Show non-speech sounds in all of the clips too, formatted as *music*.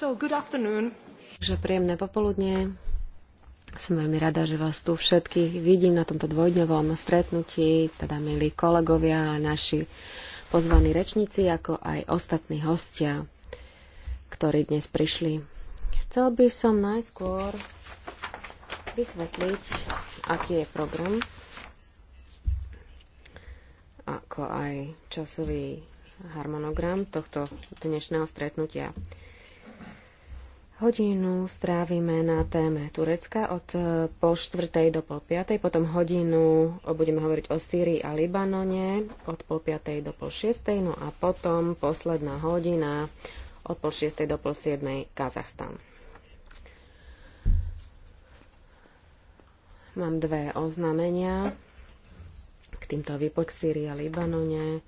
So, good afternoon. Takže príjemné popoludne. Som veľmi rada, že vás tu všetkých vidím na tomto dvojdňovom stretnutí, teda milí kolegovia a naši pozvaní rečníci, ako aj ostatní hostia, ktorí dnes prišli. Chcel by som najskôr vysvetliť, aký je program, ako aj časový harmonogram tohto dnešného stretnutia. Hodinu strávime na téme Turecka od eh, pol štvrtej do pol piatej, potom hodinu budeme hovoriť o Sýrii a Libanone od pol piatej do pol šiestej, no a potom posledná hodina od pol šiestej do pol siedmej Kazachstan. Mám dve oznámenia k týmto výpoč Sýrii a Libanone.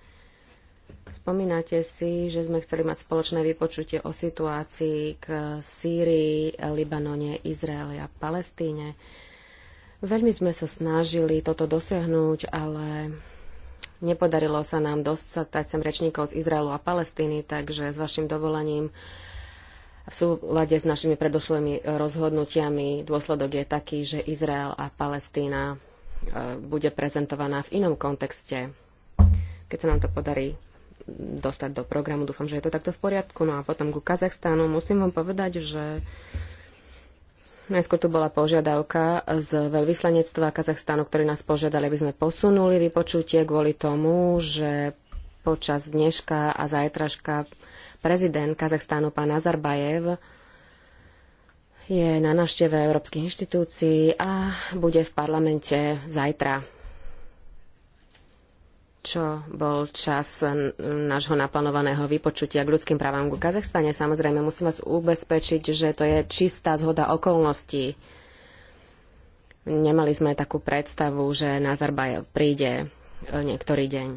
Spomínate si, že sme chceli mať spoločné vypočutie o situácii k Sýrii, Libanone, Izraeli a Palestíne. Veľmi sme sa snažili toto dosiahnuť, ale nepodarilo sa nám dostať sem rečníkov z Izraelu a Palestíny, takže s vašim dovolením v súlade s našimi predošlými rozhodnutiami dôsledok je taký, že Izrael a Palestína e, bude prezentovaná v inom kontexte, keď sa nám to podarí dostať do programu. Dúfam, že je to takto v poriadku. No a potom ku Kazachstánu musím vám povedať, že najskôr tu bola požiadavka z veľvyslanectva Kazachstánu, ktorí nás požiadali, aby sme posunuli vypočutie kvôli tomu, že počas dneška a zajtraška prezident Kazachstánu pán Nazarbajev je na návšteve európskych inštitúcií a bude v parlamente zajtra čo bol čas nášho naplánovaného vypočutia k ľudským právam v Kazachstane. Samozrejme, musím vás ubezpečiť, že to je čistá zhoda okolností. Nemali sme takú predstavu, že Nazarbajev príde e, niektorý deň.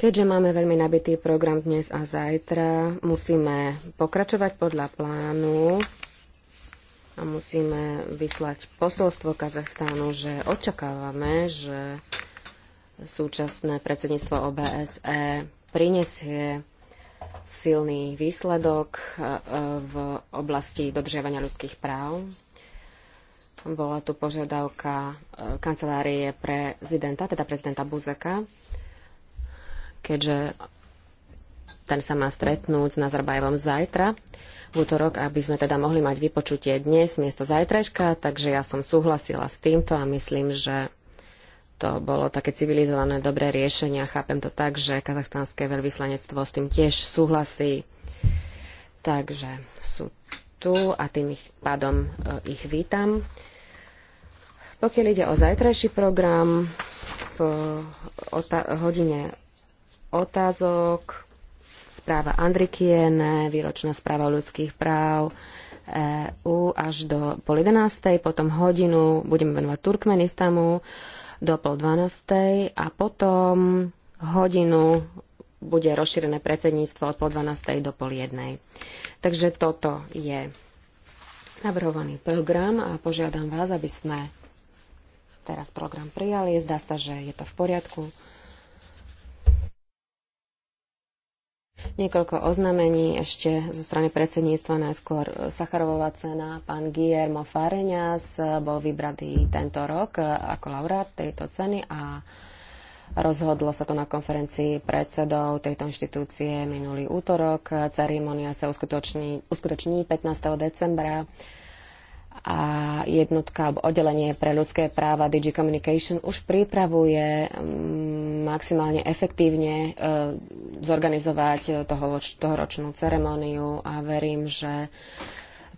Keďže máme veľmi nabitý program dnes a zajtra, musíme pokračovať podľa plánu a musíme vyslať posolstvo Kazachstánu, že očakávame, že súčasné predsedníctvo OBSE prinesie silný výsledok e, v oblasti dodržiavania ľudských práv. Bola tu požiadavka e, kancelárie prezidenta, teda prezidenta Buzeka, keďže ten sa má stretnúť s Nazarbajevom zajtra v útorok, aby sme teda mohli mať vypočutie dnes miesto zajtrajška, takže ja som súhlasila s týmto a myslím, že to bolo také civilizované, dobré riešenie a chápem to tak, že kazachstanské veľvyslanectvo s tým tiež súhlasí. Takže sú tu a tým ich, pádom e, ich vítam. Pokiaľ ide o zajtrajší program, po hodine otázok správa Andrikiene, výročná správa o ľudských práv EU až do pol 11. Potom hodinu budeme venovať Turkmenistanu do pol 12. A potom hodinu bude rozšírené predsedníctvo od pol 12. do pol 1. Takže toto je navrhovaný program a požiadam vás, aby sme teraz program prijali. Zdá sa, že je to v poriadku. Niekoľko oznamení ešte zo strany predsedníctva, najskôr e, Sacharovová cena. Pán Guillermo Fareňas e, bol vybratý tento rok e, ako laureát tejto ceny a rozhodlo sa to na konferencii predsedov tejto inštitúcie minulý útorok. Ceremonia sa uskutoční, uskutoční 15. decembra a jednotka alebo oddelenie pre ľudské práva DG Communication už pripravuje mm, maximálne efektívne e, zorganizovať e, toho, ročnú ceremoniu a verím, že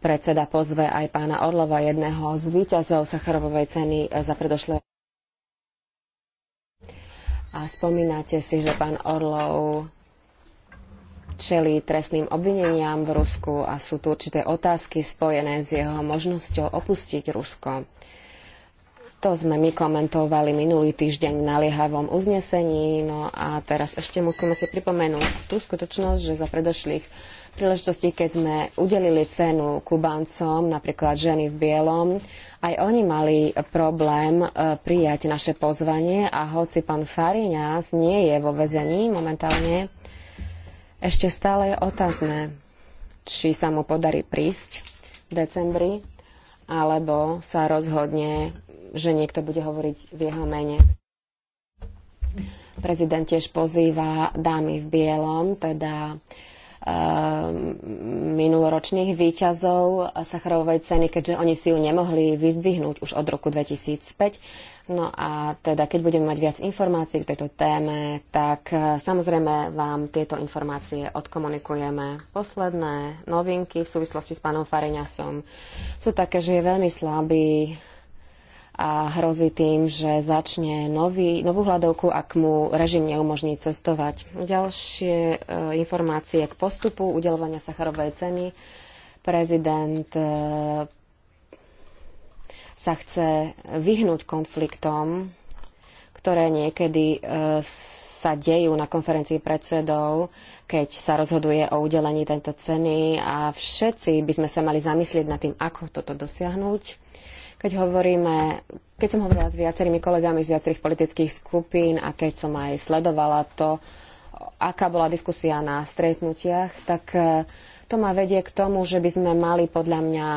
predseda pozve aj pána Orlova, jedného z výťazov Sacharovovej ceny e, za predošlé. A spomínate si, že pán Orlov čelí trestným obvineniam v Rusku a sú tu určité otázky spojené s jeho možnosťou opustiť Rusko. To sme my komentovali minulý týždeň v naliehavom uznesení. No a teraz ešte musíme si pripomenúť tú skutočnosť, že za predošlých príležitostí, keď sme udelili cenu Kubáncom, napríklad ženy v bielom, aj oni mali problém e, prijať naše pozvanie a hoci pán Fariňas nie je vo vezení momentálne, ešte stále je otázne, či sa mu podarí prísť v decembri, alebo sa rozhodne, že niekto bude hovoriť v jeho mene. Prezident tiež pozýva dámy v bielom, teda ehm, minuloročných výťazov Sacharovej ceny, keďže oni si ju nemohli vyzdvihnúť už od roku 2005. No a teda, keď budeme mať viac informácií k tejto téme, tak e, samozrejme vám tieto informácie odkomunikujeme. Posledné novinky v súvislosti s pánom Fareňasom sú také, že je veľmi slabý a hrozí tým, že začne nový, novú hľadovku, ak mu režim neumožní cestovať. Ďalšie e, informácie k postupu udelovania Sacharovej ceny. Prezident e, sa chce vyhnúť konfliktom, ktoré niekedy e, sa dejú na konferencii predsedov, keď sa rozhoduje o udelení tejto ceny a všetci by sme sa mali zamyslieť nad tým, ako toto dosiahnuť. Keď hovoríme, keď som hovorila s viacerými kolegami z viacerých politických skupín a keď som aj sledovala to, aká bola diskusia na stretnutiach, tak e, to ma vedie k tomu, že by sme mali podľa mňa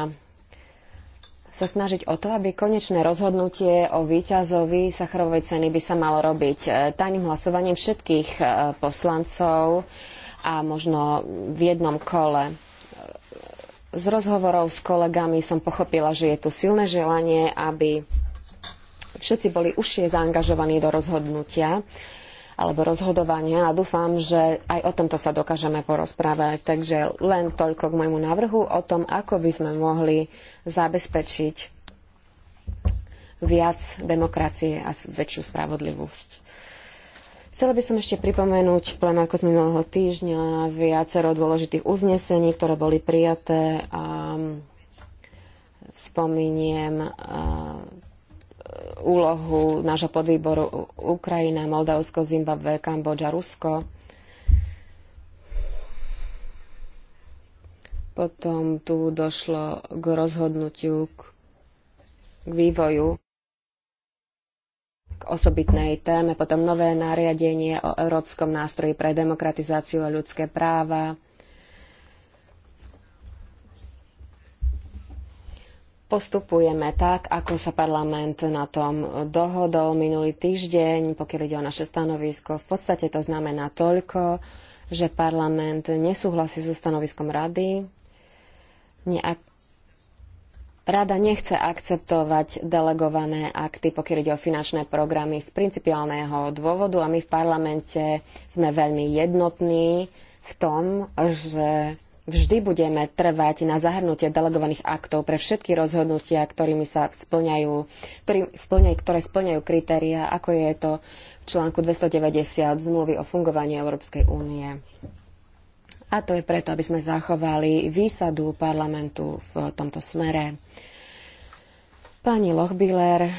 sa snažiť o to, aby konečné rozhodnutie o víťazovi Sacharovej ceny by sa malo robiť e, tajným hlasovaním všetkých e, poslancov a možno v jednom kole. E, z rozhovorov s kolegami som pochopila, že je tu silné želanie, aby všetci boli užšie zaangažovaní do rozhodnutia alebo rozhodovania a dúfam, že aj o tomto sa dokážeme porozprávať. Takže len toľko k môjmu návrhu o tom, ako by sme mohli zabezpečiť viac demokracie a väčšiu spravodlivosť. Chcela by som ešte pripomenúť plenárku z minulého týždňa viacero dôležitých uznesení, ktoré boli prijaté a spomeniem úlohu nášho podvýboru Ukrajina, Moldavsko, Zimbabwe, Kambodža, Rusko. Potom tu došlo k rozhodnutiu k, k vývoju k osobitnej téme, potom nové nariadenie o Európskom nástroji pre demokratizáciu a ľudské práva, postupujeme tak, ako sa parlament na tom dohodol minulý týždeň, pokiaľ ide o naše stanovisko. V podstate to znamená toľko, že parlament nesúhlasí so stanoviskom rady. Rada nechce akceptovať delegované akty, pokiaľ ide o finančné programy z principiálneho dôvodu a my v parlamente sme veľmi jednotní v tom, že Vždy budeme trvať na zahrnutie delegovaných aktov pre všetky rozhodnutia, ktorými sa splňajú, ktorý, splňajú, ktoré splňajú kritéria, ako je to v článku 290 zmluvy o fungovaní Európskej únie. A to je preto, aby sme zachovali výsadu parlamentu v tomto smere. Pani Lochbiller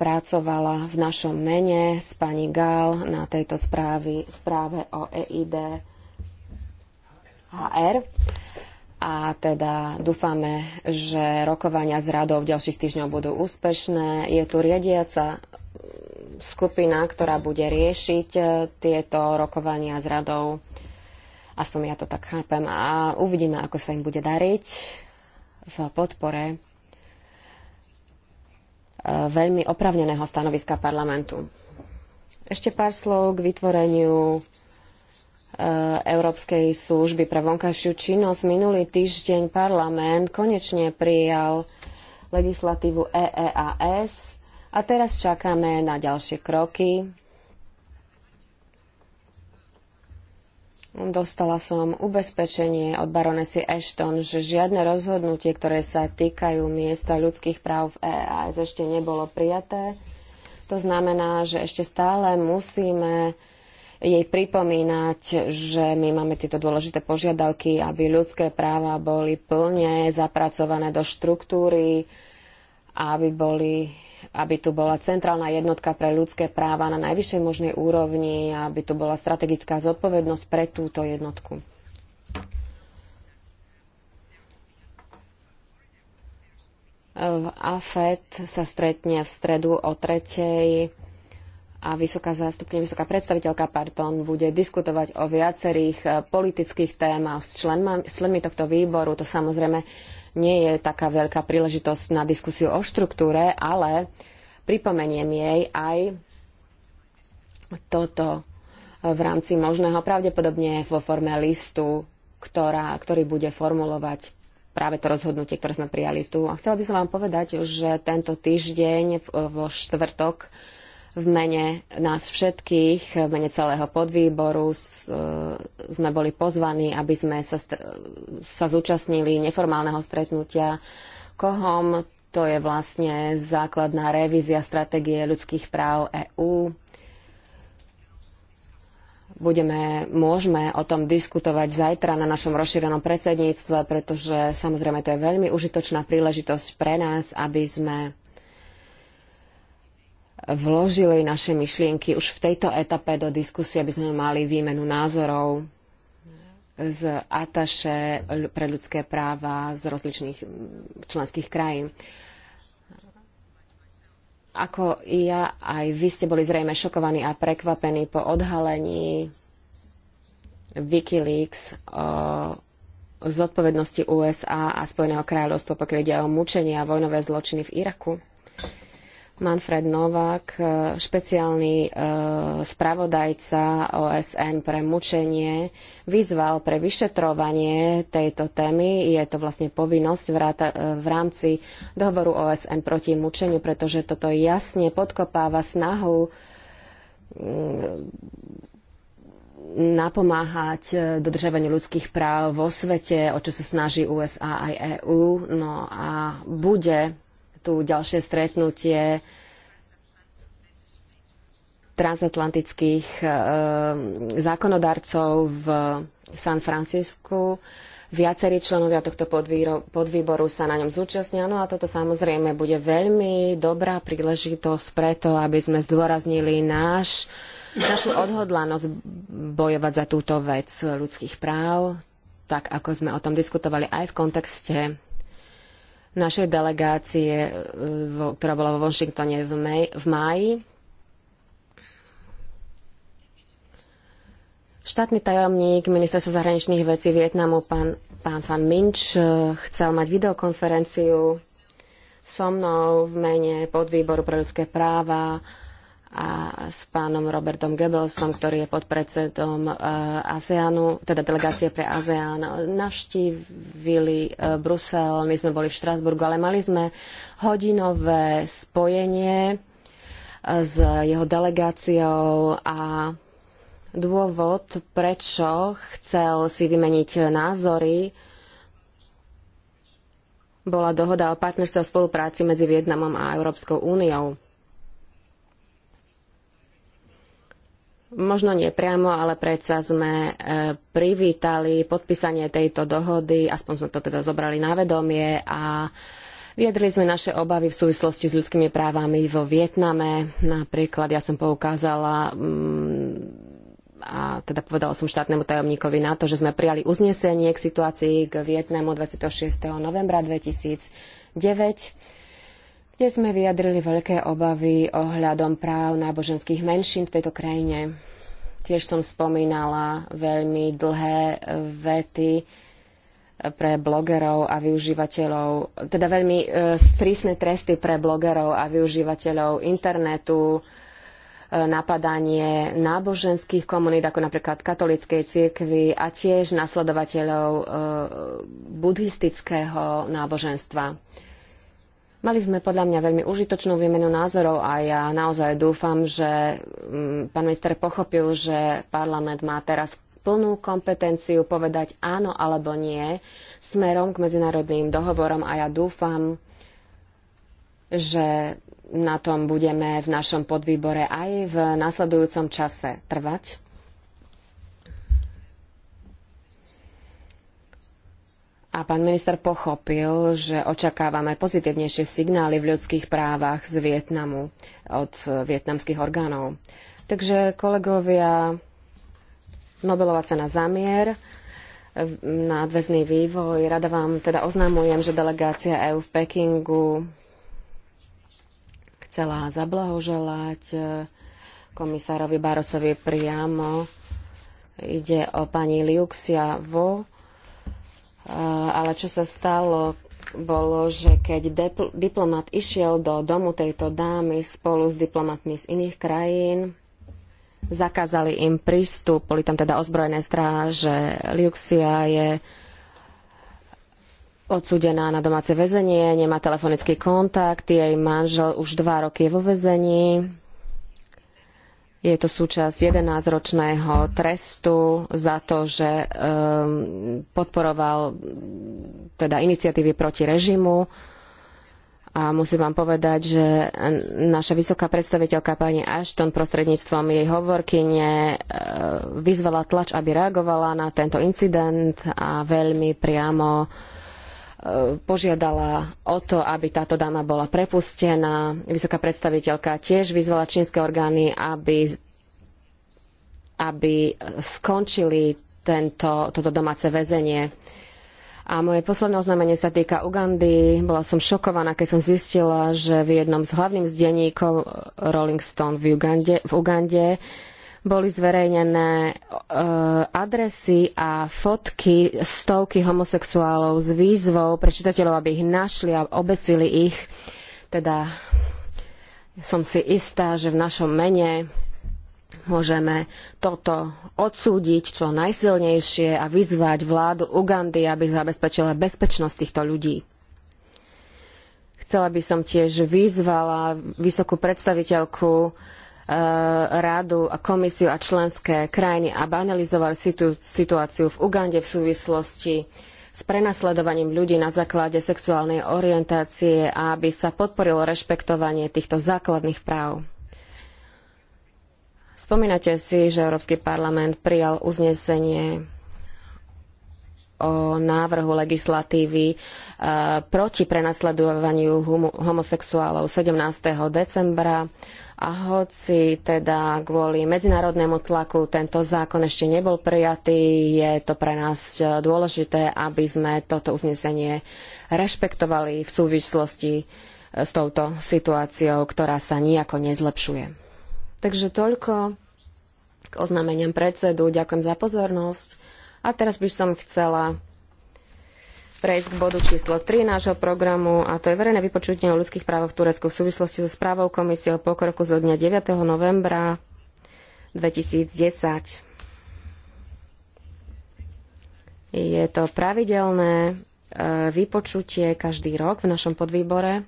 pracovala v našom mene s pani Gál na tejto správy, správe o EID HR. A teda dúfame, že rokovania s radou v ďalších týždňoch budú úspešné. Je tu riadiaca skupina, ktorá bude riešiť e, tieto rokovania s radou. Aspoň ja to tak chápem. A uvidíme, ako sa im bude dariť v podpore e, veľmi opravneného stanoviska parlamentu. Ešte pár slov k vytvoreniu Eh, Európskej služby pre vonkajšiu činnosť. Minulý týždeň parlament konečne prijal legislatívu EEAS a teraz čakáme na ďalšie kroky. Dostala som ubezpečenie od baronesy Ashton, že žiadne rozhodnutie, ktoré sa týkajú miesta ľudských práv v EEAS ešte nebolo prijaté. To znamená, že ešte stále musíme jej pripomínať, že my máme tieto dôležité požiadavky, aby ľudské práva boli plne zapracované do štruktúry, aby, boli, aby tu bola centrálna jednotka pre ľudské práva na najvyššej možnej úrovni, aby tu bola strategická zodpovednosť pre túto jednotku. V AFET sa stretne v stredu o tretej a vysoká zástupkynia, vysoká predstaviteľka, pardon, bude diskutovať o viacerých e, politických témach s členmi, s členmi tohto výboru. To samozrejme nie je taká veľká príležitosť na diskusiu o štruktúre, ale pripomeniem jej aj toto v rámci možného pravdepodobne vo forme listu, ktorá, ktorý bude formulovať práve to rozhodnutie, ktoré sme prijali tu. A chcela by som vám povedať, že tento týždeň vo štvrtok v mene nás všetkých, v mene celého podvýboru e, sme boli pozvaní, aby sme sa, sa zúčastnili neformálneho stretnutia KOHOM. To je vlastne základná revízia stratégie ľudských práv EÚ. Budeme, môžeme o tom diskutovať zajtra na našom rozšírenom predsedníctve, pretože samozrejme to je veľmi užitočná príležitosť pre nás, aby sme vložili naše myšlienky už v tejto etape do diskusie, aby sme mali výmenu názorov z Ataše pre ľudské práva z rozličných členských krajín. Ako i ja, aj vy ste boli zrejme šokovaní a prekvapení po odhalení Wikileaks o zodpovednosti USA a Spojeného kráľovstva, pokiaľ ide o mučenie a vojnové zločiny v Iraku. Manfred Novák, e, špeciálny e, spravodajca OSN pre mučenie, vyzval pre vyšetrovanie tejto témy. Je to vlastne povinnosť e, v rámci dohovoru OSN proti mučeniu, pretože toto jasne podkopáva snahu mm, napomáhať dodržiavaniu ľudských práv vo svete, o čo sa snaží USA aj EÚ. No a bude tu ďalšie stretnutie transatlantických e, zákonodarcov v San Francisku. Viacerí členovia tohto podvýboru sa na ňom zúčastnia. No a toto samozrejme bude veľmi dobrá príležitosť preto, aby sme zdôraznili náš, našu odhodlanosť bojovať za túto vec ľudských práv, tak ako sme o tom diskutovali aj v kontexte našej delegácie, e, ktorá bola vo Washingtone v, maj, v máji. Štátny tajomník ministerstva zahraničných vecí Vietnamu, pán, pán Fan Minč, e, chcel mať videokonferenciu so mnou v mene podvýboru pre ľudské práva a s pánom Robertom Goebbelsom, ktorý je podpredsedom eh, ASEANu, teda delegácie pre ASEAN. Navštívili eh, Brusel, my sme boli v Štrasburgu, ale mali sme hodinové spojenie eh, s jeho delegáciou a dôvod, prečo chcel si vymeniť názory, bola dohoda o partnerstve a spolupráci medzi Vietnamom a Európskou úniou. možno nie priamo, ale predsa sme e, privítali podpísanie tejto dohody, aspoň sme to teda zobrali na vedomie a Vyjadrili sme naše obavy v súvislosti s ľudskými právami vo Vietname. Napríklad ja som poukázala mm, a teda povedala som štátnemu tajomníkovi na to, že sme prijali uznesenie k situácii k Vietnamu 26. novembra 2009 kde sme vyjadrili veľké obavy ohľadom práv náboženských menšín v tejto krajine. Tiež som spomínala veľmi dlhé vety pre blogerov a využívateľov, teda veľmi e, prísne tresty pre blogerov a využívateľov internetu, e, napadanie náboženských komunít, ako napríklad katolíckej cirkvi a tiež nasledovateľov e, buddhistického náboženstva. Mali sme podľa mňa veľmi užitočnú výmenu názorov a ja naozaj dúfam, že mm, pán minister pochopil, že parlament má teraz plnú kompetenciu povedať áno alebo nie smerom k medzinárodným dohovorom a ja dúfam, že na tom budeme v našom podvýbore aj v nasledujúcom čase trvať. A pán minister pochopil, že očakávame pozitívnejšie signály v ľudských právach z Vietnamu od vietnamských orgánov. Takže kolegovia, Nobelová cena za mier, nadväzný vývoj. Rada vám teda oznamujem, že delegácia EÚ v Pekingu chcela zablahoželať eh, komisárovi Barosovi priamo. Ide o pani Liuxia Vo, Eh, ale čo sa stalo, bolo, že keď diplomat išiel do domu tejto dámy spolu s diplomatmi z iných krajín, zakázali im prístup, boli tam teda ozbrojené stráže. Liuxia je odsúdená na domáce väzenie, nemá telefonický kontakt, jej manžel už dva roky je vo väzení je to súčasť 11-ročného trestu za to, že ehm, podporoval teda iniciatívy proti režimu. A musím vám povedať, že naša vysoká predstaviteľka pani Ashton prostredníctvom jej hovorkyne e, vyzvala tlač, aby reagovala na tento incident a veľmi priamo požiadala o to, aby táto dáma bola prepustená. Vysoká predstaviteľka tiež vyzvala čínske orgány, aby, aby skončili tento, toto domáce väzenie. A moje posledné oznámenie sa týka Ugandy. Bola som šokovaná, keď som zistila, že v jednom z hlavných zdeníkov Rolling Stone v Ugande, v Ugande boli zverejnené eh, adresy a fotky stovky homosexuálov s výzvou pre čitateľov, aby ich našli a obesili ich. Teda som si istá, že v našom mene môžeme toto odsúdiť čo najsilnejšie a vyzvať vládu Ugandy, aby zabezpečila bezpečnosť týchto ľudí. Chcela by som tiež vyzvala vysokú predstaviteľku Eh, radu a komisiu a členské krajiny, aby analyzovali situ situáciu v Ugande v súvislosti s prenasledovaním ľudí na základe sexuálnej orientácie a aby sa podporilo rešpektovanie týchto základných práv. Spomínate si, že Európsky parlament prijal uznesenie o návrhu legislatívy e, proti prenasledovaniu homosexuálov 17. decembra. A hoci teda kvôli medzinárodnému tlaku tento zákon ešte nebol prijatý, je to pre nás dôležité, aby sme toto uznesenie rešpektovali v súvislosti s touto situáciou, ktorá sa nijako nezlepšuje. Takže toľko k oznámeniam predsedu. Ďakujem za pozornosť. A teraz by som chcela prejsť k bodu číslo 3 nášho programu a to je verejné vypočutie o ľudských právach v Turecku v súvislosti so správou komisie o pokroku zo dňa 9. novembra 2010. Je to pravidelné e, vypočutie každý rok v našom podvýbore.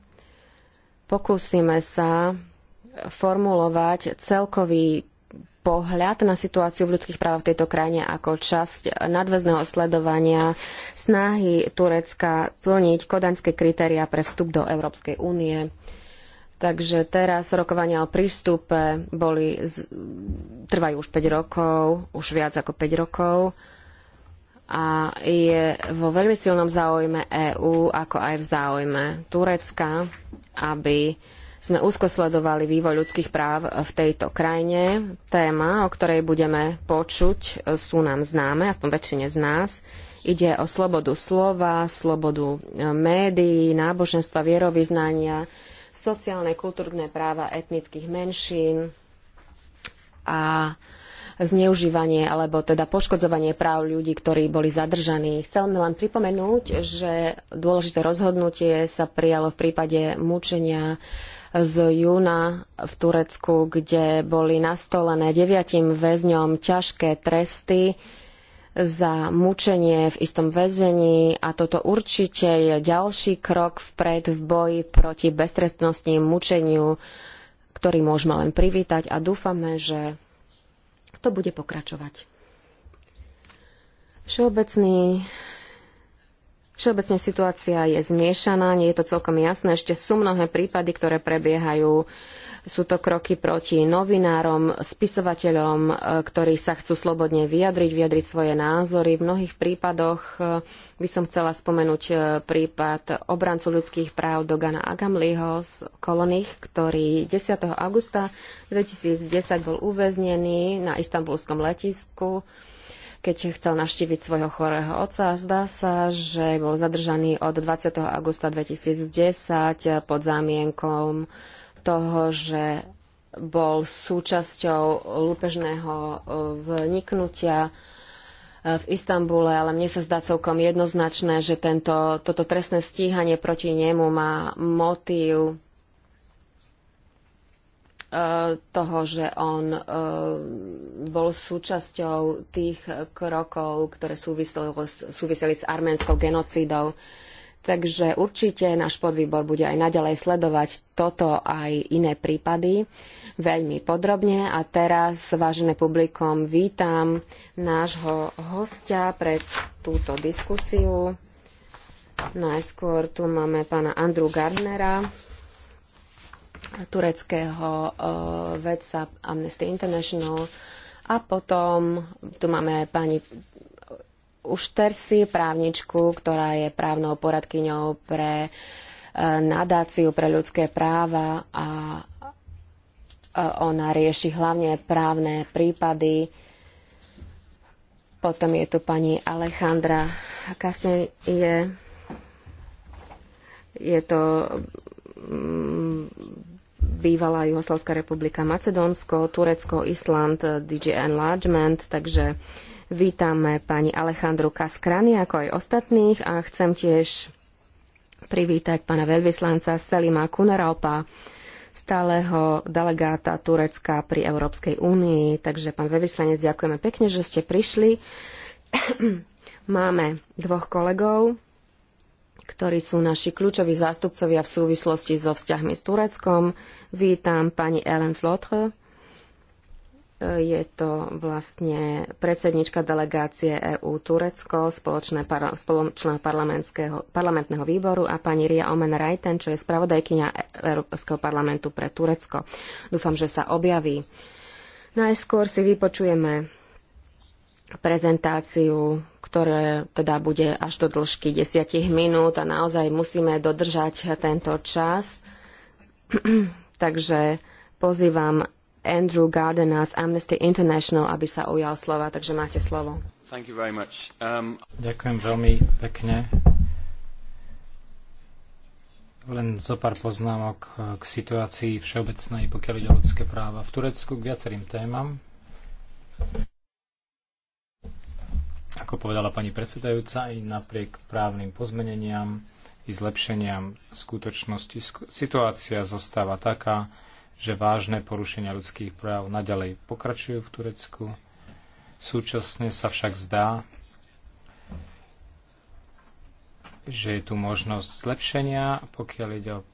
Pokúsime sa formulovať celkový pohľad na situáciu v ľudských právach v tejto krajine ako časť nadväzného sledovania snahy Turecka plniť kodanské kritériá pre vstup do Európskej únie. Takže teraz rokovania o prístupe boli, trvajú už 5 rokov, už viac ako 5 rokov a je vo veľmi silnom záujme EÚ, ako aj v záujme Turecka, aby sme úzko sledovali vývoj ľudských práv v tejto krajine. Téma, o ktorej budeme počuť, sú nám známe, aspoň väčšine z nás. Ide o slobodu slova, slobodu e, médií, náboženstva, vierovýznania, sociálne, kultúrne práva etnických menšín a zneužívanie alebo teda poškodzovanie práv ľudí, ktorí boli zadržaní. Chcem len pripomenúť, že dôležité rozhodnutie sa prijalo v prípade mučenia z júna v Turecku, kde boli nastolené deviatim väzňom ťažké tresty za mučenie v istom väzení a toto určite je ďalší krok vpred v boji proti beztrestnosti mučeniu, ktorý môžeme len privítať a dúfame, že to bude pokračovať. Všeobecný Všeobecne situácia je zmiešaná, nie je to celkom jasné. Ešte sú mnohé prípady, ktoré prebiehajú. Sú to kroky proti novinárom, spisovateľom, e, ktorí sa chcú slobodne vyjadriť, vyjadriť svoje názory. V mnohých prípadoch e, by som chcela spomenúť e, prípad obrancu ľudských práv Dogana Agamliho z Kolonich, ktorý 10. augusta 2010 bol uväznený na istambulskom letisku keď chcel navštíviť svojho chorého otca. Zdá sa, že bol zadržaný od 20. augusta 2010 pod zámienkom toho, že bol súčasťou lúpežného eh, vniknutia eh, v Istambule, ale mne sa zdá celkom jednoznačné, že tento, toto trestné stíhanie proti nemu má motív E, toho, že on e, bol súčasťou tých krokov, ktoré súviseli s arménskou genocídou. Takže určite náš podvýbor bude aj naďalej sledovať toto aj iné prípady veľmi podrobne. A teraz, vážené publikom, vítam nášho hostia pre túto diskusiu. Najskôr tu máme pána Andru Gardnera, tureckého e, vedca Amnesty International. A potom tu máme pani Uštersi, právničku, ktorá je právnou poradkyňou pre e, nadáciu pre ľudské práva a ona rieši hlavne právne prípady. Potom je tu pani Alejandra Kasne je, je to mm, bývalá Juhoslavská republika Macedónsko, Turecko, Island, DJ Enlargement, takže vítame pani Alejandru Kaskrany ako aj ostatných a chcem tiež privítať pana veľvyslanca Selima Kuneralpa, stáleho delegáta Turecka pri Európskej únii. Takže, pán veľvyslanec, ďakujeme pekne, že ste prišli. *clears throat* Máme dvoch kolegov, ktorí sú naši kľúčoví zástupcovia v súvislosti so vzťahmi s Tureckom. Vítam pani Ellen Flotre. Je to vlastne predsednička delegácie EU Turecko, spoločné parla, parlamentského, parlamentného výboru a pani Ria Omen Reiten, čo je spravodajkyňa Európskeho parlamentu pre Turecko. Dúfam, že sa objaví. Najskôr si vypočujeme prezentáciu, ktoré teda bude až do dĺžky desiatich minút a naozaj musíme dodržať tento čas. *clears throat* Takže pozývam Andrew Gardena z Amnesty International, aby sa ujal slova. Takže máte slovo. Um... Ďakujem veľmi pekne. Len zo pár poznámok k situácii všeobecnej, pokiaľ ide o ľudské práva v Turecku, k viacerým témam. Ako povedala pani predsedajúca, aj napriek právnym pozmeneniam i zlepšeniam skutočnosti situácia zostáva taká, že vážne porušenia ľudských práv naďalej pokračujú v Turecku. Súčasne sa však zdá, že je tu možnosť zlepšenia, pokiaľ ide o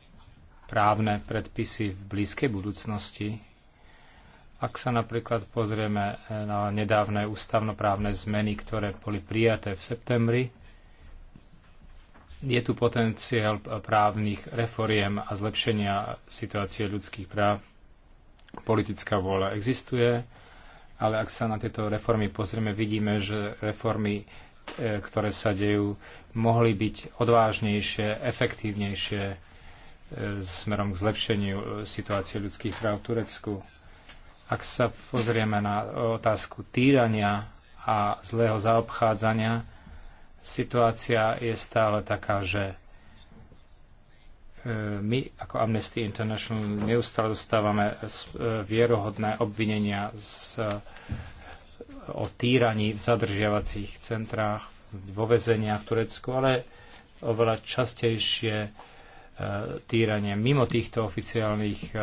právne predpisy v blízkej budúcnosti ak sa napríklad pozrieme eh, na nedávne ústavnoprávne zmeny, ktoré boli prijaté v septembri, je tu potenciál právnych reforiem a zlepšenia situácie ľudských práv. Politická vôľa existuje, ale ak sa na tieto reformy pozrieme, vidíme, že reformy, eh, ktoré sa dejú, mohli byť odvážnejšie, efektívnejšie eh, smerom k zlepšeniu situácie ľudských práv v Turecku ak sa pozrieme na otázku týrania a zlého zaobchádzania, situácia je stále taká, že e, my ako Amnesty International neustále dostávame e, e, vierohodné obvinenia z, o týraní v zadržiavacích centrách, vo vezeniach v Turecku, ale oveľa častejšie týranie mimo týchto oficiálnych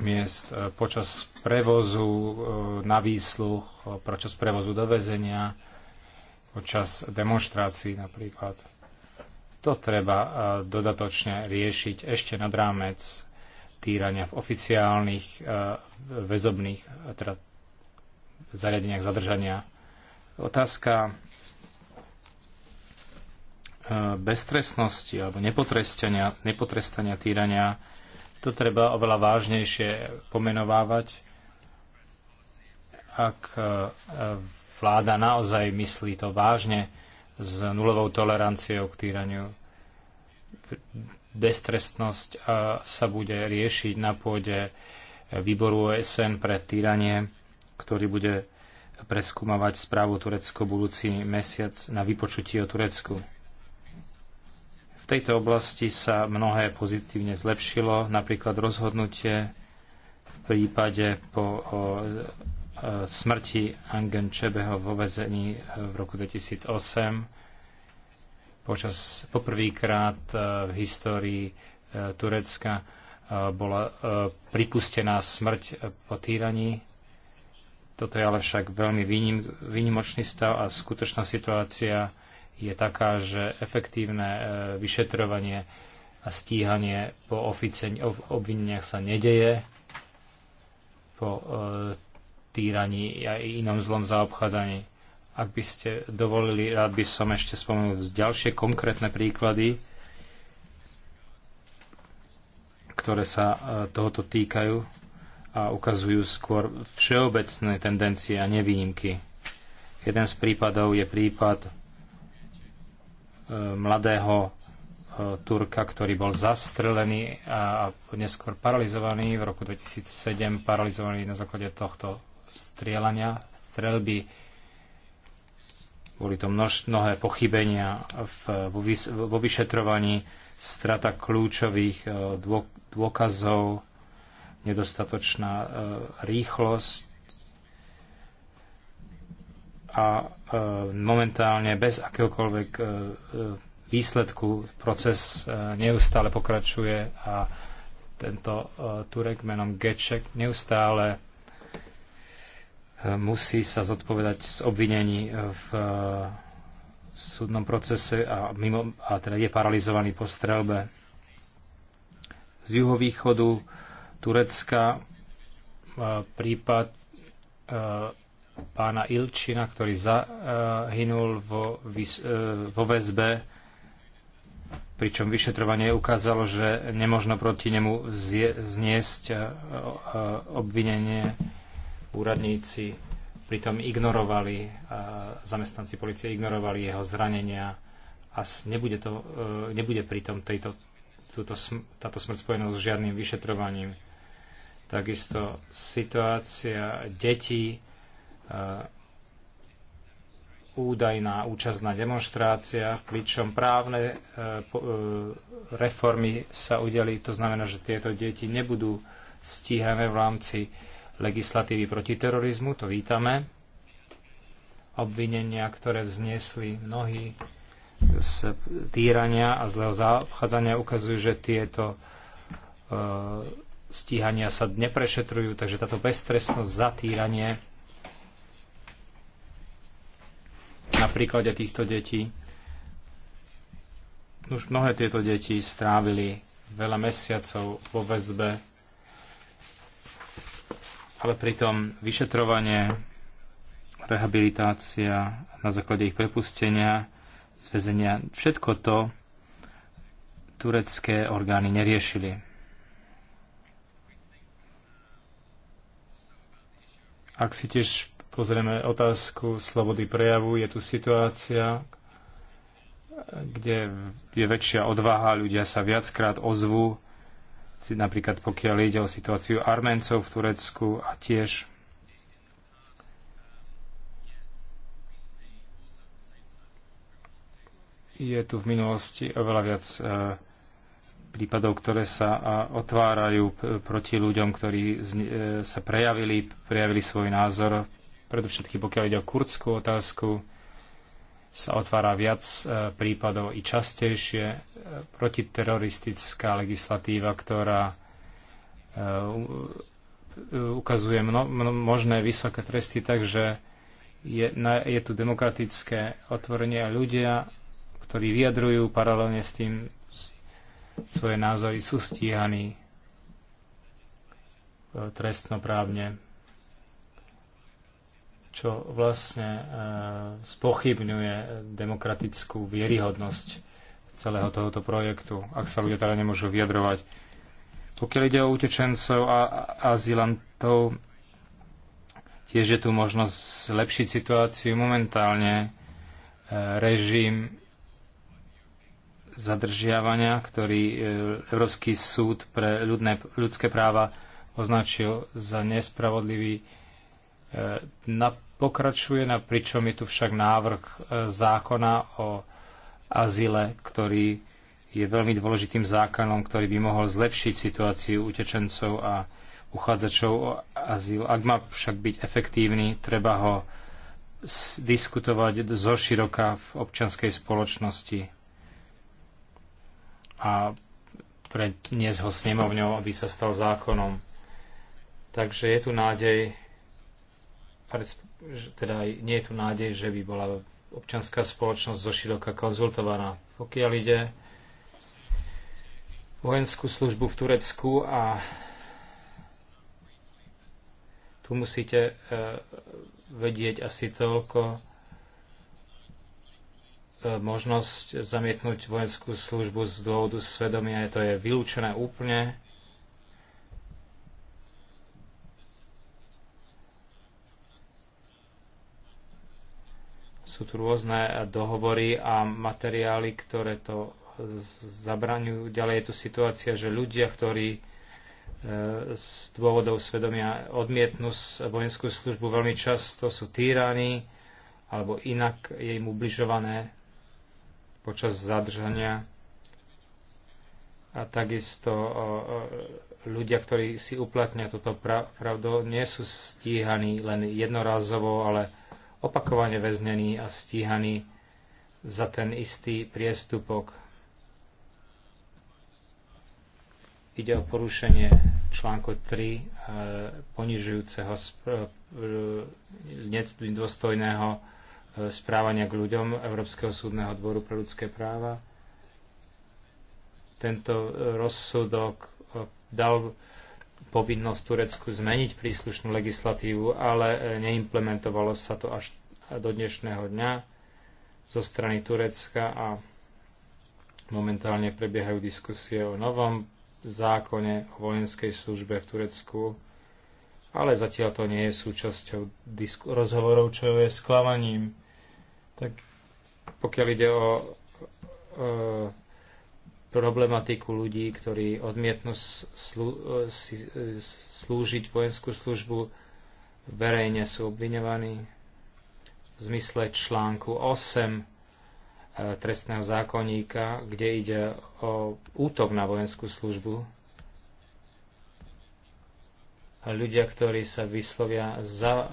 miest e, počas prevozu e, na výsluch, e, počas prevozu do väzenia, počas demonstrácií napríklad. To treba dodatočne riešiť ešte nad rámec týrania v oficiálnych väzobných teda zariadeniach zadržania. Otázka beztrestnosti alebo nepotrestania, nepotrestania týrania to treba oveľa vážnejšie pomenovávať, ak e, vláda naozaj myslí to vážne s nulovou toleranciou k týraniu. Beztrestnosť e, sa bude riešiť na pôde výboru OSN pre týranie, ktorý bude preskúmavať správu Turecko budúci mesiac na vypočutí o Turecku. V tejto oblasti sa mnohé pozitívne zlepšilo, napríklad rozhodnutie v prípade po o, o, e, smrti Angen Čebeho vo vezení e, v roku 2008. Počas poprvýkrát e, v histórii Turecka bola pripustená smrť po týraní. Toto je ale však veľmi výnimočný stav a skutočná situácia je taká, že efektívne e, vyšetrovanie a stíhanie po obvineniach sa nedeje, po e, týraní a inom zlom zaobchádzaní. Ak by ste dovolili, rád by som ešte spomenul ďalšie konkrétne príklady, ktoré sa e, tohoto týkajú a ukazujú skôr všeobecné tendencie a nevýnimky. Jeden z prípadov je prípad E, mladého e, Turka, ktorý bol zastrelený a neskôr paralizovaný v roku 2007, paralizovaný na základe tohto strieľania, strelby. Boli to množ, mnohé pochybenia v, vo, vys, vo vyšetrovaní, strata kľúčových e, dô, dôkazov, nedostatočná rýchlosť a e, momentálne bez akéhokoľvek e, e, výsledku proces neustále pokračuje a tento Turek menom Geček neustále musí sa zodpovedať z obvinení v súdnom procese a, mimo, a teda je paralizovaný po strelbe. Z juhovýchodu Turecka prípad pána Ilčina, ktorý zahynul vo, e, vo väzbe, pričom vyšetrovanie ukázalo, že nemožno proti nemu zniesť e, e, obvinenie. Úradníci pritom ignorovali, zamestnanci policie ignorovali jeho zranenia a nebude, to, nebude pritom tejto, túto, táto smrť spojená s žiadnym vyšetrovaním. Takisto situácia detí, údajná účasť na demonstráciách, pričom právne e, e, reformy sa udeli. To znamená, že tieto deti nebudú stíhané v rámci legislatívy proti terorizmu. To vítame. Obvinenia, ktoré vzniesli mnohí z týrania a zlého zaobchádzania, ukazujú, že tieto e, stíhania sa neprešetrujú, takže táto beztrestnosť za týranie na príklade týchto detí. Už mnohé tieto deti strávili veľa mesiacov vo väzbe, ale pritom vyšetrovanie, rehabilitácia na základe ich prepustenia zväzenia, všetko to turecké orgány neriešili. Ak si tiež pozrieme otázku slobody prejavu, je tu situácia, kde je väčšia odvaha, ľudia sa viackrát ozvú, napríklad pokiaľ ide o situáciu Arméncov v Turecku a tiež je tu v minulosti oveľa viac e, prípadov, ktoré sa e, otvárajú proti ľuďom, ktorí e, sa prejavili, prejavili svoj názor, Predovšetkým pokiaľ ide o kurdskú otázku, sa otvára viac e, prípadov i častejšie e, protiteroristická legislatíva, ktorá e, ukazuje mno, mno, možné vysoké tresty, takže je, na, je tu demokratické otvorenie a ľudia, ktorí vyjadrujú paralelne s tým svoje názory, sú stíhaní trestnoprávne čo vlastne e, spochybňuje demokratickú vieryhodnosť celého tohoto projektu, ak sa ľudia teda nemôžu vyjadrovať. Pokiaľ ide o utečencov a azylantov, tiež je tu možnosť zlepšiť situáciu. Momentálne e, režim zadržiavania, ktorý e, Európsky súd pre ľudné, ľudské práva označil za nespravodlivý, na, pokračuje, na pričom je tu však návrh e, zákona o azile, ktorý je veľmi dôležitým zákonom, ktorý by mohol zlepšiť situáciu utečencov a uchádzačov o azyl. Ak má však byť efektívny, treba ho diskutovať zo široka v občianskej spoločnosti a dnes ho snemovňou, aby sa stal zákonom. Takže je tu nádej teda nie je tu nádej, že by bola občianská spoločnosť zoširoka konzultovaná. Pokiaľ ide vojenskú službu v Turecku a tu musíte e, vedieť asi toľko e, možnosť zamietnúť vojenskú službu z dôvodu svedomia, to je vylúčené úplne. Sú tu rôzne dohovory a materiály, ktoré to zabraňujú. Ďalej je tu situácia, že ľudia, ktorí e, z dôvodov svedomia odmietnú vojenskú službu, veľmi často sú týraní alebo inak je im ubližované počas zadržania. A takisto e, e, ľudia, ktorí si uplatnia toto pravdo, nie sú stíhaní len jednorázovo, ale opakovane väznený a stíhaný za ten istý priestupok. Ide o porušenie článku 3 e, ponižujúceho e, nedôstojného e, správania k ľuďom Európskeho súdneho dvoru pre ľudské práva. Tento rozsudok dal povinnosť Turecku zmeniť príslušnú legislatívu, ale e, neimplementovalo sa to až do dnešného dňa zo strany Turecka a momentálne prebiehajú diskusie o novom zákone o vojenskej službe v Turecku, ale zatiaľ to nie je súčasťou rozhovorov, čo je sklamaním. Tak pokiaľ ide o e, problematiku ľudí, ktorí odmietnú slú, e, slúžiť vojenskú službu, verejne sú obviňovaní v zmysle článku 8 e, trestného zákonníka, kde ide o útok na vojenskú službu. A ľudia, ktorí sa vyslovia za e,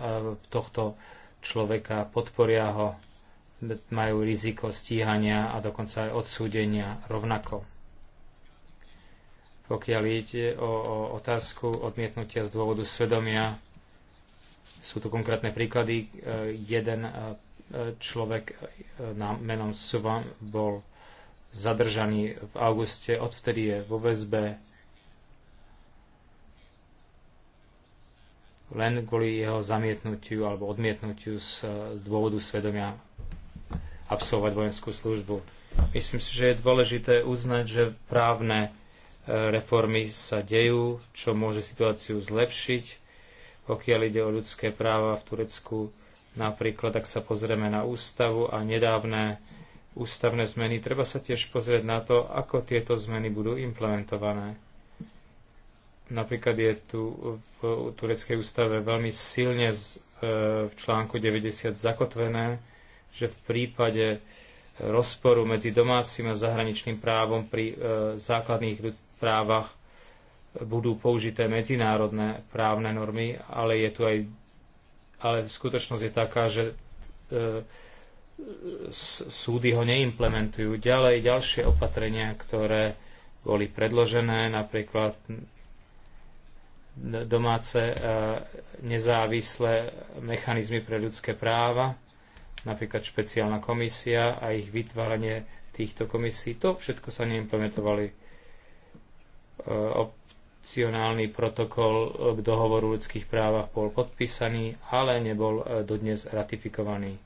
tohto človeka, podporia ho majú riziko stíhania a dokonca aj odsúdenia rovnako. Pokiaľ ide o, o otázku odmietnutia z dôvodu svedomia, sú tu konkrétne príklady. E, jeden e, človek e, na menom Suvan bol zadržaný v auguste, odvtedy je vo väzbe len kvôli jeho zamietnutiu alebo odmietnutiu z, z dôvodu svedomia absolvovať vojenskú službu. Myslím si, že je dôležité uznať, že právne e, reformy sa dejú, čo môže situáciu zlepšiť. Pokiaľ ide o ľudské práva v Turecku, napríklad ak sa pozrieme na ústavu a nedávne ústavné zmeny, treba sa tiež pozrieť na to, ako tieto zmeny budú implementované. Napríklad je tu v tureckej ústave veľmi silne e, v článku 90 zakotvené, že v prípade e, rozporu medzi domácim a zahraničným právom pri e, základných právach budú použité medzinárodné právne normy, ale je tu aj ale skutočnosť je taká, že e, súdy ho neimplementujú. Ďalej ďalšie opatrenia, ktoré boli predložené, napríklad domáce e, nezávislé mechanizmy pre ľudské práva, napríklad špeciálna komisia a ich vytváranie týchto komisí, to všetko sa neimplementovali. E, opcionálny protokol k dohovoru o ľudských právach bol podpísaný, ale nebol e, dodnes ratifikovaný.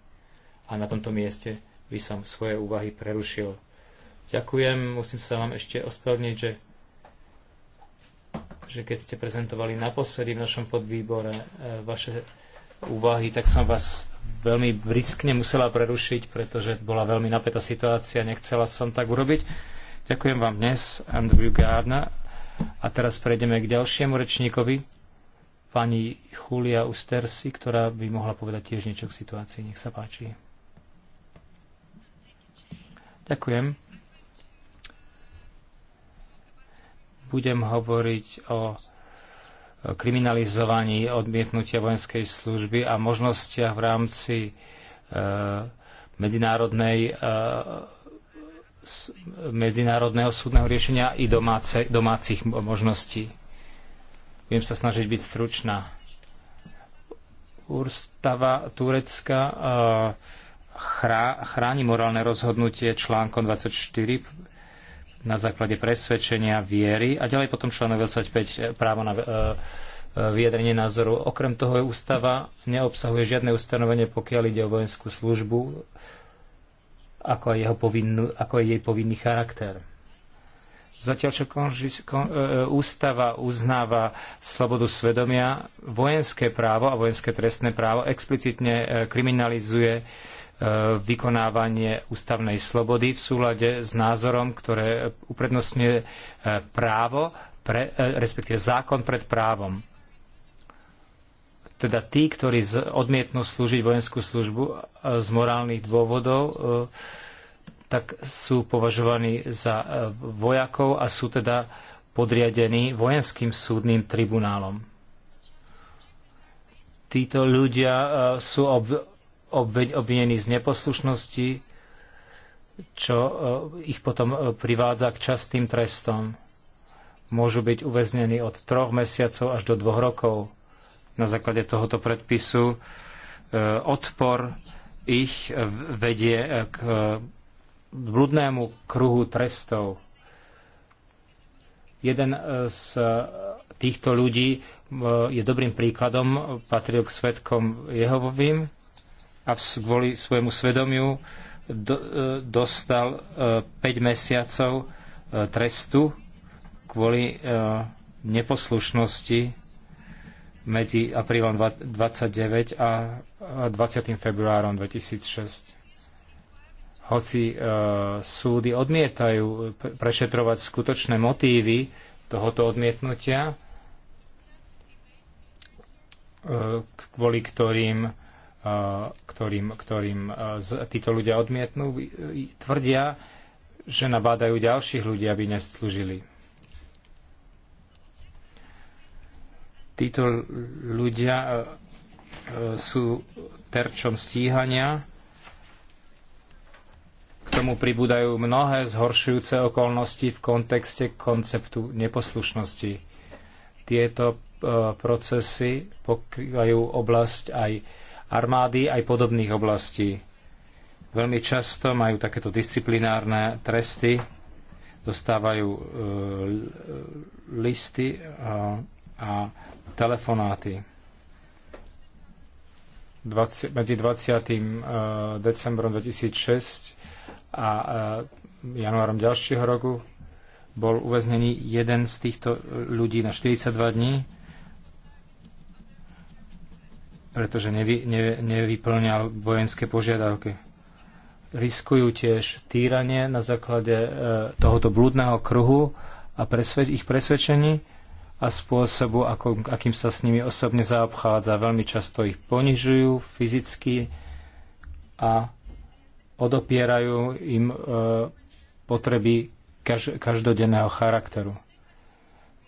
A na tomto mieste by som svoje úvahy prerušil. Ďakujem, musím sa vám ešte ospravedlniť, že, že keď ste prezentovali naposledy v našom podvýbore e, vaše úvahy, tak som vás veľmi briskne musela prerušiť, pretože bola veľmi napätá situácia, nechcela som tak urobiť. Ďakujem vám dnes, Andrew Gardner. A teraz prejdeme k ďalšiemu rečníkovi, pani Julia Ustersi, ktorá by mohla povedať tiež niečo k situácii. Nech sa páči. Ďakujem. Budem hovoriť o kriminalizovaní odmietnutia vojenskej služby a možnostiach v rámci e, medzinárodnej, e, medzinárodného súdneho riešenia i domáce, domácich možností. Budem sa snažiť byť stručná. Ústava Turecka e, chrá, chráni morálne rozhodnutie článkom 24 na základe presvedčenia viery a ďalej potom článok 25 eh, právo na eh, eh, vyjadrenie názoru. Okrem toho ústava neobsahuje žiadne ustanovenie, pokiaľ ide o vojenskú službu, ako aj, jeho povinnú, ako aj jej povinný charakter. Zatiaľ, čo konži, kon, e, ústava uznáva slobodu svedomia, vojenské právo a vojenské trestné právo explicitne e, kriminalizuje e, E, vykonávanie ústavnej slobody v súlade s názorom, ktoré uprednostňuje e, právo, pre, e, respektíve zákon pred právom. Teda tí, ktorí odmietnú slúžiť vojenskú službu z morálnych dôvodov, tak sú považovaní za vojakov a sú teda podriadení vojenským súdnym tribunálom. Títo ľudia sú ob, obvinení z neposlušnosti, čo e, ich potom e, privádza k častým trestom. Môžu byť uväznení od troch mesiacov až do dvoch rokov. Na základe tohoto predpisu e, odpor ich vedie k bludnému kruhu trestov. Jeden z týchto ľudí je dobrým príkladom, patril k svetkom Jehovovým, a kvôli svojmu svedomiu do, e, dostal 5 e, mesiacov e, trestu kvôli neposlušnosti medzi aprílom 29 a 20. februárom 2006. Hoci súdy odmietajú prešetrovať skutočné motívy tohoto odmietnutia, kvôli ktorým ktorým, ktorým títo ľudia odmietnú, tvrdia, že nabádajú ďalších ľudí, aby neslúžili. Títo ľudia sú terčom stíhania. K tomu pribúdajú mnohé zhoršujúce okolnosti v kontexte konceptu neposlušnosti. Tieto procesy pokrývajú oblasť aj armády aj podobných oblastí. Veľmi často majú takéto disciplinárne tresty, dostávajú e, listy a, a telefonáty. 20, medzi 20. E, decembrom 2006 a e, januárom ďalšieho roku bol uväznený jeden z týchto ľudí na 42 dní pretože nevy, ne, nevyplňa vojenské požiadavky. Riskujú tiež týranie na základe e, tohoto blúdneho kruhu a presve, ich presvedčení a spôsobu, ako, akým sa s nimi osobne zaobchádza. Veľmi často ich ponižujú fyzicky a odopierajú im e, potreby kaž, každodenného charakteru.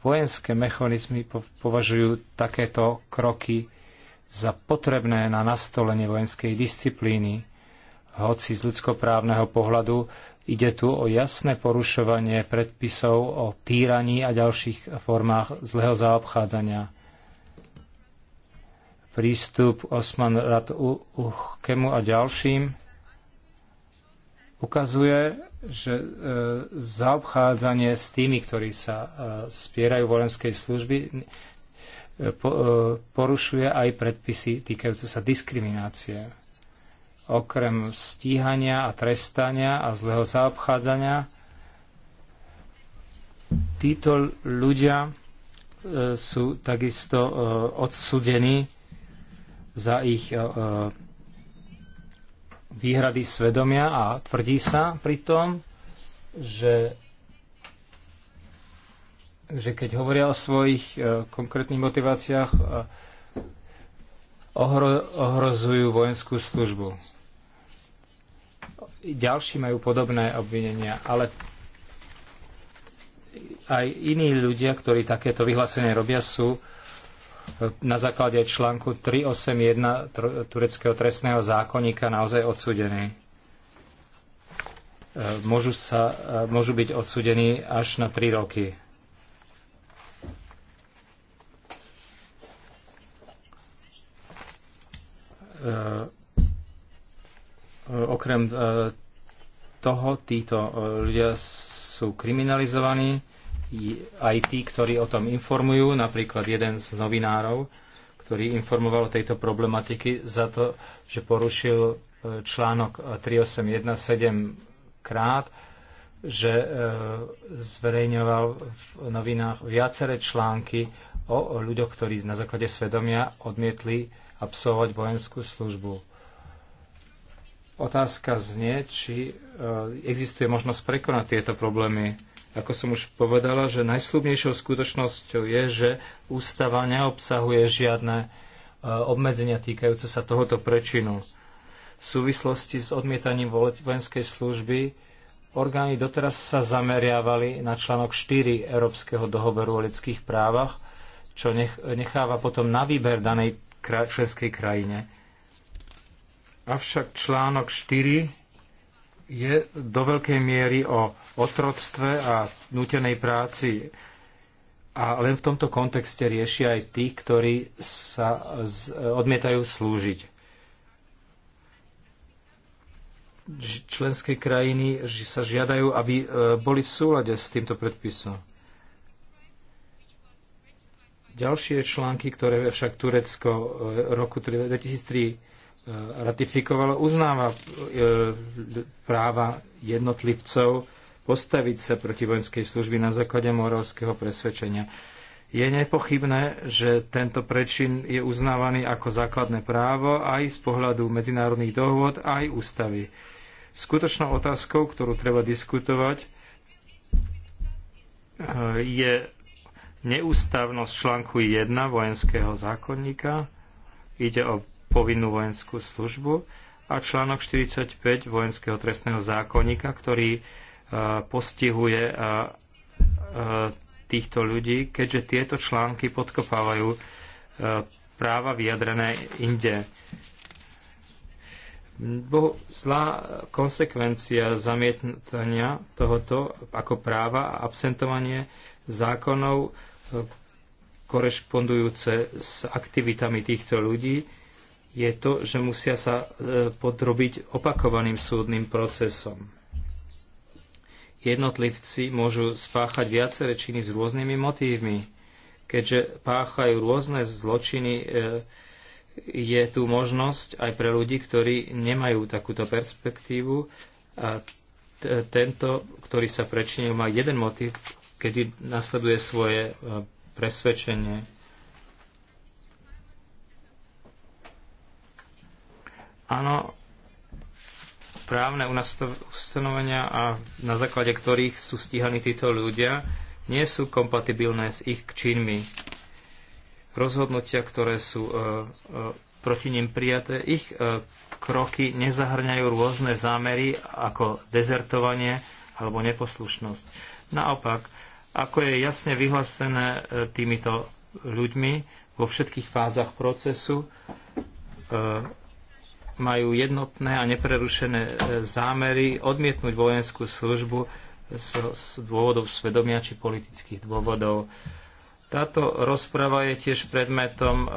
Vojenské mechanizmy považujú takéto kroky za potrebné na nastolenie vojenskej disciplíny. Hoci z ľudskoprávneho pohľadu ide tu o jasné porušovanie predpisov o týraní a ďalších formách zlého zaobchádzania. Prístup Osman Rad Uchkemu a ďalším ukazuje, že e, zaobchádzanie s tými, ktorí sa e, spierajú vojenskej služby, E, porušuje aj predpisy týkajúce sa diskriminácie. Okrem stíhania a trestania a zlého zaobchádzania, títo ľudia e, sú takisto e, odsudení za ich výhrady svedomia a tvrdí sa pritom, že že keď hovoria o svojich e, konkrétnych motiváciách, e, ohro, ohrozujú vojenskú službu. Ďalší majú podobné obvinenia, ale aj iní ľudia, ktorí takéto vyhlásenie robia, sú e, na základe článku 381 tureckého trestného zákonníka naozaj odsudení môžu, sa, môžu byť odsudení až na 3 roky. E, e, okrem e, toho títo ľudia sú kriminalizovaní, aj tí, ktorí o tom informujú, napríklad jeden z novinárov, ktorý informoval o tejto problematiky za to, že porušil článok 3817 krát, že zverejňoval v novinách viaceré články o ľuďoch, ktorí na základe svedomia odmietli absolvovať vojenskú službu. Otázka znie, či e, existuje možnosť prekonať tieto problémy. Ako som už povedala, že najslubnejšou skutočnosťou je, že ústava neobsahuje žiadne e, obmedzenia týkajúce sa tohoto prečinu. V súvislosti s odmietaním vojenskej služby orgány doteraz sa zameriavali na článok 4 Európskeho dohovoru o ľudských právach, čo necháva potom na výber danej členskej krajine. Avšak článok 4 je do veľkej miery o otroctve a nutenej práci a len v tomto kontexte riešia aj tých, ktorí sa odmietajú slúžiť. Členské krajiny sa žiadajú, aby e, boli v súlade s týmto predpisom. Ďalšie články, ktoré však Turecko e, roku 2003 e, ratifikovalo, uznáva e, práva jednotlivcov postaviť sa proti vojenskej služby na základe morálskeho presvedčenia. Je nepochybné, že tento prečin je uznávaný ako základné právo aj z pohľadu medzinárodných dohôd, aj ústavy. Skutočnou otázkou, ktorú treba diskutovať, je neústavnosť článku 1 vojenského zákonníka, ide o povinnú vojenskú službu a článok 45 vojenského trestného zákonníka, ktorý e, postihuje e, e, týchto ľudí, keďže tieto články podkopávajú práva vyjadrené inde zlá konsekvencia zamietania tohoto ako práva a absentovanie zákonov e, korešpondujúce s aktivitami týchto ľudí je to, že musia sa e, podrobiť opakovaným súdnym procesom. Jednotlivci môžu spáchať viaceré činy s rôznymi motívmi. Keďže páchajú rôzne zločiny, e, je tu možnosť aj pre ľudí, ktorí nemajú takúto perspektívu. A tento, ktorý sa prečinil, má jeden motiv, kedy nasleduje svoje e, presvedčenie. Áno, právne ustanovenia a na základe ktorých sú stíhaní títo ľudia, nie sú kompatibilné s ich činmi rozhodnutia, ktoré sú e, e, proti ním prijaté, ich e, kroky nezahrňajú rôzne zámery ako dezertovanie alebo neposlušnosť. Naopak, ako je jasne vyhlásené týmito ľuďmi vo všetkých fázach procesu, majú jednotné a neprerušené zámery odmietnúť vojenskú službu z, dôvodov svedomia či politických dôvodov. E, táto rozprava je tiež predmetom e,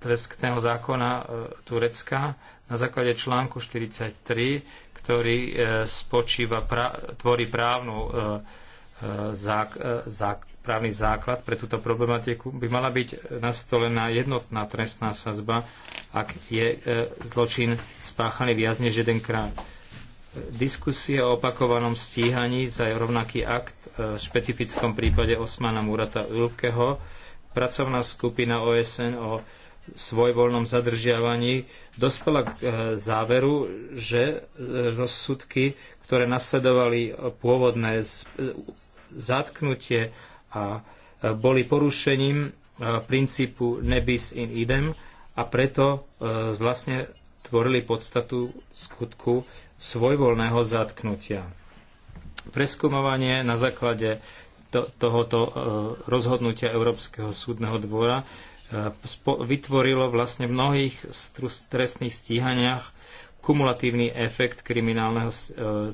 trestného zákona e, Turecka na základe článku 43, ktorý e, spočíva, tvorí právnu, zák, zák, právny základ pre túto problematiku, by mala byť nastolená jednotná trestná sazba, ak je zločin spáchaný viac než jedenkrát. krát Diskusie o opakovanom stíhaní za rovnaký akt e, v špecifickom prípade Osmana Murata Ulkeho, pracovná skupina OSN o svojvoľnom zadržiavaní dospela k e, záveru, že e, rozsudky, ktoré nasledovali pôvodné zatknutie a boli porušením princípu nebis in idem a preto vlastne tvorili podstatu skutku svojvoľného zatknutia. Preskumovanie na základe to, tohoto e, rozhodnutia Európskeho súdneho dvora e, vytvorilo vlastne v mnohých trestných stíhaniach kumulatívny efekt kriminálneho e,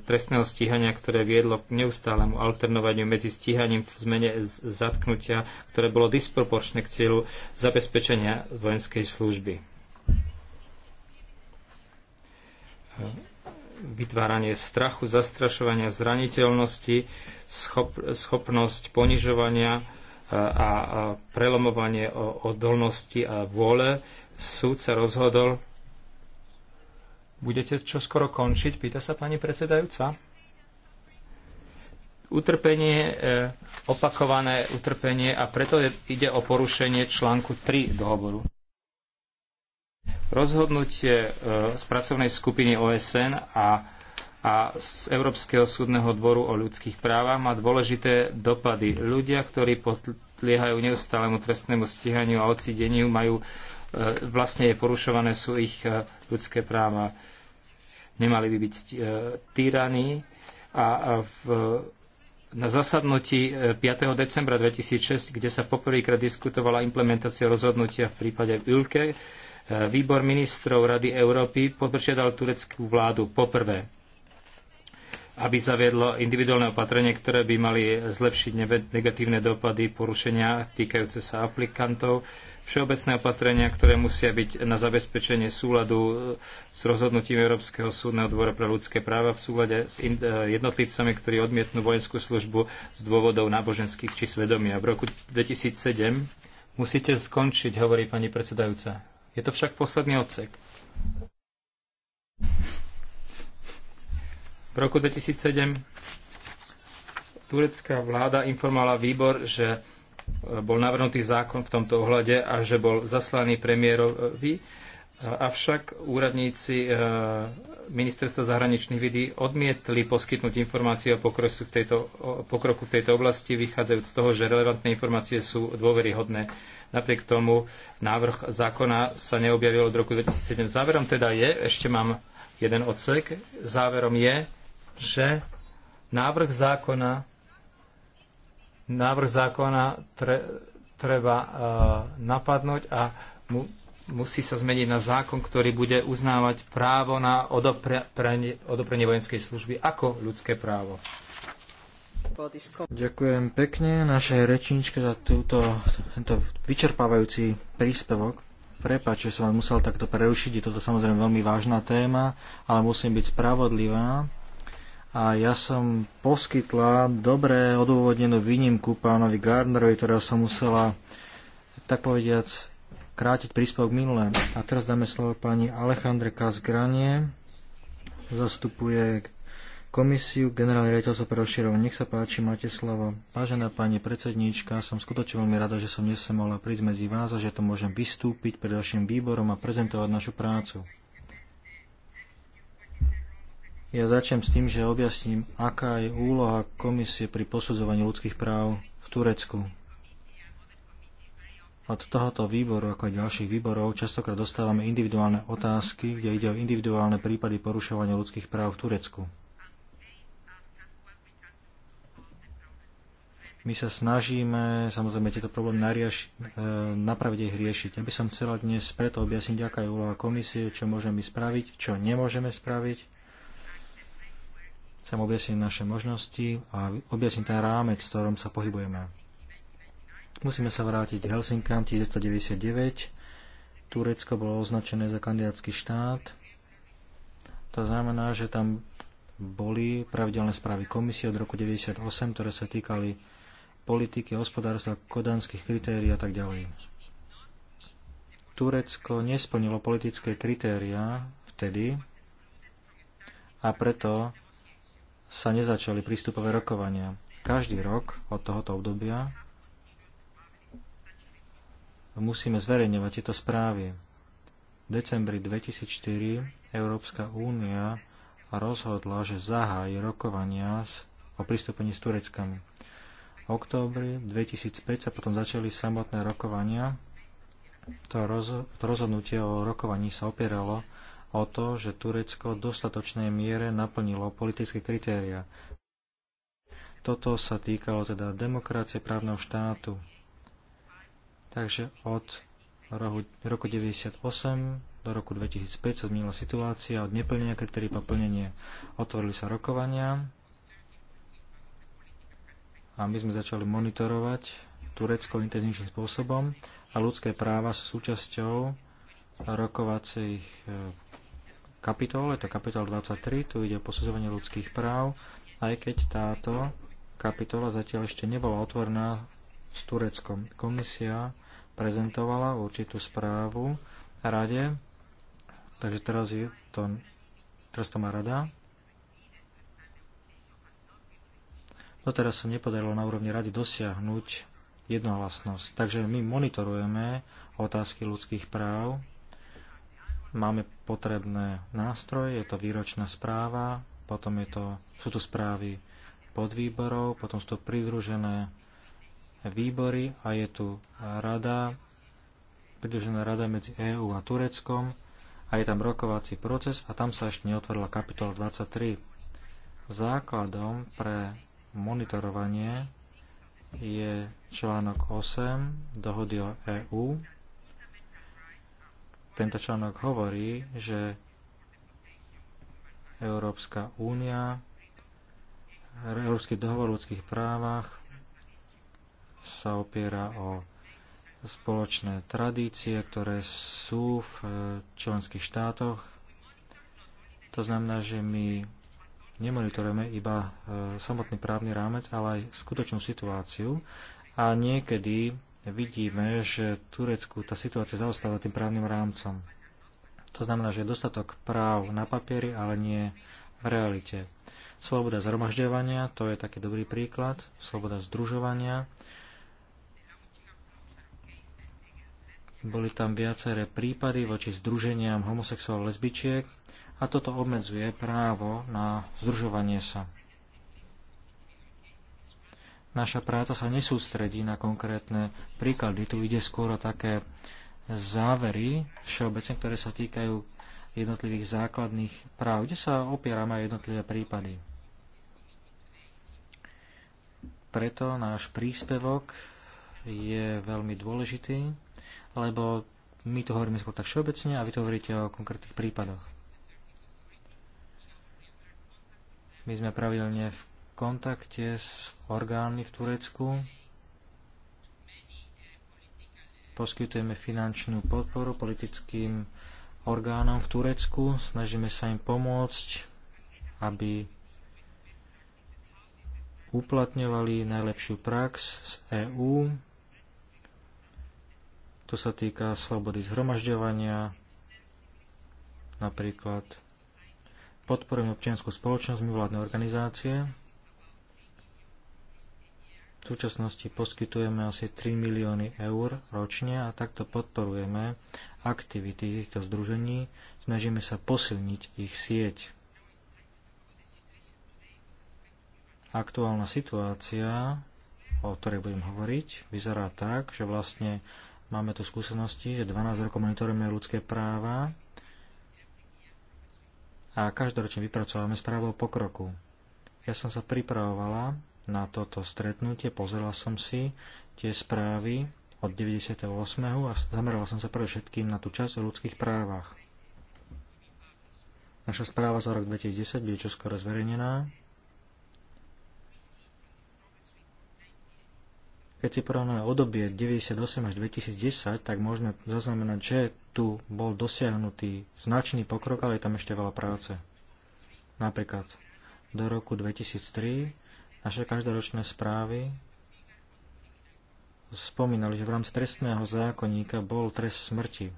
trestného stíhania, ktoré viedlo k neustálemu alternovaniu medzi stíhaním v zmene zatknutia, ktoré bolo disproporčné k cieľu zabezpečenia vojenskej služby vytváranie strachu, zastrašovania, zraniteľnosti, schop, schopnosť ponižovania e, a, a prelomovanie odolnosti a vôle. Súd sa rozhodol. Budete čo skoro končiť? Pýta sa pani predsedajúca. Utrpenie, e, opakované utrpenie a preto ide o porušenie článku 3 dohovoru. Rozhodnutie e, z pracovnej skupiny OSN a, a z Európskeho súdneho dvoru o ľudských právach má dôležité dopady. Ľudia, ktorí podliehajú neustálemu trestnému stíhaniu a odsídeniu, majú e, vlastne je porušované sú ich e, ľudské práva. Nemali by byť týraní a v, na zasadnutí 5. decembra 2006, kde sa poprvýkrát diskutovala implementácia rozhodnutia v prípade Ülke, Výbor ministrov Rady Európy požiadal tureckú vládu poprvé, aby zaviedlo individuálne opatrenie, ktoré by mali zlepšiť negatívne dopady porušenia týkajúce sa aplikantov, všeobecné opatrenia, ktoré musia byť na zabezpečenie súladu eh, s rozhodnutím Európskeho súdneho dvora pre ľudské práva v súlade s eh, jednotlivcami, ktorí odmietnú vojenskú službu z dôvodov náboženských či svedomia. V roku 2007 musíte skončiť, hovorí pani predsedajúca. Je to však posledný odsek. V roku 2007 turecká vláda informovala výbor, že e, bol navrhnutý zákon v tomto ohľade a že bol zaslaný premiérovi Avšak úradníci e, Ministerstva zahraničných vidí odmietli poskytnúť informácie o pokroku v, tejto, o pokroku v tejto oblasti, vychádzajúc z toho, že relevantné informácie sú dôveryhodné. Napriek tomu návrh zákona sa neobjavil od roku 2007. Záverom teda je, ešte mám jeden odsek, záverom je, že návrh zákona návrh zákona tre, treba uh, napadnúť a mu musí sa zmeniť na zákon, ktorý bude uznávať právo na odoprenie, odoprenie vojenskej služby ako ľudské právo. Ďakujem pekne našej rečničke za túto, tento vyčerpávajúci príspevok. Prepač, že som vám musel takto prerušiť, je toto samozrejme veľmi vážna téma, ale musím byť spravodlivá. A ja som poskytla dobre odôvodnenú výnimku pánovi Gardnerovi, ktorého som musela tak povediac krátiť príspevok minulé. A teraz dáme slovo pani Alejandre Kazgranie, zastupuje komisiu generálne riaditeľstvo pre rozširovanie. Nech sa páči, máte slovo. Vážená pani predsedníčka, som skutočne veľmi rada, že som dnes sa mohla prísť medzi vás a že to môžem vystúpiť pred vašim výborom a prezentovať našu prácu. Ja začnem s tým, že objasním, aká je úloha komisie pri posudzovaní ľudských práv v Turecku od tohoto výboru ako aj ďalších výborov častokrát dostávame individuálne otázky, kde ide o individuálne prípady porušovania ľudských práv v Turecku. My sa snažíme samozrejme tieto problémy nariaš, e, napraviť ich riešiť. Ja by som chcela dnes preto objasniť, aká je úloha komisie, čo môžeme spraviť, čo nemôžeme spraviť. Chcem objasniť naše možnosti a objasniť ten rámec, v ktorom sa pohybujeme. Musíme sa vrátiť k Helsinkám 1999. Turecko bolo označené za kandidátsky štát. To znamená, že tam boli pravidelné správy komisie od roku 1998, ktoré sa týkali politiky, hospodárstva, kodanských kritérií a tak ďalej. Turecko nesplnilo politické kritéria vtedy a preto sa nezačali prístupové rokovania. Každý rok od tohoto obdobia musíme zverejňovať tieto správy. V decembri 2004 Európska únia rozhodla, že zahájí rokovania o pristúpení s Tureckami. V októbri 2005 sa potom začali samotné rokovania. To, roz, to rozhodnutie o rokovaní sa opieralo o to, že Turecko v dostatočnej miere naplnilo politické kritéria. Toto sa týkalo teda demokracie právneho štátu, Takže od roku, roku 98 do roku 2005 sa zmenila situácia od neplnenia kritérií po plnenie. Otvorili sa rokovania a my sme začali monitorovať Turecko intenzívnym spôsobom a ľudské práva sú súčasťou rokovacích e, kapitol, je to kapitol 23, tu ide o posudzovanie ľudských práv, aj keď táto kapitola zatiaľ ešte nebola otvorená s Tureckom. Komisia prezentovala určitú správu rade, takže teraz, je to, teraz to má rada. Doteraz sa nepodarilo na úrovni rady dosiahnuť jednohlasnosť. Takže my monitorujeme otázky ľudských práv. Máme potrebné nástroje, je to výročná správa, potom je to, sú tu správy podvýborov, potom sú to pridružené výbory a je tu rada, pridružená rada medzi EÚ a Tureckom a je tam rokovací proces a tam sa ešte neotvorila kapitola 23. Základom pre monitorovanie je článok 8 dohody o EÚ. Tento článok hovorí, že Európska únia, Európsky dohovor o ľudských právach sa opiera o spoločné tradície, ktoré sú v e, členských štátoch. To znamená, že my nemonitorujeme iba e, samotný právny rámec, ale aj skutočnú situáciu a niekedy vidíme, že Turecku tá situácia zaostáva tým právnym rámcom. To znamená, že je dostatok práv na papieri, ale nie v realite. Sloboda zhromažďovania, to je taký dobrý príklad, sloboda združovania, Boli tam viaceré prípady voči združeniam homosexuál lesbičiek a toto obmedzuje právo na združovanie sa. Naša práca sa nesústredí na konkrétne príklady, tu ide skôr o také závery všeobecne, ktoré sa týkajú jednotlivých základných práv, kde sa opierame aj jednotlivé prípady. Preto náš príspevok je veľmi dôležitý lebo my to hovoríme skôr tak všeobecne a vy to hovoríte o konkrétnych prípadoch. My sme pravidelne v kontakte s orgánmi v Turecku, poskytujeme finančnú podporu politickým orgánom v Turecku, snažíme sa im pomôcť, aby uplatňovali najlepšiu prax z EÚ to sa týka slobody zhromažďovania, napríklad podporujem občianskú spoločnosť, mimovládne organizácie. V súčasnosti poskytujeme asi 3 milióny eur ročne a takto podporujeme aktivity týchto združení. Snažíme sa posilniť ich sieť. Aktuálna situácia, o ktorej budem hovoriť, vyzerá tak, že vlastne Máme tu skúsenosti, že 12 rokov monitorujeme ľudské práva a každoročne vypracovávame správu o pokroku. Ja som sa pripravovala na toto stretnutie, pozrela som si tie správy od 98. a zamerala som sa všetkým na tú časť o ľudských právach. Naša správa za rok 2010 bude čoskoro zverejnená Keď si porovnáme obdobie 98 až 2010, tak môžeme zaznamenať, že tu bol dosiahnutý značný pokrok, ale je tam ešte veľa práce. Napríklad do roku 2003 naše každoročné správy spomínali, že v rámci trestného zákonníka bol trest smrti.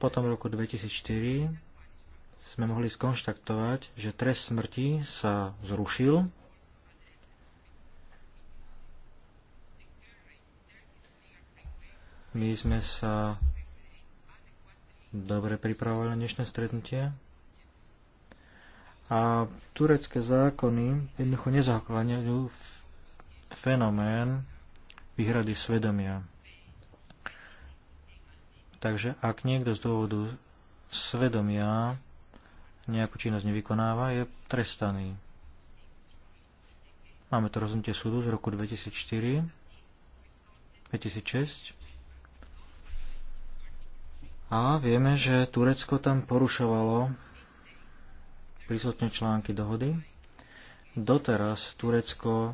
Potom v roku 2004 sme mohli skonštaktovať, že trest smrti sa zrušil My sme sa dobre pripravovali na dnešné stretnutie a turecké zákony jednoducho nezakladajú fenomén výhrady svedomia. Takže ak niekto z dôvodu svedomia nejakú činnosť nevykonáva, je trestaný. Máme to rozhodnutie súdu z roku 2004, 2006, a vieme, že Turecko tam porušovalo príslušné články dohody. Doteraz Turecko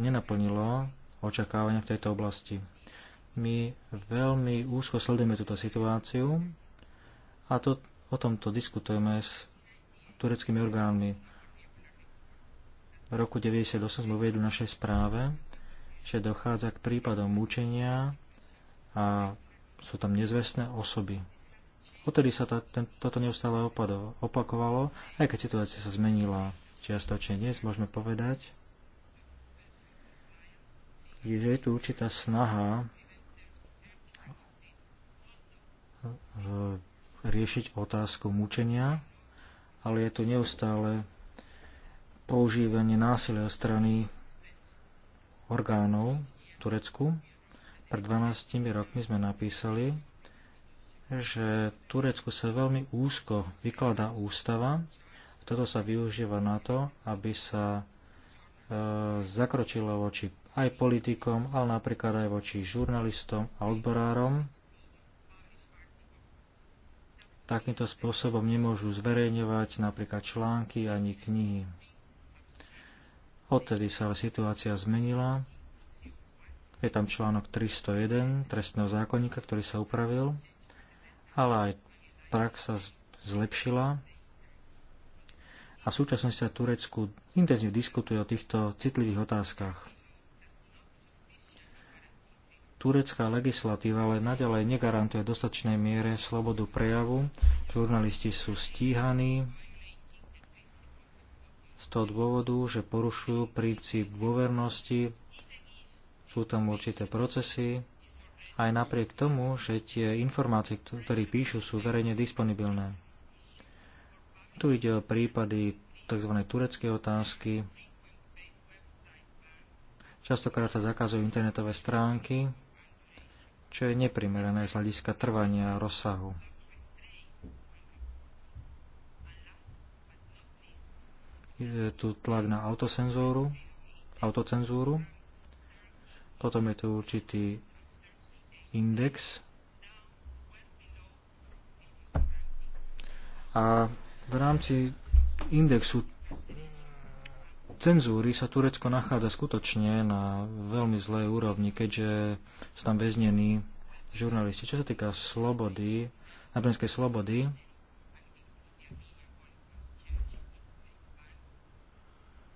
nenaplnilo očakávania v tejto oblasti. My veľmi úzko sledujeme túto situáciu a to, o tomto diskutujeme s tureckými orgánmi. V roku 1998 sme uvedli v našej správe, že dochádza k prípadom mučenia a sú tam nezvestné osoby. Odtedy sa tá, ten, toto neustále opado, opakovalo, aj keď situácia sa zmenila čiastočne. Dnes môžeme povedať, že je tu určitá snaha e, riešiť otázku mučenia, ale je tu neustále používanie násilia strany orgánov v Turecku. Pred 12 rokmi sme napísali, že Turecku sa veľmi úzko vykladá ústava. Toto sa využíva na to, aby sa e, zakročilo voči aj politikom, ale napríklad aj voči žurnalistom a odborárom. Takýmto spôsobom nemôžu zverejňovať napríklad články ani knihy. Odtedy sa ale situácia zmenila je tam článok 301 trestného zákonníka, ktorý sa upravil, ale aj prax sa zlepšila. A v súčasnosti sa v Turecku intenzívne diskutuje o týchto citlivých otázkach. Turecká legislatíva ale naďalej negarantuje v dostačnej miere slobodu prejavu. Žurnalisti sú stíhaní z toho dôvodu, že porušujú princíp dôvernosti sú tam určité procesy, aj napriek tomu, že tie informácie, ktoré píšu, sú verejne disponibilné. Tu ide o prípady tzv. tureckej otázky. Častokrát sa zakazujú internetové stránky, čo je neprimerané z hľadiska trvania a rozsahu. Je tu tlak na autocenzúru, autocenzúru potom je tu určitý index. A v rámci indexu cenzúry sa Turecko nachádza skutočne na veľmi zlej úrovni, keďže sú tam väznení žurnalisti. Čo sa týka slobody, náboženskej slobody,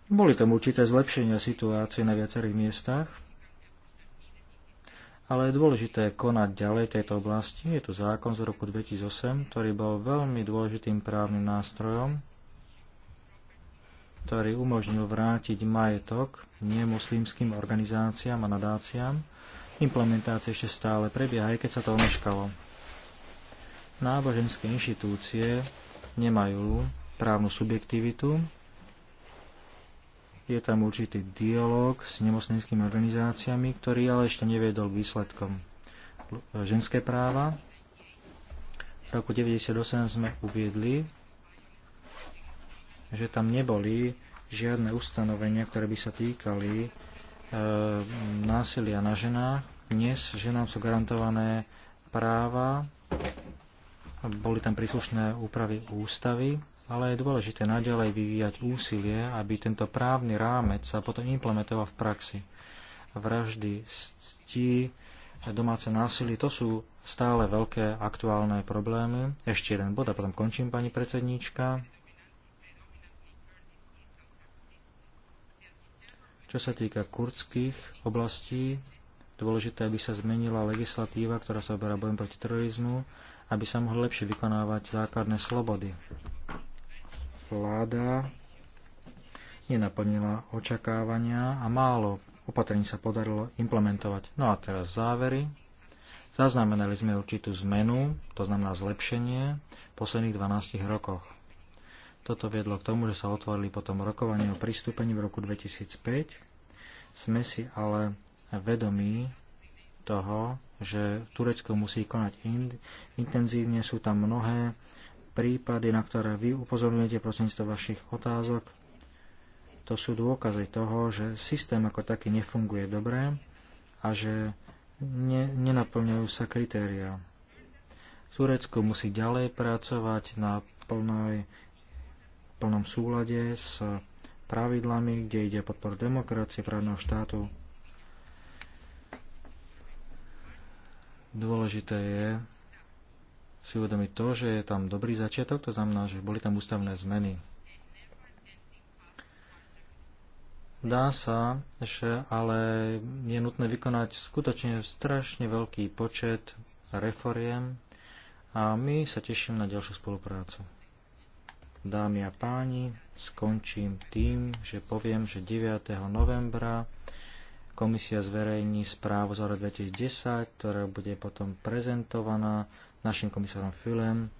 boli tam určité zlepšenia situácie na viacerých miestach, ale je dôležité konať ďalej v tejto oblasti. Je tu zákon z roku 2008, ktorý bol veľmi dôležitým právnym nástrojom, ktorý umožnil vrátiť majetok nemuslimským organizáciám a nadáciám. Implementácia ešte stále prebieha, aj keď sa to omeškalo. Náboženské inštitúcie nemajú právnu subjektivitu, je tam určitý dialog s nemocnickými organizáciami, ktorý ale ešte neviedol výsledkom ženské práva. V roku 1998 sme uviedli, že tam neboli žiadne ustanovenia, ktoré by sa týkali e, násilia na ženách. Dnes ženám sú garantované práva, boli tam príslušné úpravy ústavy ale je dôležité naďalej vyvíjať úsilie, aby tento právny rámec sa potom implementoval v praxi. Vraždy, cti, domáce násilie, to sú stále veľké aktuálne problémy. Ešte jeden bod a potom končím, pani predsedníčka. Čo sa týka kurdských oblastí, dôležité, aby sa zmenila legislatíva, ktorá sa oberá bojom proti terorizmu, aby sa mohli lepšie vykonávať základné slobody vláda nenaplnila očakávania a málo opatrení sa podarilo implementovať. No a teraz závery. Zaznamenali sme určitú zmenu, to znamená zlepšenie, v posledných 12 rokoch. Toto viedlo k tomu, že sa otvorili potom rokovanie o pristúpení v roku 2005. Sme si ale vedomí toho, že Turecko musí konať intenzívne, sú tam mnohé prípady, na ktoré vy upozorňujete prostredníctvom vašich otázok, to sú dôkazy toho, že systém ako taký nefunguje dobre a že ne, nenaplňajú sa kritéria. Turecko musí ďalej pracovať na plnoj, plnom súlade s pravidlami, kde ide podpor demokracie, právneho štátu. Dôležité je si uvedomiť to, že je tam dobrý začiatok, to znamená, že boli tam ústavné zmeny. Dá sa, že ale je nutné vykonať skutočne strašne veľký počet reforiem a my sa teším na ďalšiu spoluprácu. Dámy a páni, skončím tým, že poviem, že 9. novembra komisia zverejní správu za rok 2010, ktorá bude potom prezentovaná našim komisárom Filem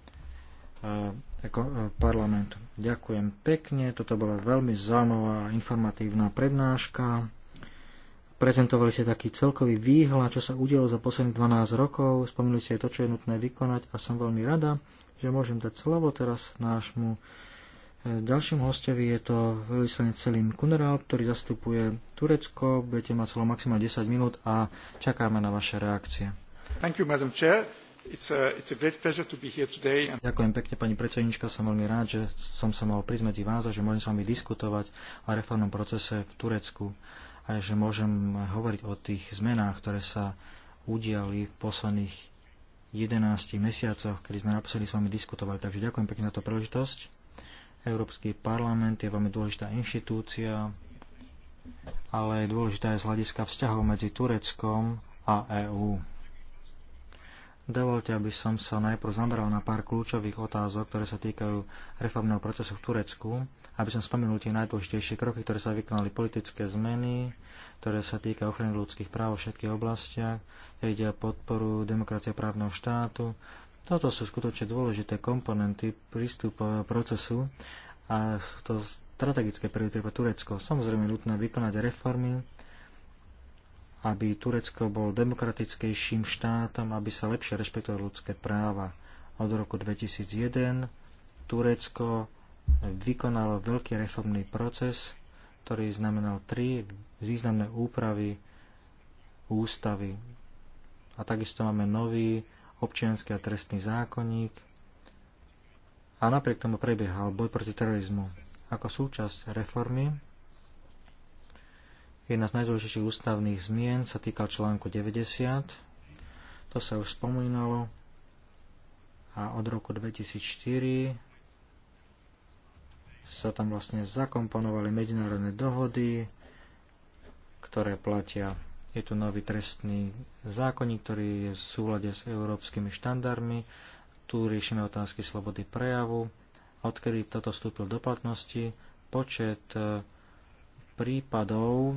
parlamentu. Ďakujem pekne, toto bola veľmi zaujímavá informatívna prednáška. Prezentovali ste taký celkový výhľad, čo sa udialo za posledných 12 rokov, spomínali ste aj to, čo je nutné vykonať a som veľmi rada, že môžem dať slovo teraz nášmu e, Ďalším hostovi je to veľvyslanec Selin Kuneral, ktorý zastupuje Turecko. Budete mať celo maximálne 10 minút a čakáme na vaše reakcie. Thank you, Madam Chair. It's a, it's a Ďakujem pekne, pani predsednička. Som veľmi rád, že som sa mal prísť medzi vás a že môžem s vami diskutovať o reformnom procese v Turecku a že môžem hovoriť o tých zmenách, ktoré sa udiali v posledných 11 mesiacoch, kedy sme naposledy s vami diskutovali. Takže ďakujem pekne za tú príležitosť. Európsky parlament je veľmi dôležitá inštitúcia, ale je dôležitá aj z hľadiska vzťahov medzi Tureckom a EÚ. Dovolte, aby som sa najprv zameral na pár kľúčových otázok, ktoré sa týkajú reformného procesu v Turecku, aby som spomenul tie najdôležitejšie kroky, ktoré sa vykonali politické zmeny, ktoré sa týka ochrany ľudských práv vo všetkých oblastiach, ide o podporu demokracie právneho štátu. Toto sú skutočne dôležité komponenty prístupového procesu a sú to strategické priority pre Turecko. Samozrejme, nutné vykonať reformy, aby Turecko bol demokratickejším štátom, aby sa lepšie rešpektovali ľudské práva. Od roku 2001 Turecko vykonalo veľký reformný proces, ktorý znamenal tri významné úpravy ústavy. A takisto máme nový občianský a trestný zákonník. A napriek tomu prebiehal boj proti terorizmu. Ako súčasť reformy Jedna z najdôležitejších ústavných zmien sa týka článku 90. To sa už spomínalo. A od roku 2004 sa tam vlastne zakomponovali medzinárodné dohody, ktoré platia. Je tu nový trestný zákonník, ktorý je v súlade s európskymi štandardmi. Tu riešime otázky slobody prejavu. Odkedy toto vstúpil do platnosti, počet eh, prípadov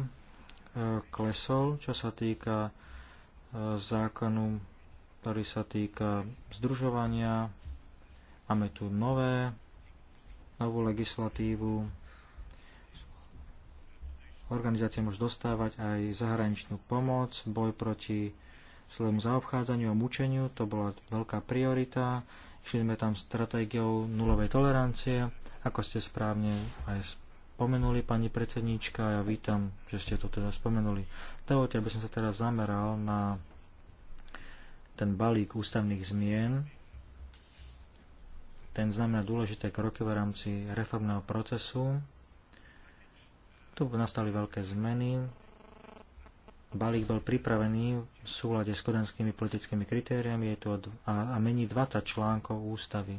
E, klesol, čo sa týka e, zákonu, ktorý sa týka združovania. Máme tu nové, novú legislatívu. Organizácia môže dostávať aj zahraničnú pomoc, boj proti zlému zaobchádzaniu a mučeniu, to bola veľká priorita. Šli sme tam stratégiou nulovej tolerancie, ako ste správne aj spomenuli, pani predsedníčka, ja vítam, že ste to teda spomenuli. Dovolte, aby som sa teraz zameral na ten balík ústavných zmien. Ten znamená dôležité kroky v rámci reformného procesu. Tu nastali veľké zmeny. Balík bol pripravený v súlade s kodanskými politickými kritériami a mení 20 článkov ústavy.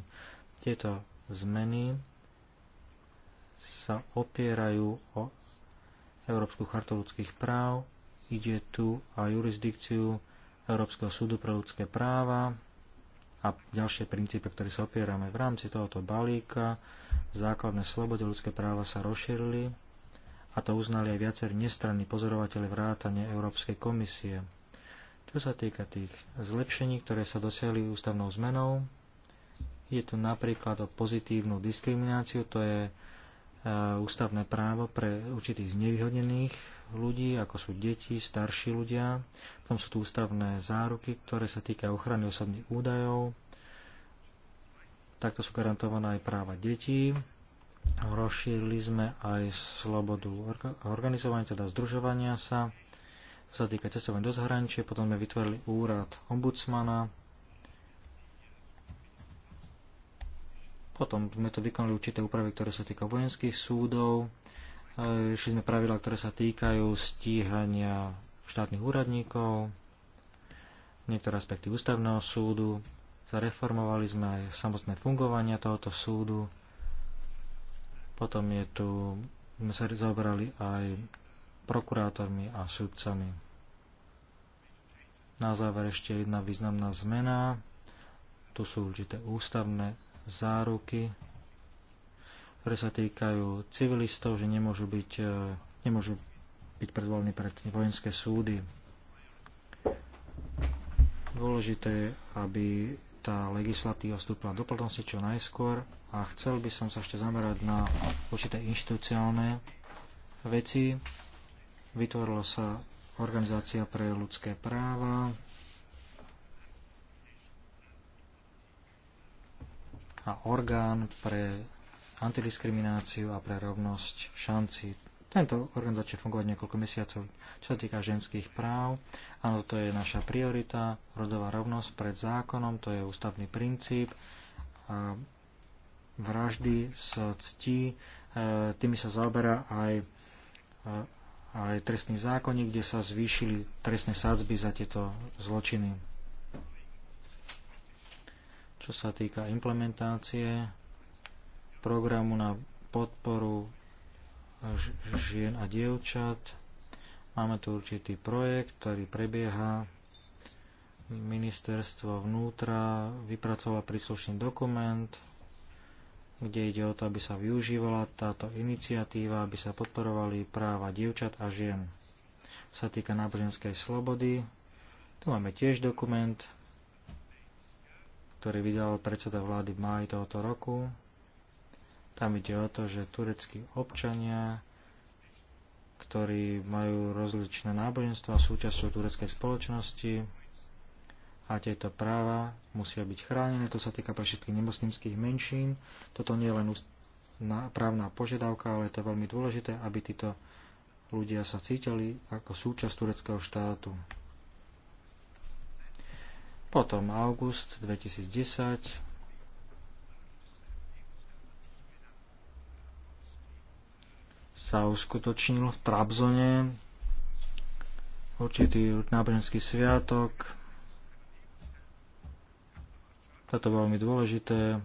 Tieto zmeny sa opierajú o Európsku chartu ľudských práv, ide tu a jurisdikciu Európskeho súdu pre ľudské práva a ďalšie princípy, ktoré sa opierame. V rámci tohoto balíka základné slobody ľudské práva sa rozšírili a to uznali aj viacerí nestranní pozorovateľe vrátane Európskej komisie. Čo sa týka tých zlepšení, ktoré sa dosiahli ústavnou zmenou, je tu napríklad o pozitívnu diskrimináciu, to je ústavné právo pre určitých znevýhodnených ľudí, ako sú deti, starší ľudia. Potom sú tu ústavné záruky, ktoré sa týkajú ochrany osobných údajov. Takto sú garantované aj práva detí. Rozšírili sme aj slobodu organizovania, teda združovania sa. Sa týka cestovania do zahraničia, potom sme vytvorili úrad ombudsmana, Potom sme tu vykonali určité úpravy, ktoré sa týkajú vojenských súdov, riešili e, sme pravidla, ktoré sa týkajú stíhania štátnych úradníkov, niektoré aspekty ústavného súdu, zareformovali sme aj samotné fungovanie tohoto súdu, potom je tu, sme sa zaoberali aj prokurátormi a súdcami. Na záver ešte jedna významná zmena, tu sú určité ústavné záruky, ktoré sa týkajú civilistov, že nemôžu byť, e, nemôžu byť predvolení pred vojenské súdy. Dôležité je, aby tá legislatíva vstúpila do platnosti čo najskôr a chcel by som sa ešte zamerať na určité inštitucionálne veci. Vytvorila sa Organizácia pre ľudské práva, a orgán pre antidiskrimináciu a pre rovnosť šanci. Tento orgán začne fungovať niekoľko mesiacov, čo sa týka ženských práv. Áno, to je naša priorita, rodová rovnosť pred zákonom, to je ústavný princíp. A vraždy sa ctí, e, tými sa zaoberá aj, e, aj trestný zákonník, kde sa zvýšili trestné sádzby za tieto zločiny čo sa týka implementácie programu na podporu žien a dievčat. Máme tu určitý projekt, ktorý prebieha. Ministerstvo vnútra vypracovalo príslušný dokument, kde ide o to, aby sa využívala táto iniciatíva, aby sa podporovali práva dievčat a žien. Sa týka náboženskej slobody. Tu máme tiež dokument, ktorý vydal predseda vlády v máji tohoto roku. Tam ide o to, že tureckí občania, ktorí majú rozličné náboženstva, súčasťou tureckej spoločnosti a tieto práva musia byť chránené. To sa týka pre všetkých nemoslimských menšín. Toto nie je len právna požiadavka, ale je to veľmi dôležité, aby títo ľudia sa cítili ako súčasť tureckého štátu. Potom august 2010. sa uskutočnil v Trabzone určitý náboženský sviatok. Toto veľmi dôležité.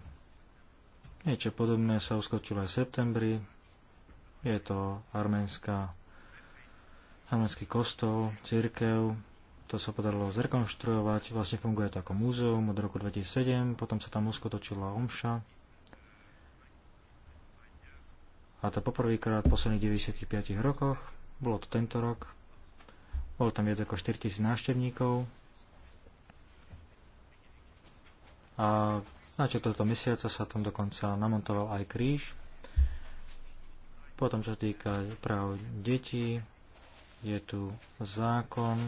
Niečo podobné sa uskočilo aj v septembri. Je to arménska, arménsky kostol, církev, to sa podarilo zrekonštruovať, vlastne funguje to ako múzeum od roku 2007, potom sa tam uskutočila omša. A to poprvýkrát v posledných 95 rokoch, bolo to tento rok, bolo tam viac ako 4000 návštevníkov. A načo tohto mesiaca sa tam dokonca namontoval aj kríž. Potom, čo sa týka práv detí, je tu zákon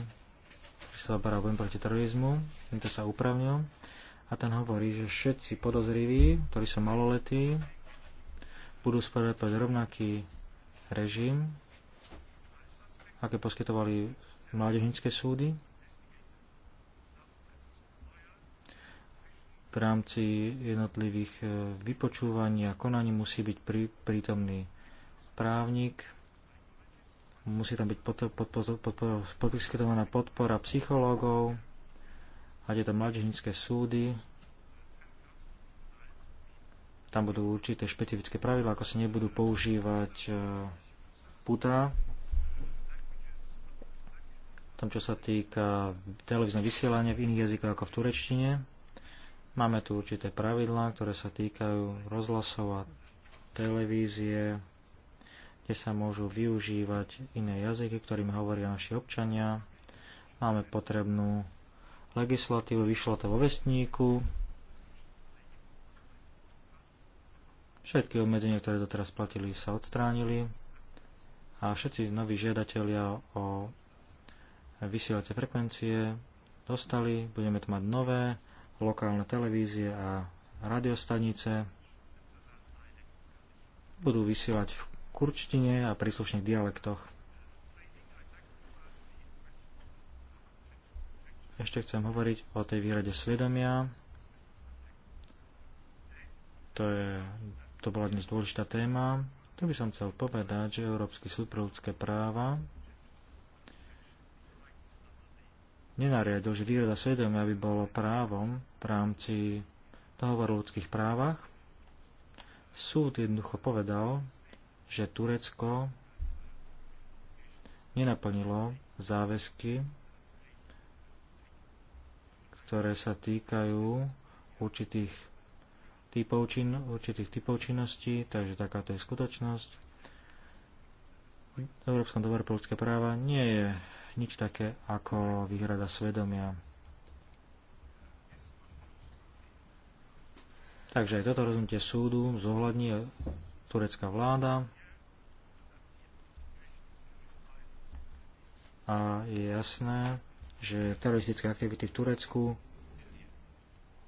ktorý sa zaoberá proti terorizmu, to sa upravnil a ten hovorí, že všetci podozriví, ktorí sú maloletí, budú spadať pod rovnaký režim, aké poskytovali mládežnícke súdy v rámci jednotlivých e, vypočúvaní a konaní musí byť prítomný právnik, musí tam byť poskytovaná podpora psychológov, a tieto mladžinické súdy, tam budú určité špecifické pravidlá, ako sa nebudú používať e, putá. Tom, čo sa týka televízne vysielania v iných jazykoch ako v turečtine, máme tu určité pravidlá, ktoré sa týkajú rozhlasov a televízie, kde sa môžu využívať iné jazyky, ktorým hovoria naši občania. Máme potrebnú legislatívu, vyšlo to vo vestníku. Všetky obmedzenia, ktoré doteraz platili, sa odstránili a všetci noví žiadatelia o vysielacie frekvencie dostali. Budeme tu mať nové lokálne televízie a radiostanice budú vysielať v kurčtine a príslušných dialektoch. Ešte chcem hovoriť o tej výrade svedomia. To, je, to bola dnes dôležitá téma. Tu by som chcel povedať, že Európsky súd pre ľudské práva nenariadil, že výrada svedomia by bolo právom v rámci dohovoru o ľudských právach. Súd jednoducho povedal, že Turecko nenaplnilo záväzky, ktoré sa týkajú určitých typov, čin, určitých typov činností, takže takáto je skutočnosť. V Európskom dobore pre ľudské práva nie je nič také ako výhrada svedomia. Takže aj toto rozhodnutie súdu zohľadní turecká vláda a je jasné, že teroristické aktivity v Turecku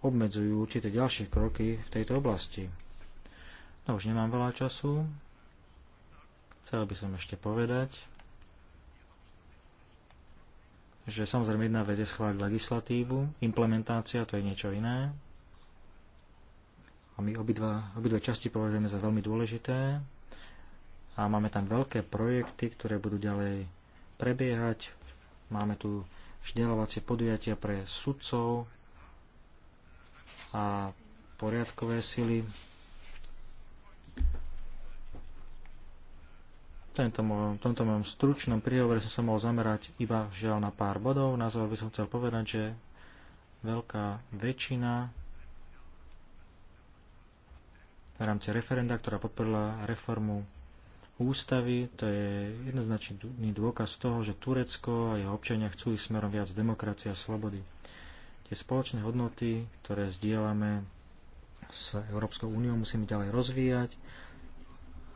obmedzujú určité ďalšie kroky v tejto oblasti. No už nemám veľa času. Chcel by som ešte povedať, že samozrejme jedna vec je schváliť legislatívu, implementácia to je niečo iné. A my obidva, obidve časti považujeme za veľmi dôležité a máme tam veľké projekty, ktoré budú ďalej prebiehať. Máme tu vzdelávacie podujatia pre sudcov a poriadkové sily. Tento tomto mojom stručnom príhovore som sa mohol zamerať iba žiaľ na pár bodov. Na záver by som chcel povedať, že veľká väčšina v rámci referenda, ktorá podporila reformu ústavy. To je jednoznačný dôkaz toho, že Turecko a jeho občania chcú ísť smerom viac demokracie a slobody. Tie spoločné hodnoty, ktoré zdieľame s Európskou úniou, musíme ďalej rozvíjať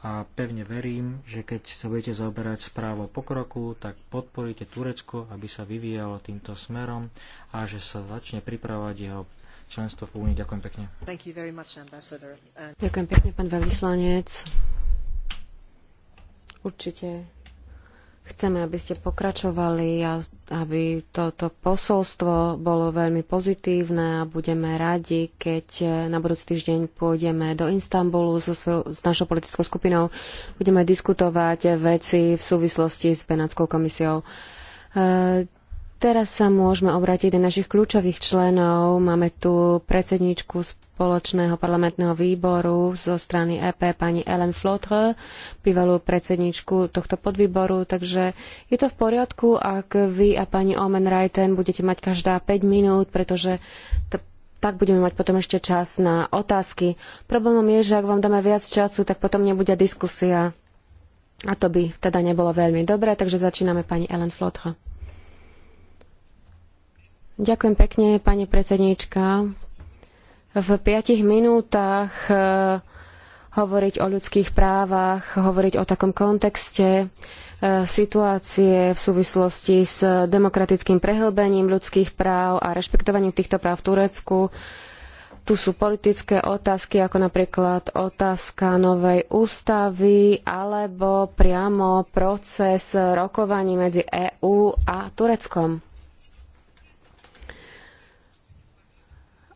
a pevne verím, že keď sa budete zaoberať správou pokroku, tak podporíte Turecko, aby sa vyvíjalo týmto smerom a že sa začne pripravovať jeho členstvo v Únii. Ďakujem pekne. Much, And... Ďakujem pekne, pán veľvyslanec. Určite chceme, aby ste pokračovali a aby toto posolstvo bolo veľmi pozitívne a budeme radi, keď na budúci týždeň pôjdeme do Istanbulu so svoj- s našou politickou skupinou. Budeme diskutovať veci v súvislosti s Benátskou komisiou. E, teraz sa môžeme obrátiť na našich kľúčových členov. Máme tu predsedničku z spoločného parlamentného výboru zo strany EP pani Ellen Flotre, bývalú predsedničku tohto podvýboru, takže je to v poriadku, ak vy a pani Omen Reiten budete mať každá 5 minút, pretože tak budeme mať potom ešte čas na otázky. Problémom je, že ak vám dáme viac času, tak potom nebude diskusia. A to by teda nebolo veľmi dobré, takže začíname pani Ellen Flotre. Ďakujem pekne, pani predsedníčka v piatich minútach e, hovoriť o ľudských právach, hovoriť o takom kontexte e, situácie v súvislosti s demokratickým prehlbením ľudských práv a rešpektovaním týchto práv v Turecku. Tu sú politické otázky, ako napríklad otázka novej ústavy alebo priamo proces rokovaní medzi EÚ a Tureckom.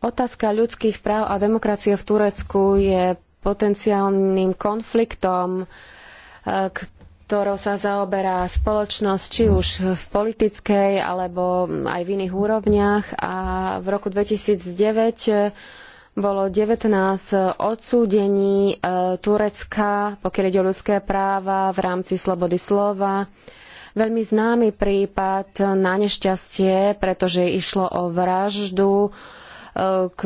Otázka ľudských práv a demokracie v Turecku je potenciálnym konfliktom, e, ktorou sa zaoberá spoločnosť, či už v politickej alebo aj v iných úrovniach. A v roku 2009 e, bolo 19 odsúdení e, Turecka, pokiaľ ide o ľudské práva v rámci slobody slova. Veľmi známy prípad na nešťastie, pretože išlo o vraždu k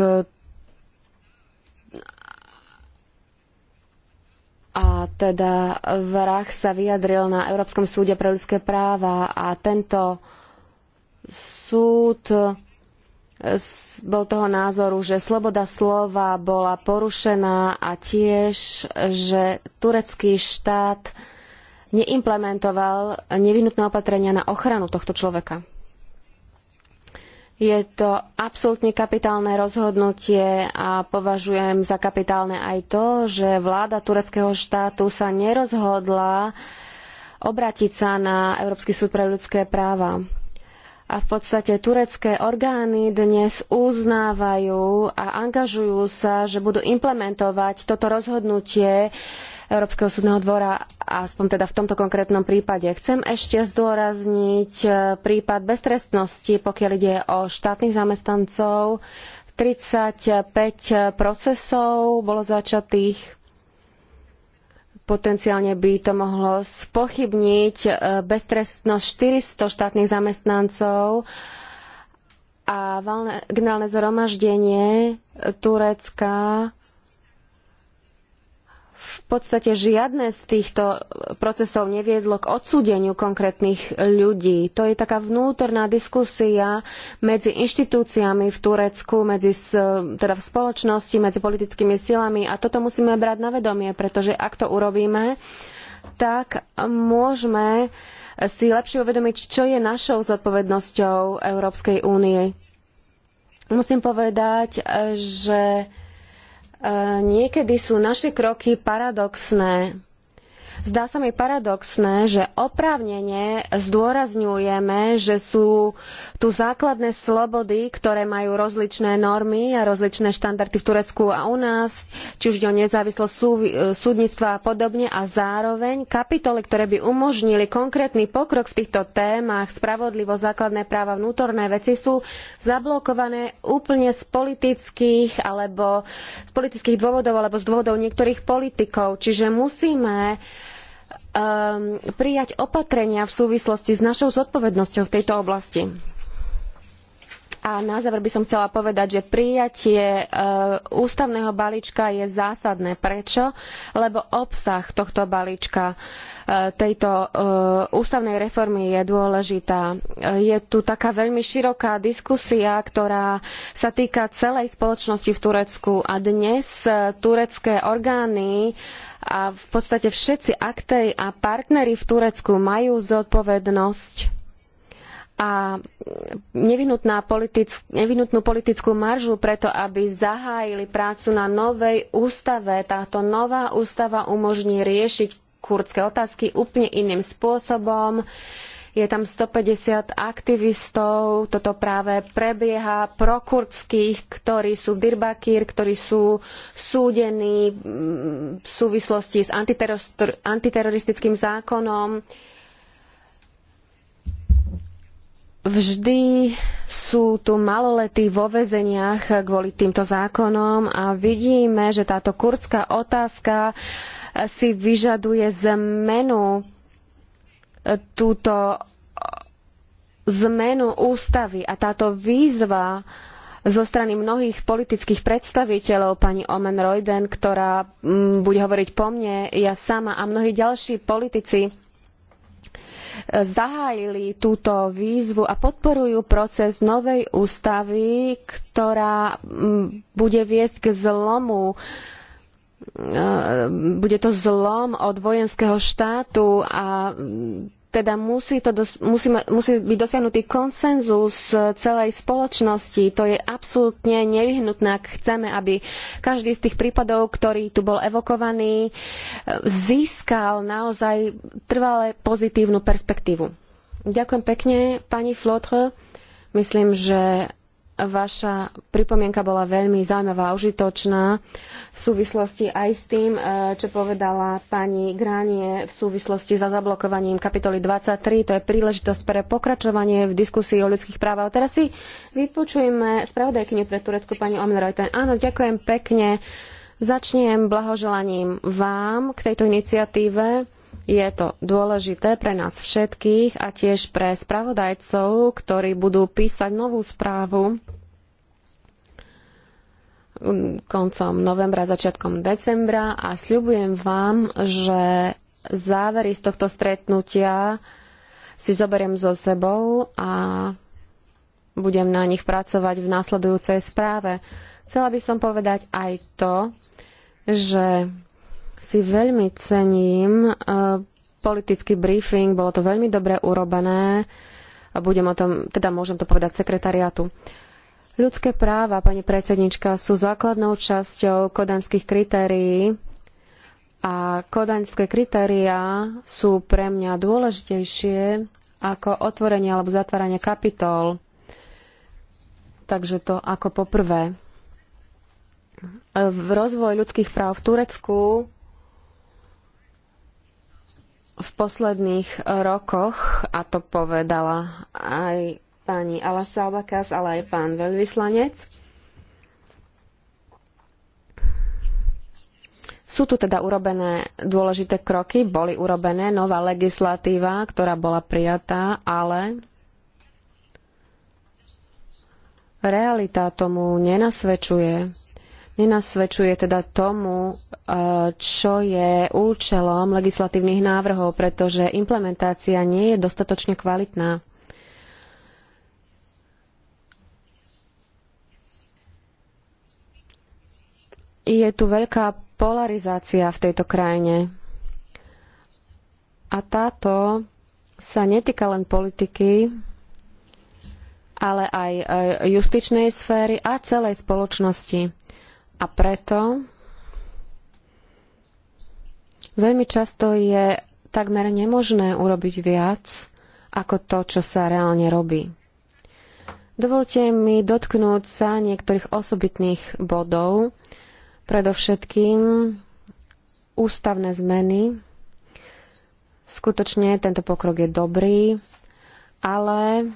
a teda Vrah sa vyjadril na Európskom súde pre ľudské práva a tento súd bol toho názoru, že sloboda slova bola porušená a tiež, že turecký štát neimplementoval nevyhnutné opatrenia na ochranu tohto človeka. Je to absolútne kapitálne rozhodnutie a považujem za kapitálne aj to, že vláda tureckého štátu sa nerozhodla obrátiť sa na Európsky súd pre ľudské práva. A v podstate turecké orgány dnes uznávajú a angažujú sa, že budú implementovať toto rozhodnutie Európskeho súdneho dvora, aspoň teda v tomto konkrétnom prípade. Chcem ešte zdôrazniť e, prípad beztrestnosti, pokiaľ ide o štátnych zamestnancov. 35 procesov bolo začatých. Potenciálne by to mohlo spochybniť e, beztrestnosť 400 štátnych zamestnancov a generálne zhromaždenie Turecka podstate žiadne z týchto procesov neviedlo k odsúdeniu konkrétnych ľudí. To je taká vnútorná diskusia medzi inštitúciami v Turecku, medzi, teda v spoločnosti, medzi politickými silami a toto musíme brať na vedomie, pretože ak to urobíme, tak môžeme si lepšie uvedomiť, čo je našou zodpovednosťou Európskej únie. Musím povedať, že E, niekedy sú naše kroky paradoxné. Zdá sa mi paradoxné, že oprávnene zdôrazňujeme, že sú tu základné slobody, ktoré majú rozličné normy a rozličné štandardy v Turecku a u nás, či už ide o nezávislosť súdnictva a podobne, a zároveň kapitoly, ktoré by umožnili konkrétny pokrok v týchto témach, spravodlivosť, základné práva, vnútorné veci, sú zablokované úplne z politických alebo z politických dôvodov alebo z dôvodov niektorých politikov. Čiže musíme Um, prijať opatrenia v súvislosti s našou zodpovednosťou v tejto oblasti. A na záver by som chcela povedať, že prijatie e, ústavného balíčka je zásadné. Prečo? Lebo obsah tohto balíčka, e, tejto e, ústavnej reformy je dôležitá. E, je tu taká veľmi široká diskusia, ktorá sa týka celej spoločnosti v Turecku a dnes e, turecké orgány a v podstate všetci aktéri a partneri v Turecku majú zodpovednosť a politic, nevyhnutnú politickú maržu preto, aby zahájili prácu na novej ústave. Táto nová ústava umožní riešiť kurdské otázky úplne iným spôsobom. Je tam 150 aktivistov, toto práve prebieha, prokurdských, ktorí sú v Dirbakír, ktorí sú súdení mm, v súvislosti s antiteroristickým zákonom. Vždy sú tu maloletí vo väzeniach kvôli týmto zákonom a vidíme, že táto kurdská otázka si vyžaduje zmenu túto zmenu ústavy a táto výzva zo strany mnohých politických predstaviteľov, pani Omen Reuten, ktorá mm, bude hovoriť po mne, ja sama a mnohí ďalší politici zahájili túto výzvu a podporujú proces novej ústavy, ktorá bude viesť k zlomu e, bude to zlom od vojenského štátu a teda musí, to dos- musí, musí byť dosiahnutý konsenzus celej spoločnosti. To je absolútne nevyhnutné, ak chceme, aby každý z tých prípadov, ktorý tu bol evokovaný, e, získal naozaj trvale pozitívnu perspektívu. Ďakujem pekne, pani Flotre. Myslím, že Vaša pripomienka bola veľmi zaujímavá a užitočná v súvislosti aj s tým, e, čo povedala pani Gránie v súvislosti za zablokovaním kapitoly 23. To je príležitosť pre pokračovanie v diskusii o ľudských právach. Teraz si vypočujeme spravodajkyňu pre Turecko pani Omenrojten. Áno, ďakujem pekne. Začnem blahoželaním vám k tejto iniciatíve je to dôležité pre nás všetkých a tiež pre spravodajcov, ktorí budú písať novú správu koncom novembra, začiatkom decembra a sľubujem vám, že závery z tohto stretnutia si zoberiem so sebou a budem na nich pracovať v následujúcej správe. Chcela by som povedať aj to, že si veľmi cením e, politický briefing, bolo to veľmi dobre urobené. Budem o tom, teda môžem to povedať sekretariátu. Ľudské práva, pani predsednička, sú základnou časťou kodanských kritérií a kodanské kritériá sú pre mňa dôležitejšie ako otvorenie alebo zatváranie kapitol. Takže to ako poprvé. V rozvoj ľudských práv v Turecku v posledných eh, rokoch, a to povedala aj pani Albakas, ale aj pán veľvyslanec, Sú tu teda urobené dôležité kroky, boli urobené nová legislatíva, ktorá bola prijatá, ale realita tomu nenasvedčuje, nenasvedčuje teda tomu, e, čo je účelom legislatívnych návrhov, pretože implementácia nie je dostatočne kvalitná. Je tu veľká polarizácia v tejto krajine. A táto sa netýka len politiky, ale aj justičnej sféry a celej spoločnosti. A preto veľmi často je takmer nemožné urobiť viac ako to, čo sa reálne robí. Dovolte mi dotknúť sa niektorých osobitných bodov, predovšetkým ústavné zmeny. Skutočne tento pokrok je dobrý, ale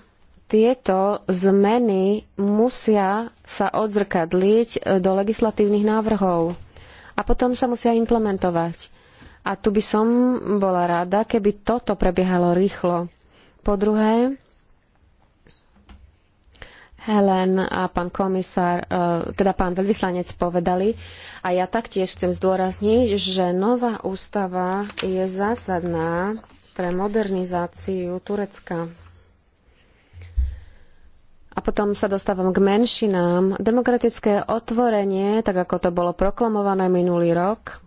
tieto zmeny musia sa odzrkadliť e, do legislatívnych návrhov a potom sa musia implementovať. A tu by som bola rada, keby toto prebiehalo rýchlo. Po druhé, Helen a pán komisár, e, teda pán veľvyslanec povedali, a ja taktiež chcem zdôrazniť, že nová ústava je zásadná pre modernizáciu Turecka. A potom sa dostávam k menšinám. Demokratické otvorenie, tak ako to bolo proklamované minulý rok,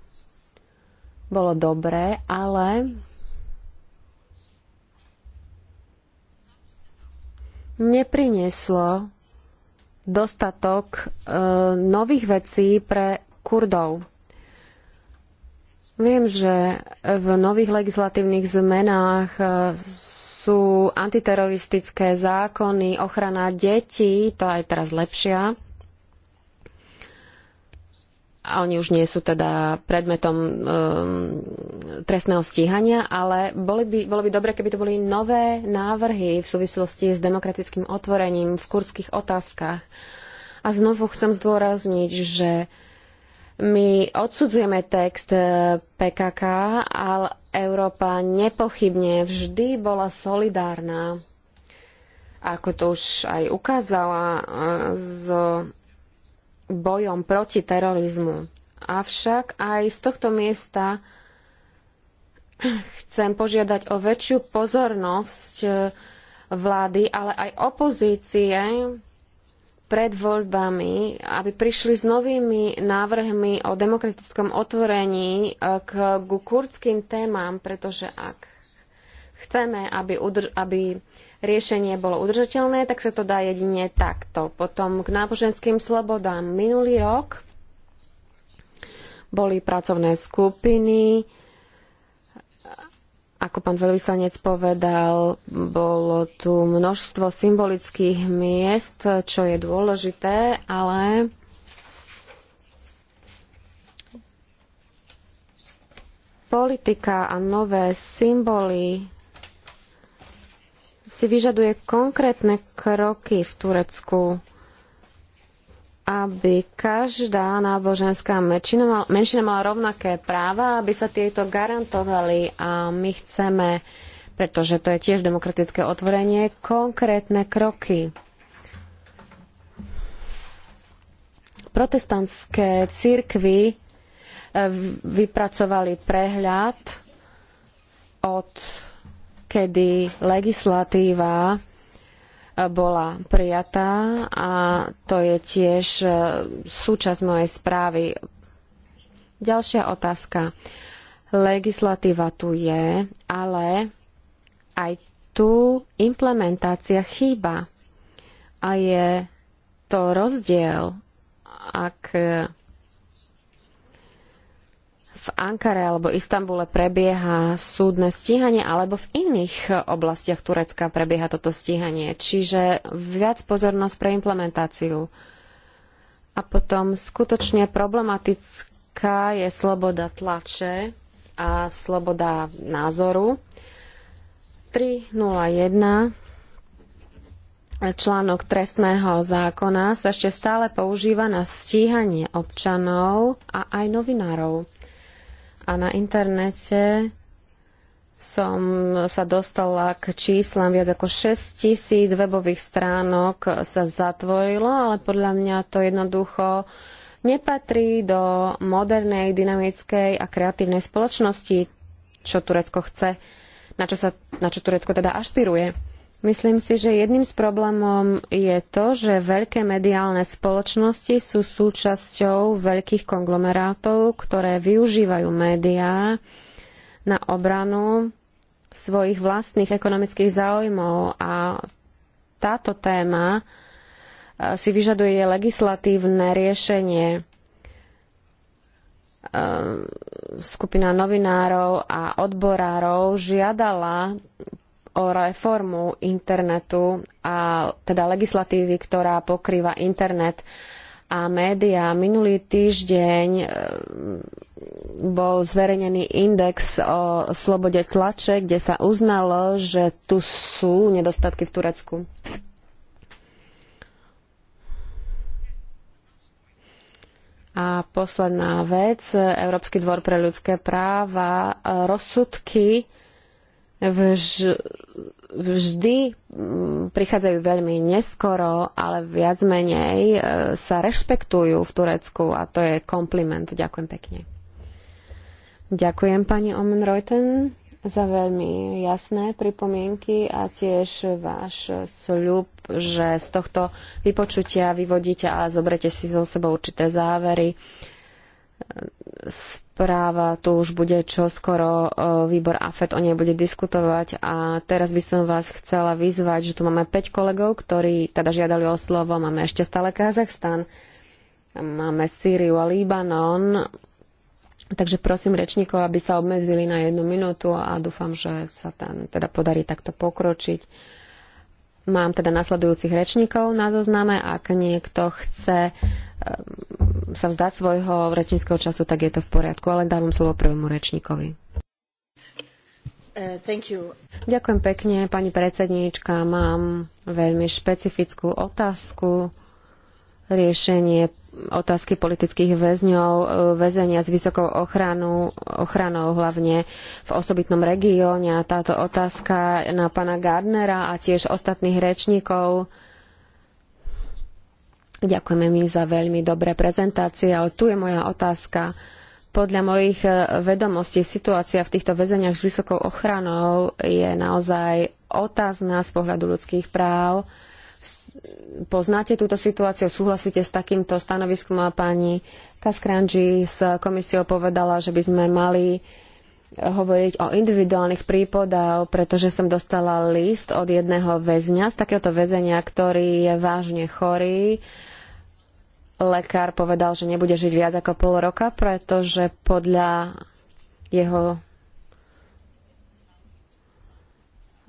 bolo dobré, ale neprinieslo dostatok e, nových vecí pre Kurdov. Viem, že v nových legislatívnych zmenách e, sú antiteroristické zákony, ochrana detí, to aj teraz lepšia. A oni už nie sú teda predmetom um, trestného stíhania, ale boli by, bolo by dobre, keby to boli nové návrhy v súvislosti s demokratickým otvorením v kurdských otázkach. A znovu chcem zdôrazniť, že uh, my odsudzujeme text e, PKK, ale Európa nepochybne vždy bola solidárna. Ako to už aj ukázala e, s bojom proti terorizmu. Avšak aj z tohto miesta chcem požiadať o väčšiu pozornosť e, vlády, ale aj opozície, pred voľbami, aby prišli s novými návrhmi o demokratickom otvorení e, k, ku kurdským témam, pretože ak chceme, aby, aby riešenie bolo udržateľné, tak sa to dá jedine takto. Potom k náboženským slobodám. Minulý rok boli pracovné skupiny, ako pán veľvyslanec povedal, bolo tu množstvo symbolických miest, čo je dôležité, ale politika a nové symboly si vyžaduje konkrétne kroky v Turecku aby každá náboženská menšina, menšina mala rovnaké práva, aby sa tieto garantovali a my chceme, pretože to je tiež demokratické otvorenie, konkrétne kroky. Protestantské církvy eh, vypracovali prehľad od kedy legislatíva bola prijatá a to je tiež e, súčasť mojej správy. Ďalšia otázka. Legislatíva tu je, ale aj tu implementácia chýba. A je to rozdiel, ak v Ankare alebo Istambule prebieha súdne stíhanie alebo v iných oblastiach Turecka prebieha toto stíhanie. Čiže viac pozornosť pre implementáciu. A potom skutočne problematická je sloboda tlače a sloboda názoru. 301 článok trestného zákona sa ešte stále používa na stíhanie občanov a aj novinárov a na internete som sa dostala k číslam viac ako 6 tisíc webových stránok sa zatvorilo, ale podľa mňa to jednoducho nepatrí do modernej, dynamickej a kreatívnej spoločnosti, čo Turecko chce, na čo, sa, na čo Turecko teda ašpiruje. Myslím si, že jedným z problémov je to, že veľké mediálne spoločnosti sú súčasťou veľkých konglomerátov, ktoré využívajú médiá na obranu svojich vlastných ekonomických záujmov a táto téma e, si vyžaduje legislatívne riešenie. E, skupina novinárov a odborárov žiadala o reformu internetu a teda legislatívy, ktorá pokrýva internet a médiá. Minulý týždeň e, bol zverejnený index o slobode tlače, kde sa uznalo, že tu sú nedostatky v Turecku. A posledná vec, Európsky dvor pre ľudské práva, e, rozsudky vž, vždy mm, prichádzajú veľmi neskoro, ale viac menej e, sa rešpektujú v Turecku a to je kompliment. Ďakujem pekne. Ďakujem pani Omen Reuten za veľmi jasné pripomienky a tiež váš sľub, že z tohto vypočutia vyvodíte a zobrete si zo sebou určité závery správa tu už bude čoskoro, e, výbor AFET o nej bude diskutovať a teraz by som vás chcela vyzvať, že tu máme 5 kolegov, ktorí teda žiadali o slovo, máme ešte stále Kazachstan, máme Sýriu a Libanon, takže prosím rečníkov, aby sa obmedzili na jednu minútu a dúfam, že sa tam teda podarí takto pokročiť. Mám teda nasledujúcich rečníkov na zozname, ak niekto chce sa vzdať svojho rečníckého času, tak je to v poriadku, ale dávam slovo prvému rečníkovi. Uh, Ďakujem pekne, pani predsedníčka. Mám veľmi špecifickú otázku. Riešenie otázky politických väzňov, uh, väzenia s vysokou ochranou, ochranou hlavne v osobitnom regióne. A táto otázka na pána Gardnera a tiež ostatných rečníkov Ďakujeme mi za veľmi dobré prezentácie, ale tu je moja otázka. Podľa mojich e, vedomostí situácia v týchto väzeniach s vysokou ochranou je naozaj otázna z pohľadu ľudských práv. Poznáte túto situáciu, súhlasíte s takýmto stanoviskom a pani Kaskranji s komisiou povedala, že by sme mali hovoriť o individuálnych prípadoch, pretože som dostala list od jedného väzňa z takéhoto väzenia, ktorý je vážne chorý. Lekár povedal, že nebude žiť viac ako pol roka, pretože podľa jeho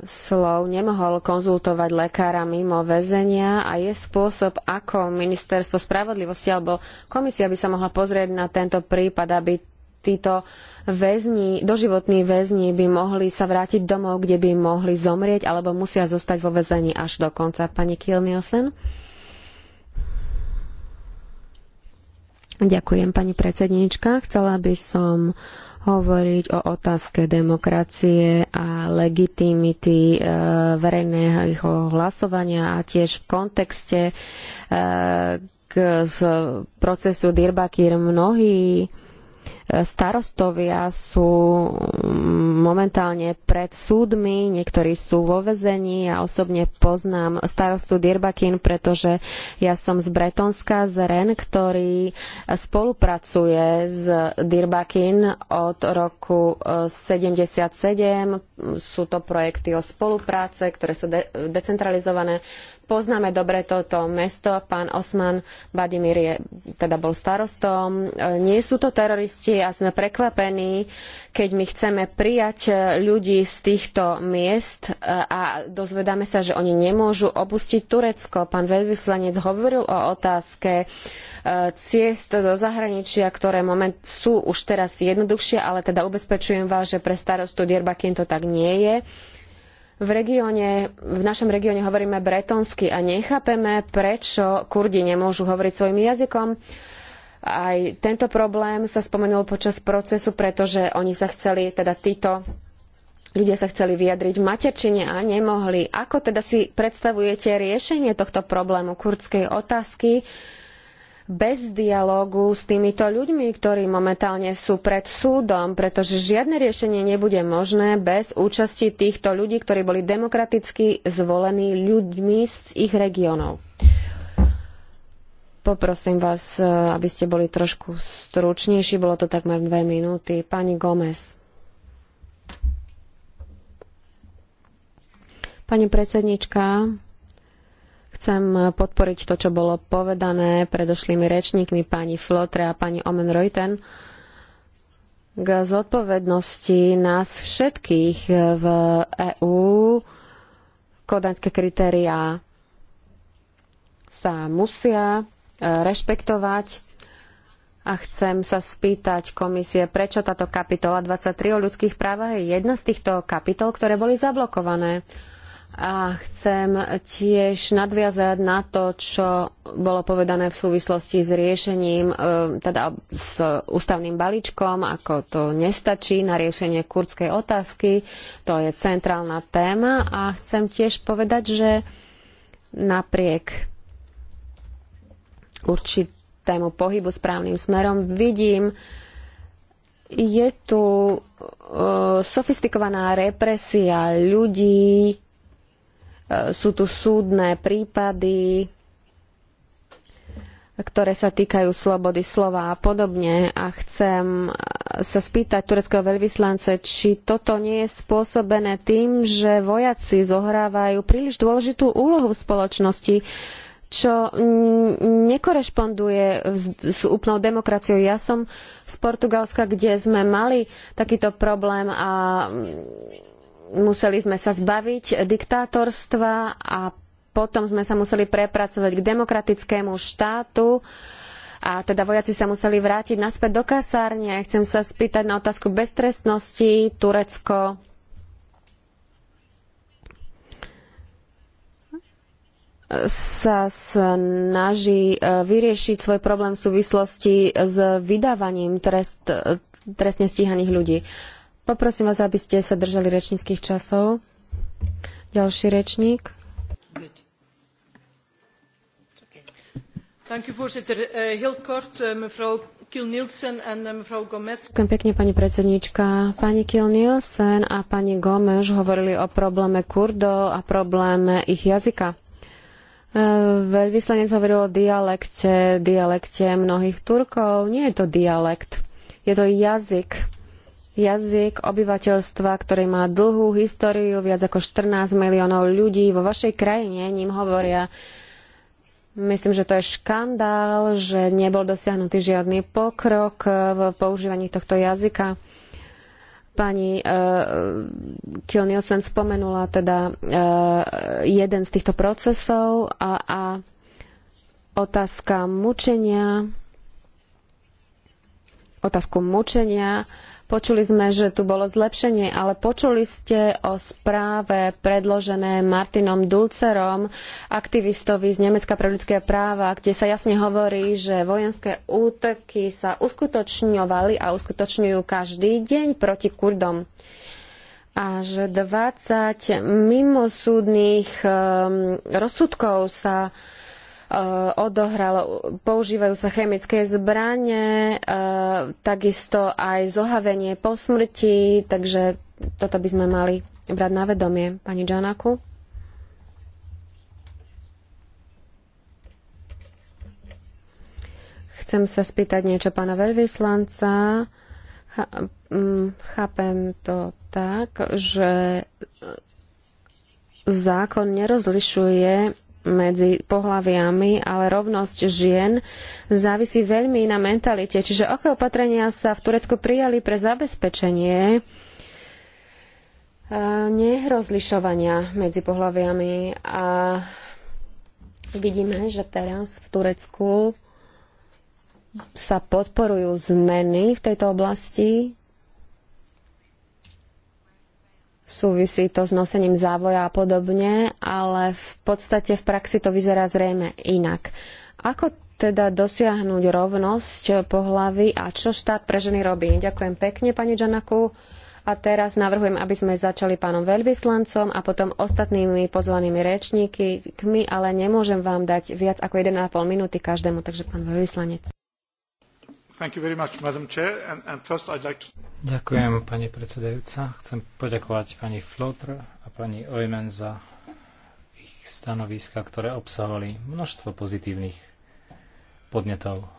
slov nemohol konzultovať lekára mimo väzenia a je spôsob, ako ministerstvo spravodlivosti alebo komisia by sa mohla pozrieť na tento prípad, aby títo väzni, doživotní väzni by mohli sa vrátiť domov, kde by mohli zomrieť, alebo musia zostať vo väzení až do konca. Pani Kilmielsen? Ďakujem, pani predsednička. Chcela by som hovoriť o otázke demokracie a legitimity e, verejného hlasovania a tiež v kontexte e, k procesu Dirbakir mnohí starostovia sú mm, momentálne pred súdmi, niektorí sú vo vezení. Ja osobne poznám starostu Dirbakin, pretože ja som z Bretonska, z REN, ktorý spolupracuje s Dirbakin od roku 77. Eh, sú to projekty o spolupráce, ktoré sú de- decentralizované. Poznáme dobre toto mesto. Pán Osman Badimir je, teda bol starostom. E, nie sú to teroristi a sme prekvapení, keď my chceme prijať e, ľudí z týchto miest e, a dozvedáme sa, že oni nemôžu opustiť Turecko. Pán veľvyslanec hovoril o otázke ciest do zahraničia, ktoré moment sú už teraz jednoduchšie, ale teda ubezpečujem vás, že pre starostu Dierbakin to tak nie je v regióne, v našom regióne hovoríme bretonsky a nechápeme, prečo Kurdi nemôžu hovoriť svojim jazykom. Aj tento problém sa spomenul počas procesu, pretože oni sa chceli, teda títo ľudia sa chceli vyjadriť v materčine a nemohli. Ako teda si predstavujete riešenie tohto problému kurdskej otázky? bez dialógu s týmito ľuďmi, ktorí momentálne sú pred súdom, pretože žiadne riešenie nebude možné bez účasti týchto ľudí, ktorí boli demokraticky zvolení ľuďmi z ich regiónov. Poprosím vás, e, aby ste boli trošku stručnejší, bolo to takmer dve minúty. Pani Gomez. Pani predsednička, Chcem podporiť to, čo bolo povedané predošlými rečníkmi pani Flotre a pani Omen Reuten k zodpovednosti nás všetkých v EÚ. Kodaňské kritériá sa musia e, rešpektovať a chcem sa spýtať komisie, prečo táto kapitola 23 o ľudských právach je jedna z týchto kapitol, ktoré boli zablokované. A chcem tiež nadviazať na to, čo bolo povedané v súvislosti s riešením, e, teda s ústavným balíčkom, ako to nestačí na riešenie kurdskej otázky. To je centrálna téma a chcem tiež povedať, že napriek určitému pohybu správnym smerom vidím, je tu e, sofistikovaná represia ľudí, E, sú tu súdne prípady, ktoré sa týkajú slobody slova a podobne. A chcem sa spýtať tureckého veľvyslance, či toto nie je spôsobené tým, že vojaci zohrávajú príliš dôležitú úlohu v spoločnosti, čo nekorešponduje s úplnou demokraciou. Ja som z Portugalska, kde sme mali takýto problém a museli sme sa zbaviť diktátorstva a potom sme sa museli prepracovať k demokratickému štátu a teda vojaci sa museli vrátiť naspäť do kasárne. Chcem sa spýtať na otázku beztrestnosti, Turecko. sa snaží e, vyriešiť svoj problém v súvislosti s vydávaním trest, e, trestne stíhaných ľudí. Poprosím vás, aby ste sa držali rečníckých časov. Ďalší rečník. Eh, eh, eh, Ďakujem pekne, pani predsednička. Pani Kiel Nielsen a pani Gomes hovorili o probléme Kurdov a probléme ich jazyka. Veľvyslanec hovoril o dialekte, dialekte mnohých Turkov. Nie je to dialekt, je to jazyk jazyk obyvateľstva, ktorý má dlhú históriu, viac ako 14 miliónov ľudí vo vašej krajine ním hovoria. Myslím, že to je škandál, že nebol dosiahnutý žiadny pokrok v používaní tohto jazyka pani uh, Nielsen spomenula teda uh, jeden z týchto procesov a, a otázka mučenia otázku mučenia Počuli sme, že tu bolo zlepšenie, ale počuli ste o správe predložené Martinom Dulcerom, aktivistovi z Nemecka pre ľudské práva, kde sa jasne hovorí, že vojenské útoky sa uskutočňovali a uskutočňujú každý deň proti Kurdom a že 20 mimosúdnych um, rozsudkov sa Eh, odohralo. Používajú sa chemické zbranie, eh, takisto aj zohavenie po smrti, takže toto by sme mali brať na vedomie. Pani Džanaku? Chcem sa spýtať niečo pána veľvyslanca. Mm, chápem to tak, že zákon nerozlišuje medzi pohlaviami, ale rovnosť žien závisí veľmi na mentalite. Čiže aké opatrenia sa v Turecku prijali pre zabezpečenie e, nehrozlišovania medzi pohlaviami a vidíme, že teraz v Turecku sa podporujú zmeny v tejto oblasti súvisí to s nosením závoja a podobne, ale v podstate v praxi to vyzerá zrejme inak. Ako teda dosiahnuť rovnosť pohlavy a čo štát pre ženy robí? Ďakujem pekne, pani Džanaku. A teraz navrhujem, aby sme začali pánom veľvyslancom a potom ostatnými pozvanými rečníkmi, ale nemôžem vám dať viac ako 1,5 minúty každému, takže pán veľvyslanec. Ďakujem, pani predsedajúca. Chcem poďakovať pani Flotr a pani Ojmen za ich stanoviska, ktoré obsahovali množstvo pozitívnych podnetov.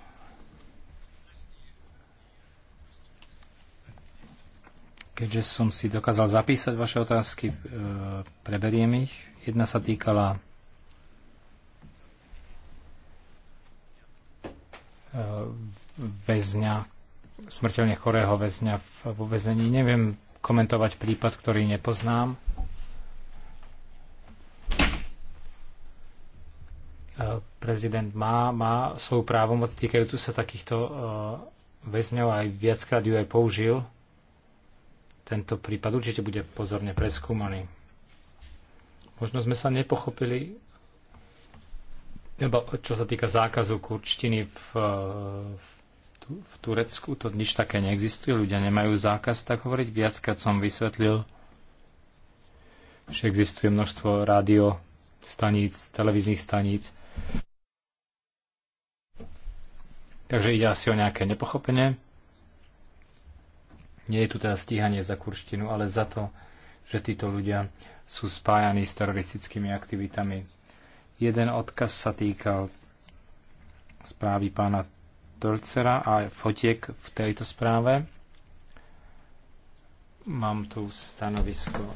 Keďže som si dokázal zapísať vaše otázky, e, preberiem ich. Jedna sa týkala e, väzňa, smrteľne chorého väzňa vo väzení. Neviem komentovať prípad, ktorý nepoznám. E, prezident má, má svoju právomoc týkajúcu sa takýchto e, väzňov aj viackrát ju aj použil. Tento prípad určite bude pozorne preskúmaný. Možno sme sa nepochopili, čo sa týka zákazu kurčtiny v, v v Turecku to nič také neexistuje, ľudia nemajú zákaz tak hovoriť. Viackrát som vysvetlil, že existuje množstvo rádio staníc, televíznych staníc. Takže ide asi o nejaké nepochopenie. Nie je tu teda stíhanie za kurštinu, ale za to, že títo ľudia sú spájaní s teroristickými aktivitami. Jeden odkaz sa týkal správy pána Dolcera a fotiek v tejto správe. Mám tu stanovisko e, e,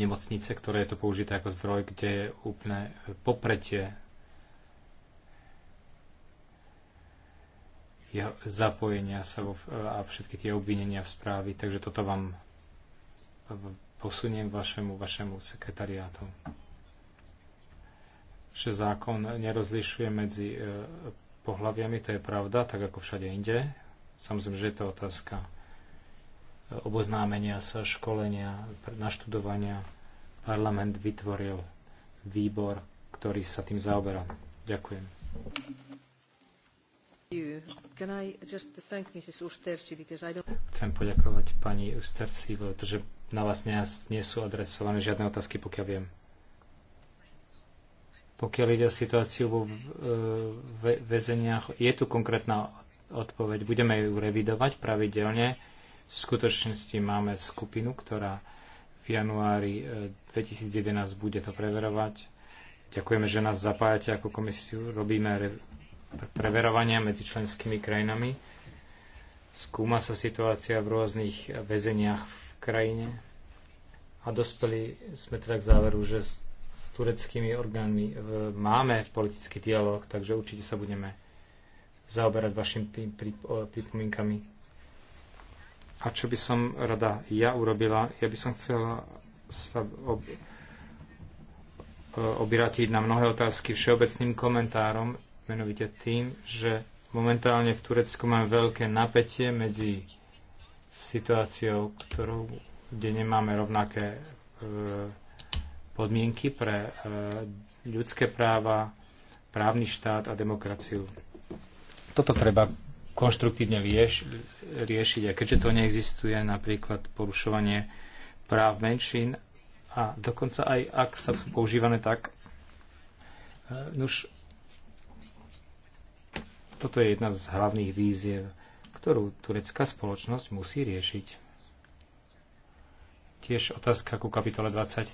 nemocnice, ktoré je tu použité ako zdroj, kde je úplne e, popretie jeho zapojenia sa vo, a všetky tie obvinenia v správy. Takže toto vám posuniem vašemu, vašemu sekretariátu že zákon nerozlišuje medzi e, pohľaviami, to je pravda, tak ako všade inde. Samozrejme, že je to otázka e, oboznámenia sa, školenia, naštudovania. Parlament vytvoril výbor, ktorý sa tým zaoberá. Ďakujem. Chcem poďakovať pani Usterci, pretože na vás nie sú adresované žiadne otázky, pokiaľ viem. Pokiaľ ide o situáciu vo e, väzeniach, je tu konkrétna odpoveď. Budeme ju revidovať pravidelne. V skutočnosti máme skupinu, ktorá v januári 2011 e, bude to preverovať. Ďakujeme, že nás zapájate ako komisiu. Robíme preverovania medzi členskými krajinami. Skúma sa situácia v rôznych väzeniach v krajine. A dospeli sme teda k záveru, že s tureckými orgánmi e, máme politický dialog, takže určite sa budeme zaoberať vašimi pripomínkami. A čo by som rada ja urobila? Ja by som chcela sa ob, e, obiratiť na mnohé otázky všeobecným komentárom, menovite tým, že momentálne v Turecku máme veľké napätie medzi situáciou, ktorú, kde nemáme rovnaké e, podmienky pre eh, ľudské práva, právny štát a demokraciu. Toto treba konštruktívne rieš, riešiť a keďže to neexistuje napríklad porušovanie práv menšín a dokonca aj ak sa sú používané tak, eh, nuž toto je jedna z hlavných víziev, ktorú turecká spoločnosť musí riešiť. Tiež otázka ku kapitole 23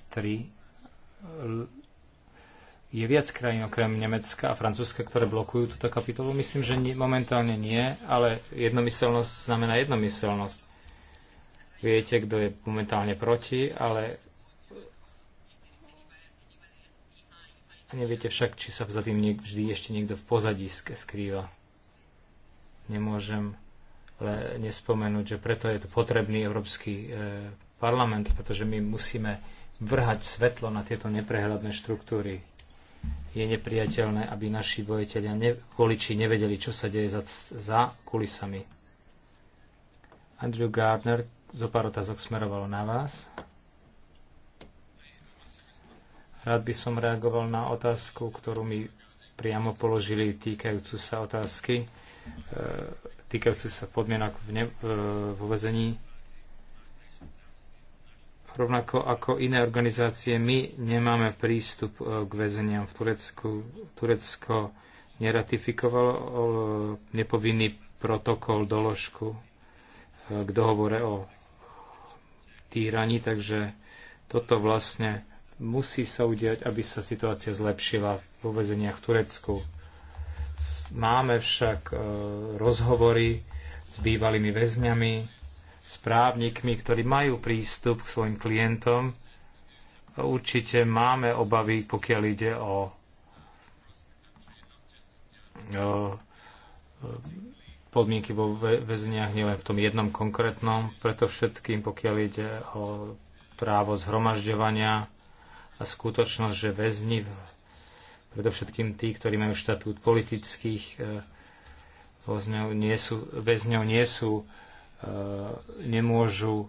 je viac krajín okrem Nemecka a Francúzska, ktoré blokujú túto kapitolu? Myslím, že nie, momentálne nie, ale jednomyselnosť znamená jednomyselnosť. Viete, kto je momentálne proti, ale neviete však, či sa za tým niek- vždy ešte niekto v pozadí skrýva. Nemôžem ale nespomenúť, že preto je to potrebný Európsky e, parlament, pretože my musíme vrhať svetlo na tieto neprehľadné štruktúry. Je nepriateľné, aby naši vojiteľia, ne, voliči nevedeli, čo sa deje za, za kulisami. Andrew Gardner, zo pár otázok smerovalo na vás. Rád by som reagoval na otázku, ktorú mi priamo položili týkajúcu sa otázky, e, týkajúcu sa podmienok v ne, v, e, v vezení Rovnako ako iné organizácie, my nemáme prístup e, k väzeniam v Turecku. Turecko neratifikovalo e, nepovinný protokol, doložku e, k dohovore o týraní, takže toto vlastne musí sa udiať, aby sa situácia zlepšila vo väzeniach v Turecku. Máme však rozhovory s bývalými väzňami, s právnikmi, ktorí majú prístup k svojim klientom. Určite máme obavy, pokiaľ ide o, o podmienky vo väzeniach nielen v tom jednom konkrétnom, preto všetkým, pokiaľ ide o právo zhromažďovania a skutočnosť, že väzni, predovšetkým tí, ktorí majú štatút politických e, väzňov, nie sú, väzňov nie sú E, nemôžu e,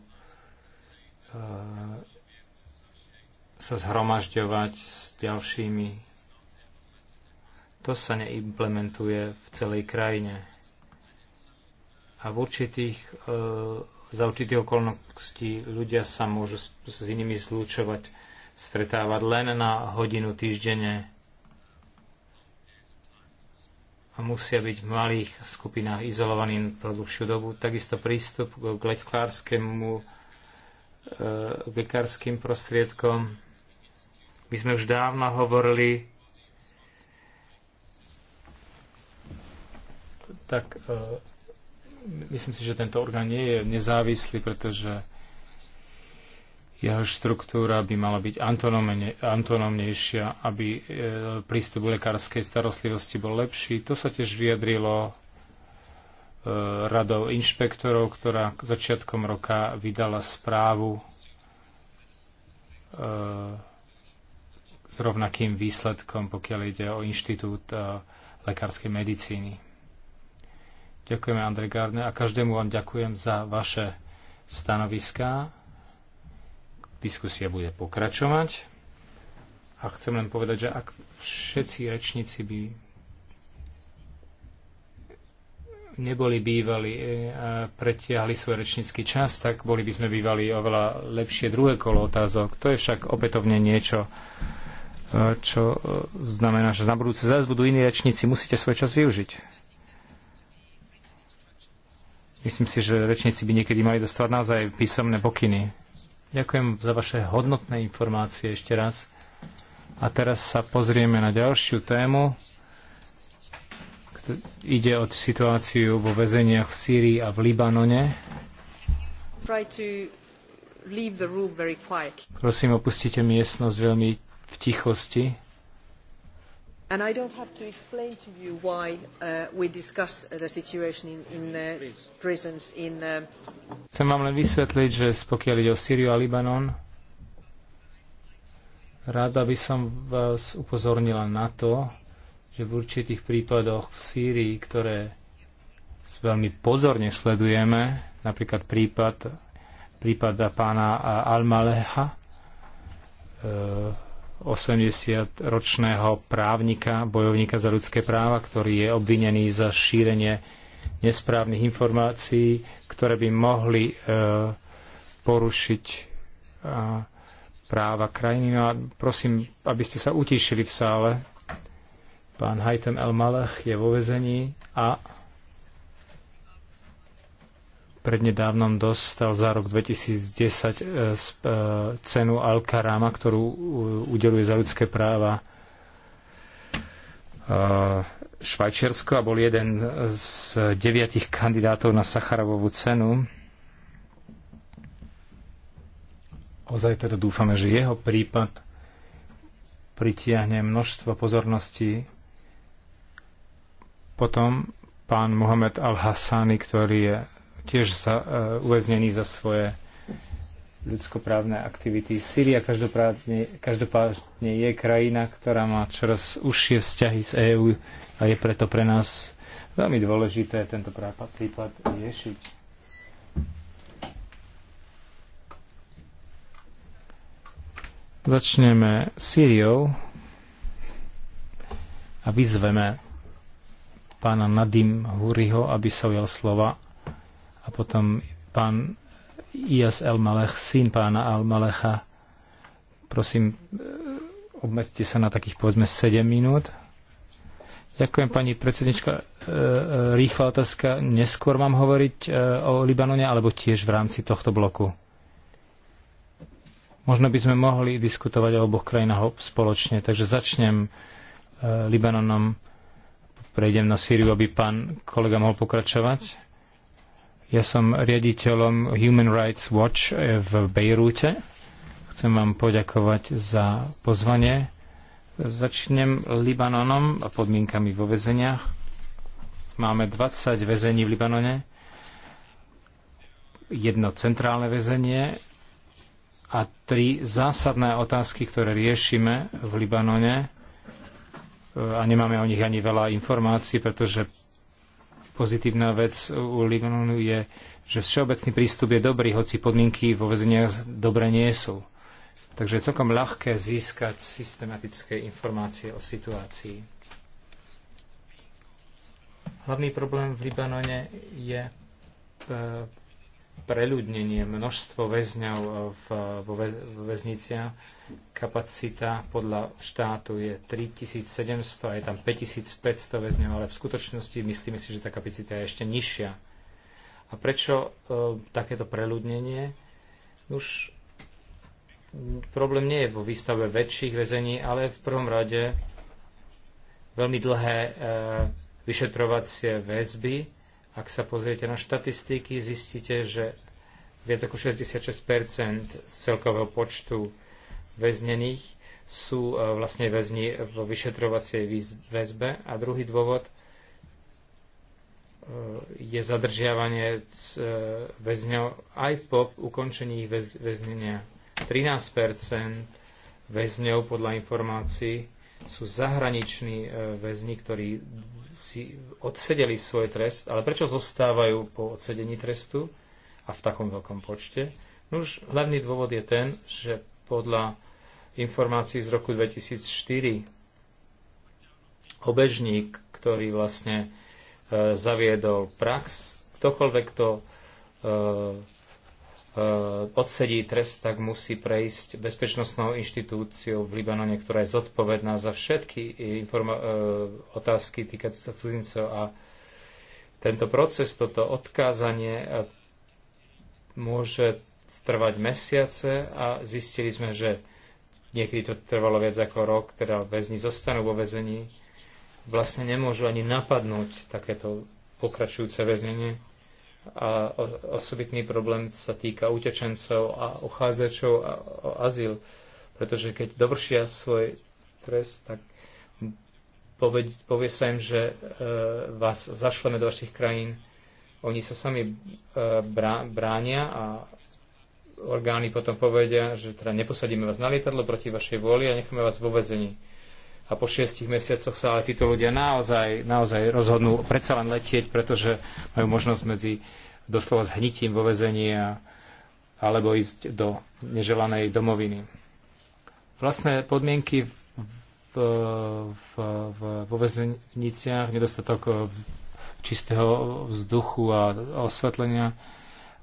sa zhromažďovať s ďalšími. To sa neimplementuje v celej krajine. A v určitých, e, za určitých okolností ľudia sa môžu s inými zlúčovať, stretávať len na hodinu týždenne a musia byť v malých skupinách izolovaní po dlhšiu dobu. Takisto prístup k lekárskému e, k lekárským prostriedkom. My sme už dávno hovorili tak e, myslím si, že tento orgán nie je nezávislý, pretože jeho štruktúra by mala byť antonomnejšia, aby e, prístup k lekárskej starostlivosti bol lepší. To sa tiež vyjadrilo e, radou inšpektorov, ktorá začiatkom roka vydala správu e, s rovnakým výsledkom, pokiaľ ide o inštitút lekárskej medicíny. Ďakujeme, Andrej Gárne, a každému vám ďakujem za vaše stanoviská. Diskusia bude pokračovať. A chcem len povedať, že ak všetci rečníci by neboli bývali e, a pretiahli svoj rečnícky čas, tak boli by sme bývali oveľa lepšie druhé kolo otázok. To je však opätovne niečo, e, čo e, znamená, že na budúce zás budú iní rečníci, musíte svoj čas využiť. Myslím si, že rečníci by niekedy mali dostávať naozaj písomné pokyny. Ďakujem za vaše hodnotné informácie ešte raz. A teraz sa pozrieme na ďalšiu tému. Ide o situáciu vo väzeniach v Sýrii a v Libanone. Prosím, opustite miestnosť veľmi v tichosti. And I don't have to explain to you why uh, we discuss uh, the situation in, in uh, prisons in... Uh... Chcem vám len vysvetliť, že pokiaľ ide o Syriu a Libanon, rada by som vás upozornila na to, že v určitých prípadoch v Sýrii, ktoré veľmi pozorne sledujeme, napríklad prípad, prípad pána Almaleha, e, 80-ročného právnika, bojovníka za ľudské práva, ktorý je obvinený za šírenie nesprávnych informácií, ktoré by mohli e, porušiť e, práva krajiny. No a prosím, aby ste sa utišili v sále. Pán Hajtem El Malach je vo vezení a prednedávnom dostal za rok 2010 e, e, cenu Alkarama, ktorú e, udeluje za ľudské práva Švajčiarsko a bol jeden z deviatich kandidátov na Sacharovovú cenu. Ozaj teda dúfame, že jeho prípad pritiahne množstvo pozornosti. Potom pán Mohamed Al-Hassani, ktorý je tiež sa e, uväznení za svoje ľudskoprávne aktivity. Síria každopádne, každopádne je krajina, ktorá má čoraz užšie vzťahy z EÚ a je preto pre nás veľmi dôležité tento prípad riešiť. Začneme Sýriou a vyzveme pána Nadim Huriho, aby sa ujal slova a potom pán Ias Malech, syn pána Malecha. prosím, eh, obmedzte sa na takých povedzme 7 minút. Ďakujem pani predsednička. E, rýchla otázka. Neskôr mám hovoriť o Libanone alebo tiež v rámci tohto bloku? Možno by sme mohli diskutovať o oboch krajinách spoločne, takže začnem Libanonom, prejdem na Sýriu, aby pán kolega mohol pokračovať. Ja som riaditeľom Human Rights Watch eh, v Bejrúte. Chcem vám poďakovať za pozvanie. Začnem Libanonom a podmienkami vo väzeniach. Máme 20 väzení v Libanone, jedno centrálne väzenie a tri zásadné otázky, ktoré riešime v Libanone eh, a nemáme o nich ani veľa informácií, pretože Pozitívna vec u Libanonu je, že všeobecný prístup je dobrý, hoci podmienky vo väzeniach dobre nie sú. Takže je celkom ľahké získať systematické informácie o situácii. Hlavný problém v Libanone je e, preľudnenie, množstvo väzňov e, vo väzniciach Kapacita podľa štátu je 3700 a je tam 5500 väzňov, ale v skutočnosti myslíme si, že tá kapacita je ešte nižšia. A prečo e, takéto preľudnenie? Už problém nie je vo výstave väčších väzení, ale v prvom rade veľmi dlhé e, vyšetrovacie väzby. Ak sa pozriete na štatistiky, zistíte, že viac ako 66 z celkového počtu väznených sú e, vlastne väzni vo vyšetrovacej väzbe. A druhý dôvod e, je zadržiavanie e, väzňov aj po ukončení ich väznenia. 13 väzňov podľa informácií sú zahraniční väzni, ktorí si odsedeli svoj trest, ale prečo zostávajú po odsedení trestu a v takom veľkom počte? No už hlavný dôvod je ten, že podľa informácií z roku 2004 obežník, ktorý vlastne e, zaviedol prax, ktokoľvek to e, e, odsedí trest, tak musí prejsť bezpečnostnou inštitúciou v Libanone, ktorá je zodpovedná za všetky e, informa- e, otázky týkajúce sa cudzincov a tento proces, toto odkázanie e, môže trvať mesiace a zistili sme, že niekedy to trvalo viac ako rok, teda väzni zostanú vo väzení, vlastne nemôžu ani napadnúť takéto pokračujúce väznenie. A osobitný problém sa týka utečencov a uchádzačov a, o azyl, pretože keď dovršia svoj trest, tak poved, povie sa im, že e, vás zašleme do vašich krajín. Oni sa sami e, brá, bránia a orgány potom povedia, že teda neposadíme vás na lietadlo proti vašej vôli a necháme vás vo vezení. A po šiestich mesiacoch sa ale títo ľudia naozaj, naozaj rozhodnú predsa len letieť, pretože majú možnosť medzi doslova zhnitím vo vezení a, alebo ísť do neželanej domoviny. Vlastné podmienky v, v, v, v, vo nedostatok eh, čistého vzduchu a osvetlenia,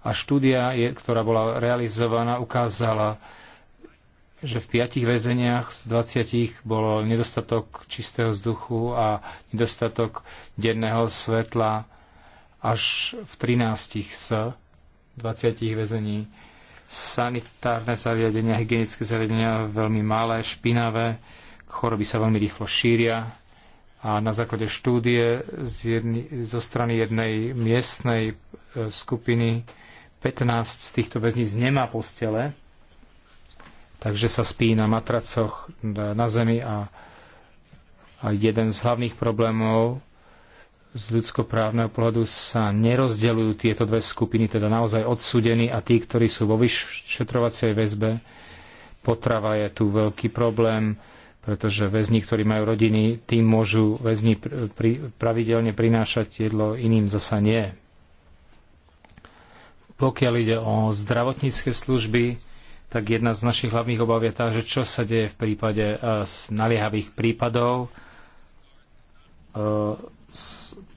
a štúdia, ktorá bola realizovaná, ukázala, že v piatich väzeniach z 20 bol nedostatok čistého vzduchu a nedostatok denného svetla až v 13 z 20 väzení. Sanitárne zariadenia, hygienické zariadenia veľmi malé, špinavé, choroby sa veľmi rýchlo šíria a na základe štúdie z jedny, zo strany jednej miestnej e, skupiny 15 z týchto väzníc nemá postele, takže sa spí na matracoch na zemi a, a jeden z hlavných problémov z ľudskoprávneho pohľadu sa nerozdeľujú tieto dve skupiny, teda naozaj odsudení a tí, ktorí sú vo vyšetrovacej väzbe. Potrava je tu veľký problém, pretože väzni, ktorí majú rodiny, tým môžu väzni pravidelne prinášať jedlo, iným zasa nie. Pokiaľ ide o zdravotnícke služby, tak jedna z našich hlavných obav je tá, že čo sa deje v prípade e, naliehavých prípadov. E,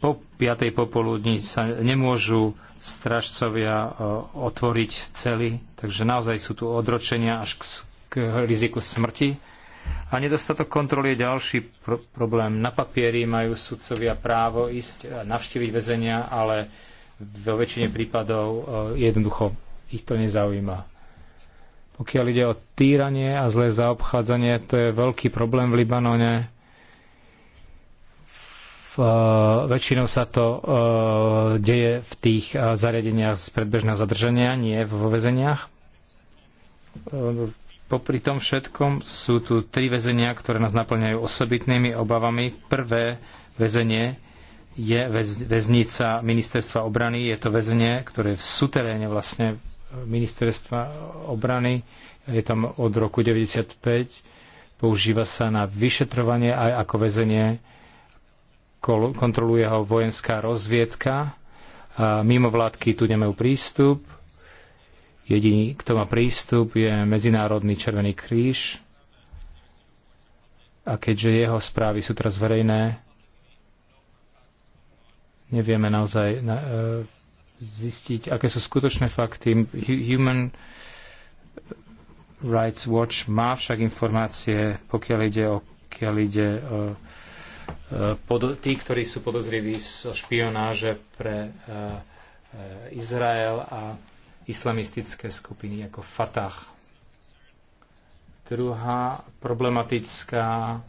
po piatej popoludní sa nemôžu strážcovia e, otvoriť cely, takže naozaj sú tu odročenia až k, k riziku smrti. A nedostatok kontroly je ďalší pro- problém. Na papieri majú sudcovia právo ísť a navštíviť väzenia, ale vo väčšine prípadov e, jednoducho ich to nezaujíma. Pokiaľ ide o týranie a zlé zaobchádzanie, to je veľký problém v Libanone. V, e, väčšinou sa to e, deje v tých zariadeniach z predbežného zadržania, nie vo väzeniach. Popri tom všetkom sú tu tri väzenia, ktoré nás naplňajú osobitnými obavami. Prvé väzenie je väz, väznica ministerstva obrany, je to väzenie, ktoré je v suteréne vlastne ministerstva obrany, je tam od roku 95, používa sa na vyšetrovanie aj ako väzenie, kontroluje ho vojenská rozviedka, a mimo vládky tu nemajú prístup, jediný, kto má prístup, je Medzinárodný Červený kríž, a keďže jeho správy sú teraz verejné, nevieme naozaj e, zistiť, aké sú skutočné fakty. Human Rights Watch má však informácie, pokiaľ ide o, pokiaľ ide uh, pod, tí, ktorí sú podozriví z špionáže pre uh, Izrael a islamistické skupiny ako Fatah. Druhá problematická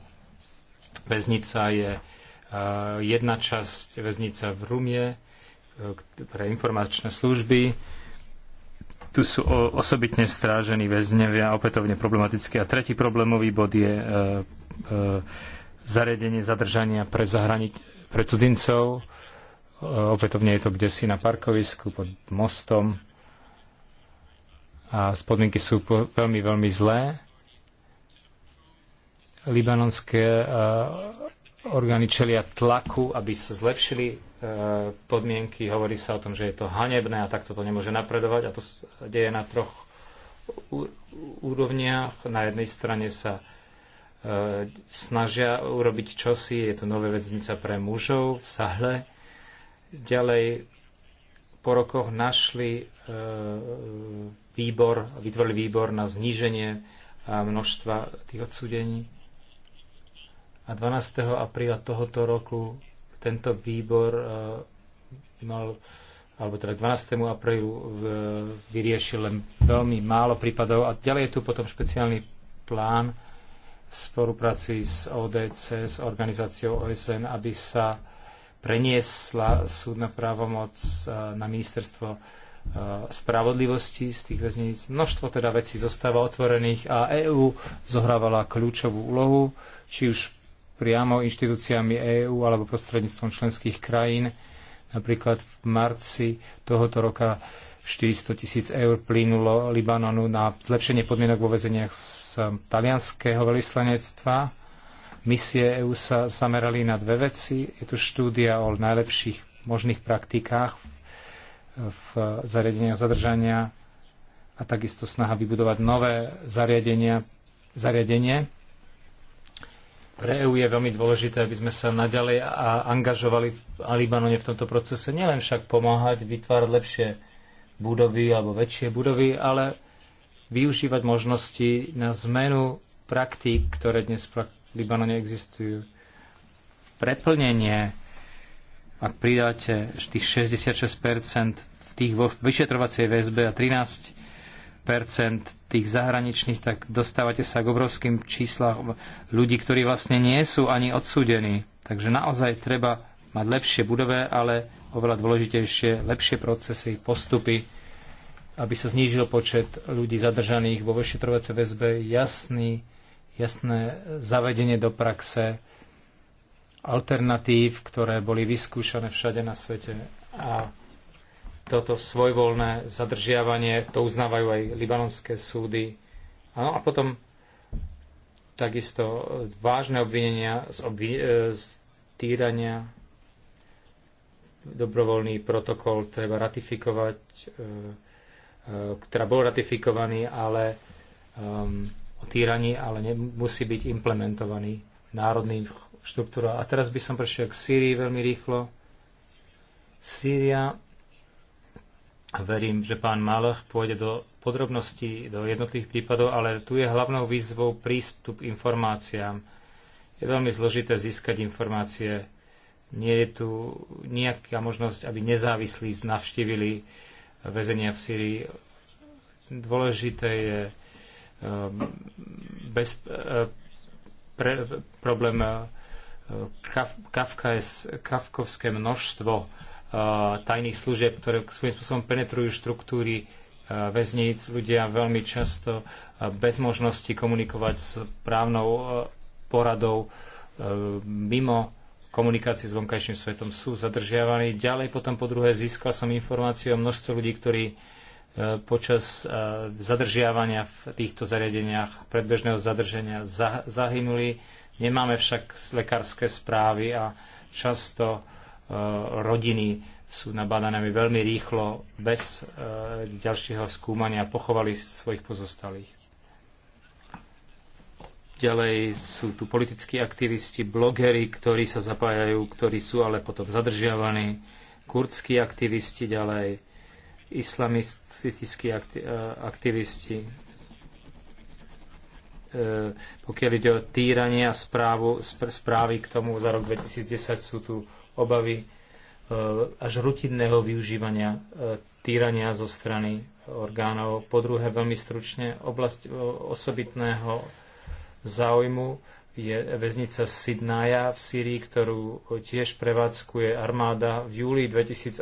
väznica je jedna časť väznica v Rumie e, pre informačné služby. Tu sú osobitne strážení väznevia, opätovne problematické. A tretí problémový bod je e, e, zariadenie zadržania pre, zahrani- pre cudzincov. Opätovne je to kde si na parkovisku pod mostom. A podmienky sú veľmi, veľmi zlé. Libanonské orgány čelia tlaku, aby sa zlepšili e, podmienky. Hovorí sa o tom, že je to hanebné a takto to nemôže napredovať a to deje na troch úrovniach. Na jednej strane sa e, snažia urobiť čosi, je to nové väznica pre mužov v Sahle. Ďalej po rokoch našli e, výbor, vytvorili výbor na zníženie množstva tých odsúdení. A 12. apríla tohoto roku tento výbor e, mal, alebo teda 12. aprílu vyriešil len veľmi málo prípadov. A ďalej je tu potom špeciálny plán v spolupráci s ODC, s organizáciou OSN, aby sa preniesla súdna právomoc e, na ministerstvo e, spravodlivosti z tých väzníc. Množstvo teda vecí zostáva otvorených a EÚ zohrávala kľúčovú úlohu, či už priamo inštitúciami EÚ alebo prostredníctvom členských krajín. Napríklad v marci tohoto roka 400 tisíc eur plynulo Libanonu na zlepšenie podmienok vo väzeniach z um, talianského veľvyslanectva. Misie EÚ sa zamerali na dve veci. Je tu štúdia o najlepších možných praktikách v zariadeniach zadržania a takisto snaha vybudovať nové zariadenia, zariadenie pre EÚ je veľmi dôležité, aby sme sa naďalej angažovali a Libanone v tomto procese. Nielen však pomáhať vytvárať lepšie budovy alebo väčšie budovy, ale využívať možnosti na zmenu praktík, ktoré dnes v Libanone existujú. Preplnenie, ak pridáte tých 66% v tých vo vyšetrovacej väzbe a 13 percent tých zahraničných, tak dostávate sa k obrovským číslach ľudí, ktorí vlastne nie sú ani odsúdení. Takže naozaj treba mať lepšie budove, ale oveľa dôležitejšie, lepšie procesy, postupy, aby sa znížil počet ľudí zadržaných vo vyšetrovacej väzbe, jasný, jasné zavedenie do praxe, alternatív, ktoré boli vyskúšané všade na svete a toto svojvoľné zadržiavanie, to uznávajú aj libanonské súdy. Ano, a potom takisto vážne obvinenia z, obvi- e, z týrania. Dobrovoľný protokol treba ratifikovať, e, e, ktorá bol ratifikovaný, ale um, o týraní, ale nemusí byť implementovaný národným štruktúra. A teraz by som prešiel k Sýrii veľmi rýchlo. Sýria Verím, že pán Malach pôjde do podrobností do jednotlivých prípadov, ale tu je hlavnou výzvou prístup k informáciám. Je veľmi zložité získať informácie. Nie je tu nejaká možnosť, aby nezávislí navštívili väzenia v Syrii. Dôležité je ehm, bez, eh, pre, problém eh, kaf, kafkaes, kafkovské množstvo tajných služieb, ktoré svojím spôsobom penetrujú štruktúry väzníc. Ľudia veľmi často bez možnosti komunikovať s právnou poradou mimo komunikácie s vonkajším svetom sú zadržiavaní. Ďalej potom po druhé získal som informáciu o množstve ľudí, ktorí počas zadržiavania v týchto zariadeniach predbežného zadrženia zahynuli. Nemáme však lekárske správy a často Eh, rodiny sú nabádané veľmi rýchlo, bez eh, ďalšieho skúmania, pochovali svojich pozostalých. Ďalej sú tu politickí aktivisti, blogery, ktorí sa zapájajú, ktorí sú ale potom zadržiavaní, kurdskí aktivisti ďalej, islamistickí eh, aktivisti. Pokiaľ ide o týranie a správu, správy k tomu za rok 2010 sú tu obavy e, až rutinného využívania e, týrania zo strany orgánov. Po druhé, veľmi stručne, oblasť e, osobitného záujmu je väznica Sidnaja v Syrii, ktorú tiež prevádzkuje armáda. V júli 2008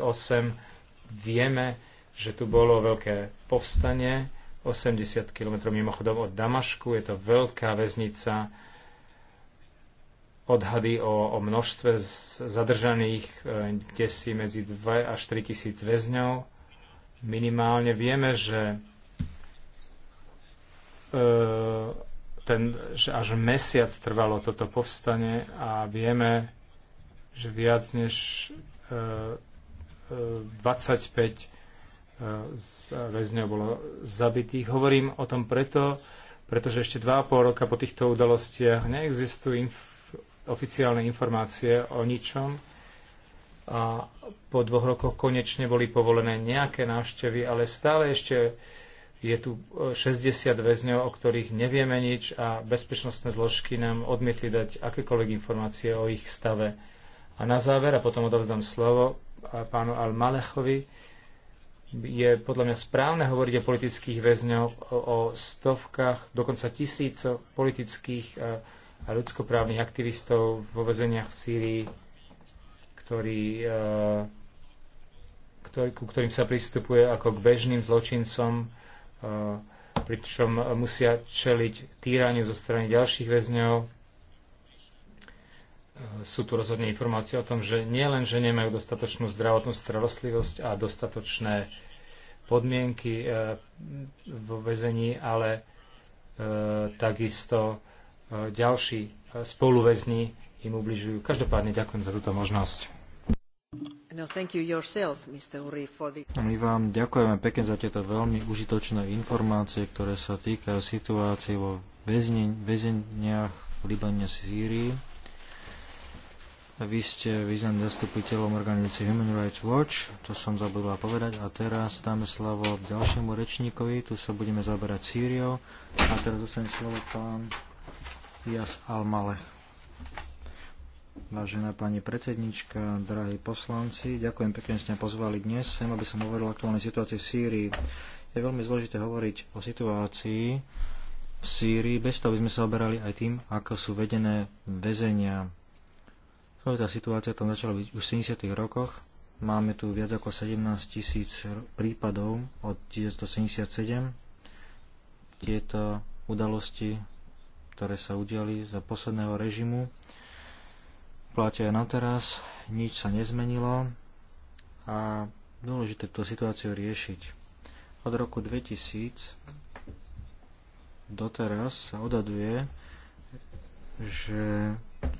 vieme, že tu bolo veľké povstanie, 80 km mimochodom od Damašku, je to veľká väznica, odhady o, o množstve zadržaných, e, kde si medzi 2 až 3 tisíc väzňov. Minimálne vieme, že, e, ten, že až mesiac trvalo toto povstanie a vieme, že viac než 25 e, väzňov bolo zabitých. Hovorím o tom preto, pretože ešte 2,5 roka po týchto udalostiach neexistujú inf- oficiálne informácie o ničom. A po dvoch rokoch konečne boli povolené nejaké návštevy, ale stále ešte je tu 60 e, väzňov, o ktorých nevieme nič a bezpečnostné zložky nám odmietli dať akékoľvek informácie o ich stave. A na záver, a potom odovzdám slovo e, pánu Al-Malechovi, je podľa mňa správne hovoriť o politických väzňoch, o, stovkách, dokonca tisícoch politických e, a ľudskoprávnych aktivistov vo vezeniach v Sýrii, ktorí, eh, ktorý, ku ktorým sa pristupuje ako k bežným zločincom, eh, pričom musia čeliť týraniu zo strany ďalších väzňov. Eh, sú tu rozhodne informácie o tom, že nie len, že nemajú dostatočnú zdravotnú starostlivosť a dostatočné podmienky vo väzení, ale takisto ďalší e, spoluväzni im ubližujú. Každopádne ďakujem za túto možnosť. No, you yourself, Uri, the... My vám ďakujeme pekne za tieto veľmi užitočné informácie, ktoré sa týkajú situácie vo väzeniach v Libane, Sýrii. Vy ste významným zastupiteľom organizácie Human Rights Watch, to som zabudla povedať, a teraz dáme slovo ďalšiemu rečníkovi, tu sa budeme zaberať Sýriou, a teraz dostane slovo pán Jas Almalech. Vážená pani predsednička, drahí poslanci, ďakujem pekne, že ste ma pozvali dnes sem, aby som hovoril o aktuálnej situácii v Sýrii. Je veľmi zložité hovoriť o situácii v Sýrii, bez toho by sme sa oberali aj tým, ako sú vedené väzenia. Tá situácia tam začala byť už v 70. rokoch. Máme tu viac ako 17 tisíc prípadov od 1977. Tieto udalosti ktoré sa udiali za posledného režimu, platia aj na teraz, nič sa nezmenilo a dôležité tú situáciu riešiť. Od roku 2000 doteraz sa odaduje, že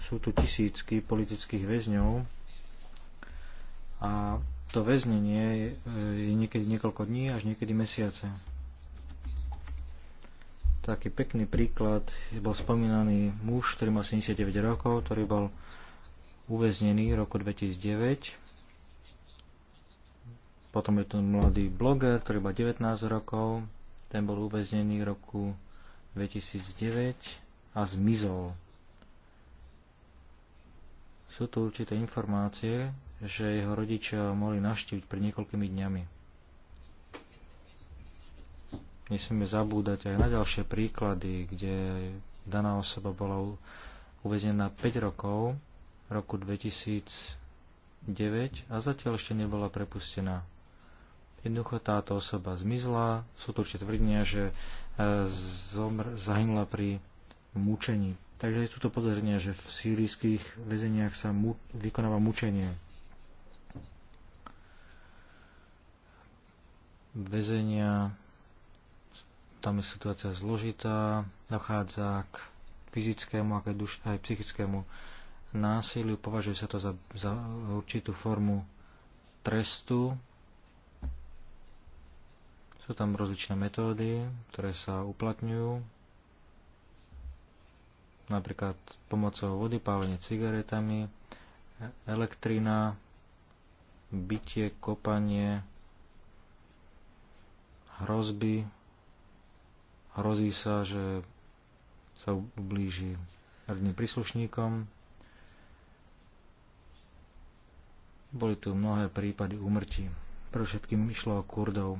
sú tu tisícky politických väzňov a to väznenie je niekedy niekoľko dní až niekedy mesiace taký pekný príklad, bol spomínaný muž, ktorý mal 79 rokov, ktorý bol uväznený v roku 2009. Potom je tu mladý bloger, ktorý mal 19 rokov, ten bol uväznený v roku 2009 a zmizol. Sú tu určité informácie, že jeho rodičia mohli naštíviť pred niekoľkými dňami nesmieme zabúdať aj na ďalšie príklady, kde daná osoba bola uväznená 5 rokov v roku 2009 a zatiaľ ešte nebola prepustená. Jednoducho táto osoba zmizla, sú to určite tvrdenia, že e, zomr, zahynula pri mučení. Takže sú to podozrenie, že v sírijských väzeniach sa mu, vykonáva mučenie. Väzenia tam je situácia zložitá, dochádza k fyzickému, aj psychickému násiliu, považuje sa to za, za určitú formu trestu. Sú tam rozličné metódy, ktoré sa uplatňujú, napríklad pomocou vody, pálenie cigaretami, elektrina, bytie, kopanie, hrozby, hrozí sa, že sa ublíži rodným príslušníkom. Boli tu mnohé prípady úmrtí. Pre všetkým išlo o Kurdov.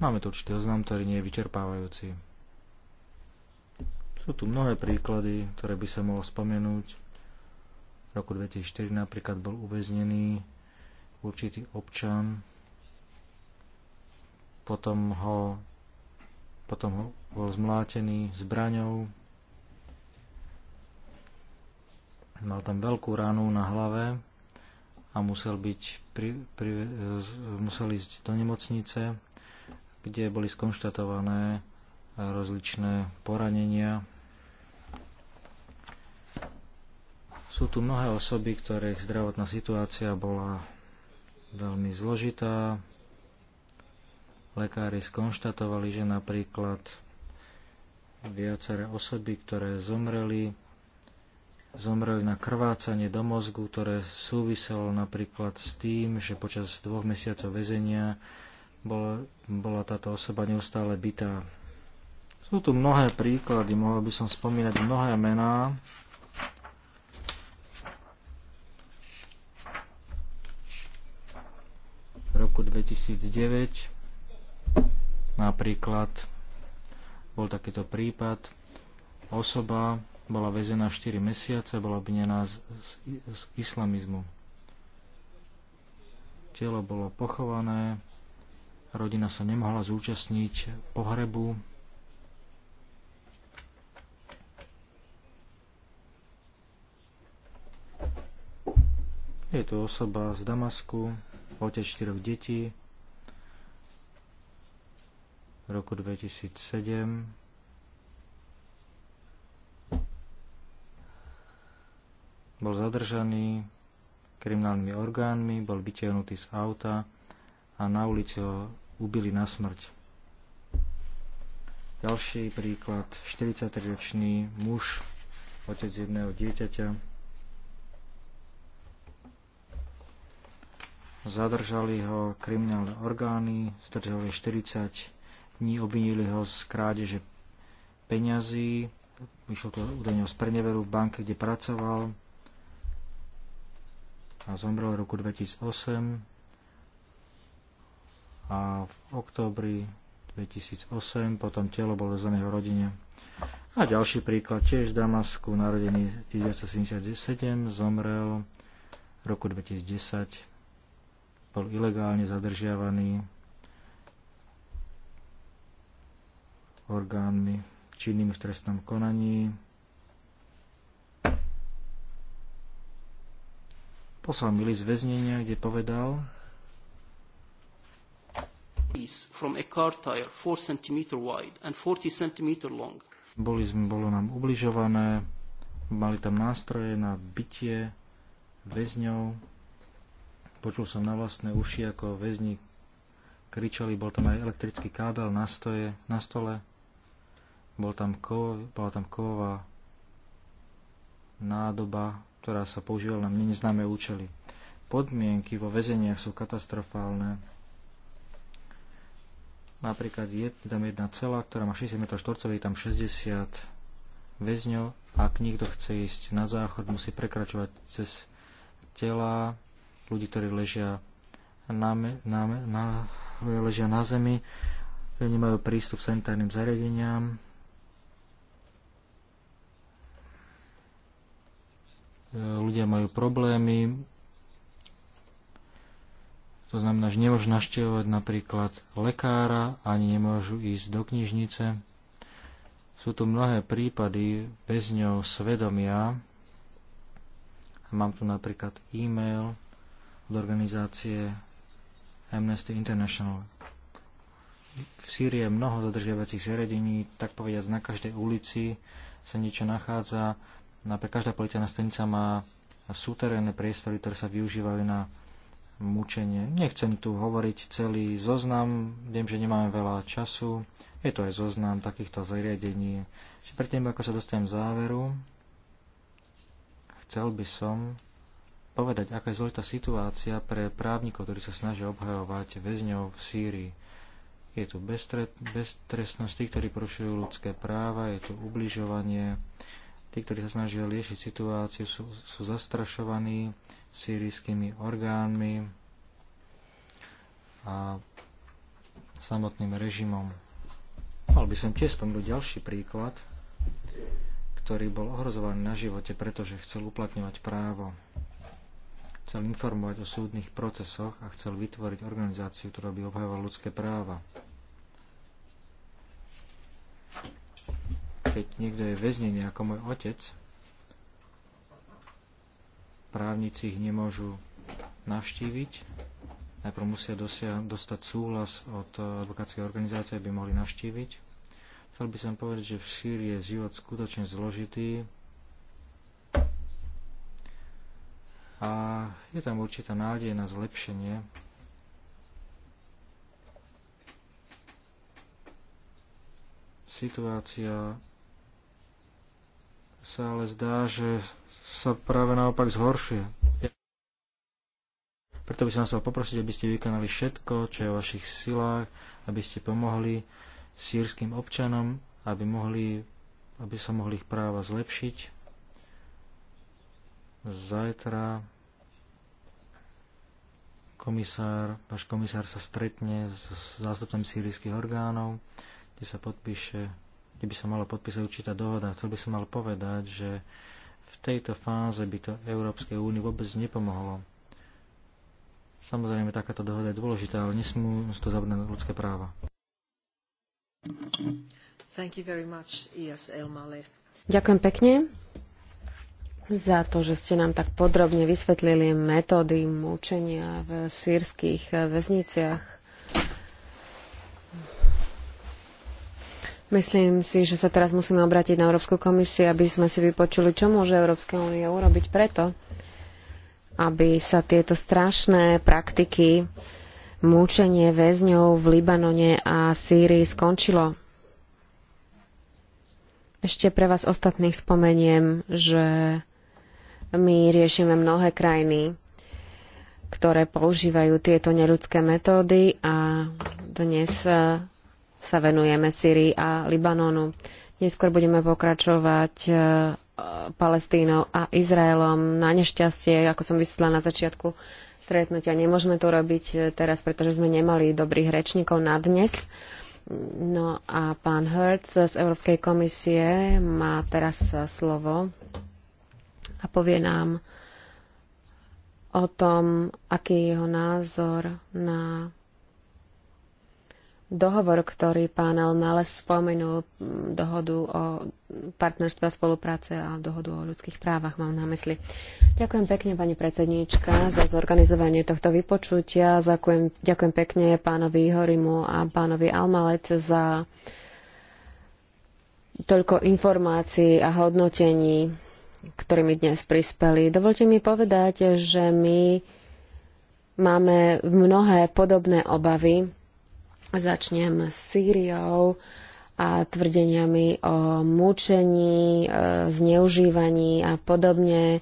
Máme tu určitý oznam, ktorý nie je vyčerpávajúci. Sú tu mnohé príklady, ktoré by sa mohlo spomenúť. V roku 2004 napríklad bol uväznený určitý občan potom ho potom ho bol zmlátený zbraňou, mal tam veľkú ranu na hlave a musel, byť pri, pri, musel ísť do nemocnice, kde boli skonštatované rozličné poranenia. Sú tu mnohé osoby, ktorých zdravotná situácia bola veľmi zložitá, lekári skonštatovali, že napríklad viaceré osoby, ktoré zomreli, zomreli na krvácanie do mozgu, ktoré súviselo napríklad s tým, že počas dvoch mesiacov väzenia bola, bola táto osoba neustále bytá. Sú tu mnohé príklady, mohol by som spomínať mnohé mená. V roku 2009 Napríklad bol takýto prípad, osoba bola väzená 4 mesiace, bola obvinená z, z islamizmu. Telo bolo pochované, rodina sa nemohla zúčastniť pohrebu. Je tu osoba z Damasku, otec 4 detí, v roku 2007. Bol zadržaný kriminálnymi orgánmi, bol vytiahnutý z auta a na ulici ho ubili na smrť. Ďalší príklad, 43-ročný muž, otec jedného dieťaťa. Zadržali ho kriminálne orgány, zdržali 40 dní obvinili ho z krádeže peňazí, vyšlo to údajne o spreneveru v banke, kde pracoval a zomrel v roku 2008 a v októbri 2008 potom telo bolo za jeho rodine. A ďalší príklad, tiež v Damasku, narodený 1977, zomrel v roku 2010, bol ilegálne zadržiavaný orgánmi činnými v trestnom konaní. Poslal mi list väznenia, kde povedal, from a car tire 4 cm wide and 40 cm long. Boli sme, bolo nám ubližované, mali tam nástroje na bytie väzňov. Počul som na vlastné uši, ako väzni kričali, bol tam aj elektrický kábel na, stoje, na stole. Bol tam ko, bola tam kovová nádoba, ktorá sa používala na mne neznáme účely. Podmienky vo väzeniach sú katastrofálne. Napríklad je tam jedna celá, ktorá má 60 m štvorcových, tam 60 väzňov. Ak niekto chce ísť na záchod, musí prekračovať cez tela ľudí, ktorí ležia na, na, na, ležia na zemi, nemajú prístup k sanitárnym zariadeniam, ľudia majú problémy, to znamená, že nemôžu naštevovať napríklad lekára, ani nemôžu ísť do knižnice. Sú tu mnohé prípady bez ňou svedomia. Mám tu napríklad e-mail od organizácie Amnesty International. V Sýrii je mnoho zadržiavacích zariadení, tak povediať na každej ulici sa niečo nachádza. Napríklad no každá policajná stanica má súterénne priestory, ktoré sa využívajú na mučenie. Nechcem tu hovoriť celý zoznam, viem, že nemáme veľa času, je to aj zoznam takýchto zariadení. Čiže predtým, ako sa dostanem záveru, chcel by som povedať, aká je zložitá situácia pre právnikov, ktorí sa snažia obhajovať väzňov v Sýrii. Je tu beztrestnosť tých, ktorí porušujú ľudské práva, je tu ubližovanie, Tí, ktorí sa snažia riešiť situáciu, sú, sú zastrašovaní sírijskými orgánmi a samotným režimom. Mal by som tiež spomenúť ďalší príklad, ktorý bol ohrozovaný na živote, pretože chcel uplatňovať právo. Chcel informovať o súdnych procesoch a chcel vytvoriť organizáciu, ktorá by obhajovala ľudské práva. keď niekto je väznený ako môj otec, právnici ich nemôžu navštíviť. Najprv musia dosia- dostať súhlas od eh, advokátskej organizácie, aby mohli navštíviť. Chcel by som povedať, že v Sýrii je život skutočne zložitý a je tam určitá nádej na zlepšenie. Situácia sa ale zdá, že sa práve naopak zhoršuje. Preto by som chcel poprosiť, aby ste vykonali všetko, čo je v vašich silách, aby ste pomohli sírským občanom, aby, mohli, aby sa mohli ich práva zlepšiť. Zajtra komisár, váš komisár sa stretne s zástupcom sírijských orgánov, kde sa podpíše kde by sa mala podpísať určitá dohoda. Chcel by som mal povedať, že v tejto fáze by to Európskej únii vôbec nepomohlo. Samozrejme, takáto dohoda je dôležitá, ale nesmú to zabrať ľudské práva. Thank you very much, e Ďakujem pekne za to, že ste nám tak podrobne vysvetlili metódy mučenia v sírskych väzniciach. Myslím si, že sa teraz musíme obrátiť na Európsku komisiu, aby sme si vypočuli, čo môže Európska únia urobiť preto, aby sa tieto strašné praktiky mučenie väzňov v Libanone a Sýrii skončilo. Ešte pre vás ostatných spomeniem, že my riešime mnohé krajiny, ktoré používajú tieto neľudské metódy a dnes sa venujeme Syrii a Libanonu. Neskôr budeme pokračovať e, Palestínou a Izraelom. Na nešťastie, ako som vysvetla na začiatku stretnutia, nemôžeme to robiť e, teraz, pretože sme nemali dobrých rečníkov na dnes. No a pán Hertz z Európskej komisie má teraz e, slovo a povie nám o tom, aký je jeho názor na dohovor, ktorý pán Almales spomenul, mm, dohodu o partnerstve a spolupráce a dohodu o ľudských právach mám na mysli. Ďakujem pekne, pani predsedníčka, za zorganizovanie tohto vypočutia. Ďakujem, ďakujem pekne pánovi Horimu a pánovi Almalec za toľko informácií a hodnotení, ktorými dnes prispeli. Dovolte mi povedať, že my máme mnohé podobné obavy Začnem s Sýriou a tvrdeniami o mučení, e, zneužívaní a podobne, e,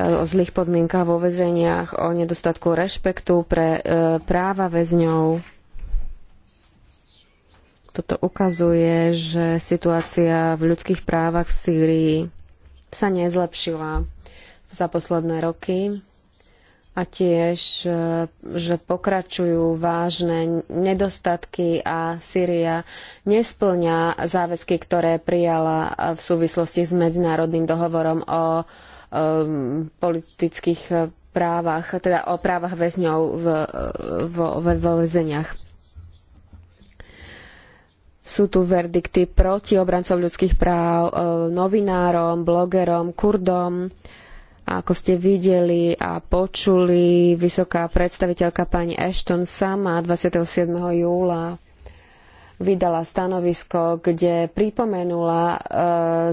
o zlých podmienkach vo väzeniach, o nedostatku rešpektu pre e, práva väzňov. Toto ukazuje, že situácia v ľudských právach v Sýrii sa nezlepšila za posledné roky a tiež, e, že pokračujú vážne nedostatky a Sýria nesplňa záväzky, ktoré prijala v súvislosti s medzinárodným dohovorom o um, politických e, právach, teda o právach väzňov e, vo väzeniach. Sú tu verdikty proti obrancov ľudských práv, novinárom, blogerom, kurdom, a ako ste videli a počuli, vysoká predstaviteľka pani Ashton sama 27. júla vydala stanovisko, kde pripomenula e,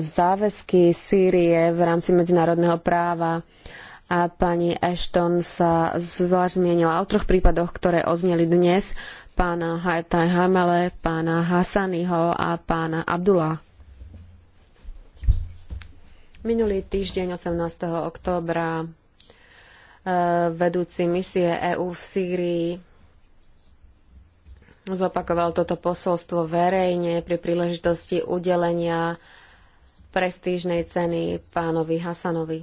záväzky Sýrie v rámci medzinárodného práva a pani Ashton sa zvlášť zmienila o troch prípadoch, ktoré odzneli dnes pána Hajtaj Hamele, pána Hasaniho a pána Abdullah. Minulý týždeň 18. októbra e, vedúci misie EÚ v Sýrii zopakoval toto posolstvo verejne pri príležitosti udelenia prestížnej ceny pánovi Hasanovi.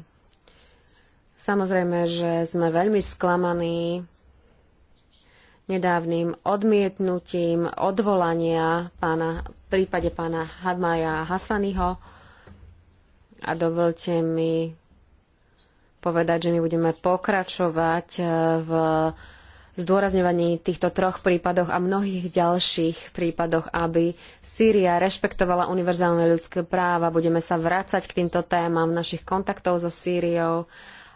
Samozrejme, že sme veľmi sklamaní nedávnym odmietnutím odvolania pána, v prípade pána Hadmaja Hasaniho. A dovolte mi povedať, že my budeme pokračovať eh, v zdôrazňovaní týchto troch prípadoch a mnohých ďalších prípadoch, aby Sýria rešpektovala univerzálne ľudské práva. Budeme sa vrácať k týmto témam našich kontaktov so Sýriou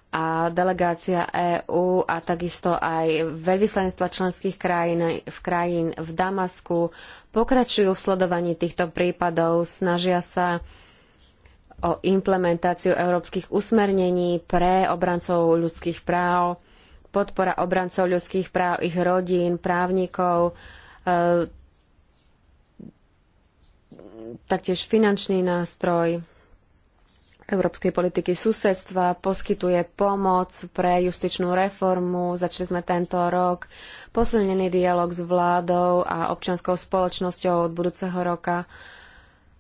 a delegácia EÚ a takisto aj veľvyslanectva členských krajín v, krajín v Damasku pokračujú v sledovaní týchto prípadov, snažia sa o implementáciu európskych usmernení pre obrancov ľudských práv, podpora obrancov ľudských práv, ich rodín, právnikov, e, taktiež finančný nástroj európskej politiky susedstva, poskytuje pomoc pre justičnú reformu. Začali sme tento rok posilnený dialog s vládou a občianskou spoločnosťou od budúceho roka. E,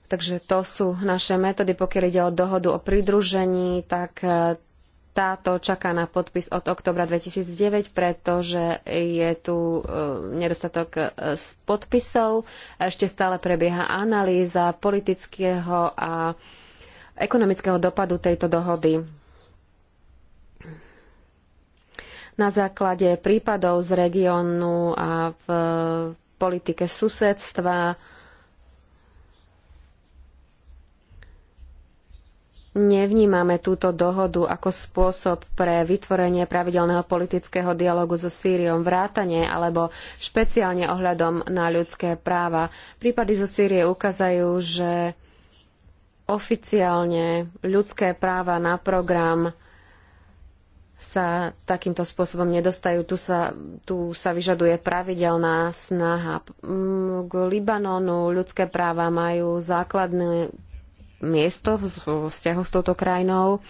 Takže to sú naše metódy, pokiaľ ide o dohodu o pridružení, tak e, táto čaká na podpis od oktobra 2009, pretože je tu e, nedostatok e, podpisov. Ešte stále prebieha analýza politického a ekonomického dopadu tejto dohody. Na základe prípadov z regiónu a v politike susedstva Nevnímame túto dohodu ako spôsob pre vytvorenie pravidelného politického dialogu so Sýriom vrátane alebo špeciálne ohľadom na ľudské práva. Prípady zo Sýrie ukazajú, že oficiálne ľudské práva na program sa takýmto spôsobom nedostajú. Tu sa, tu sa vyžaduje pravidelná snaha. Mm, k Libanonu ľudské práva majú základný miesto v vzťahu s touto krajinou.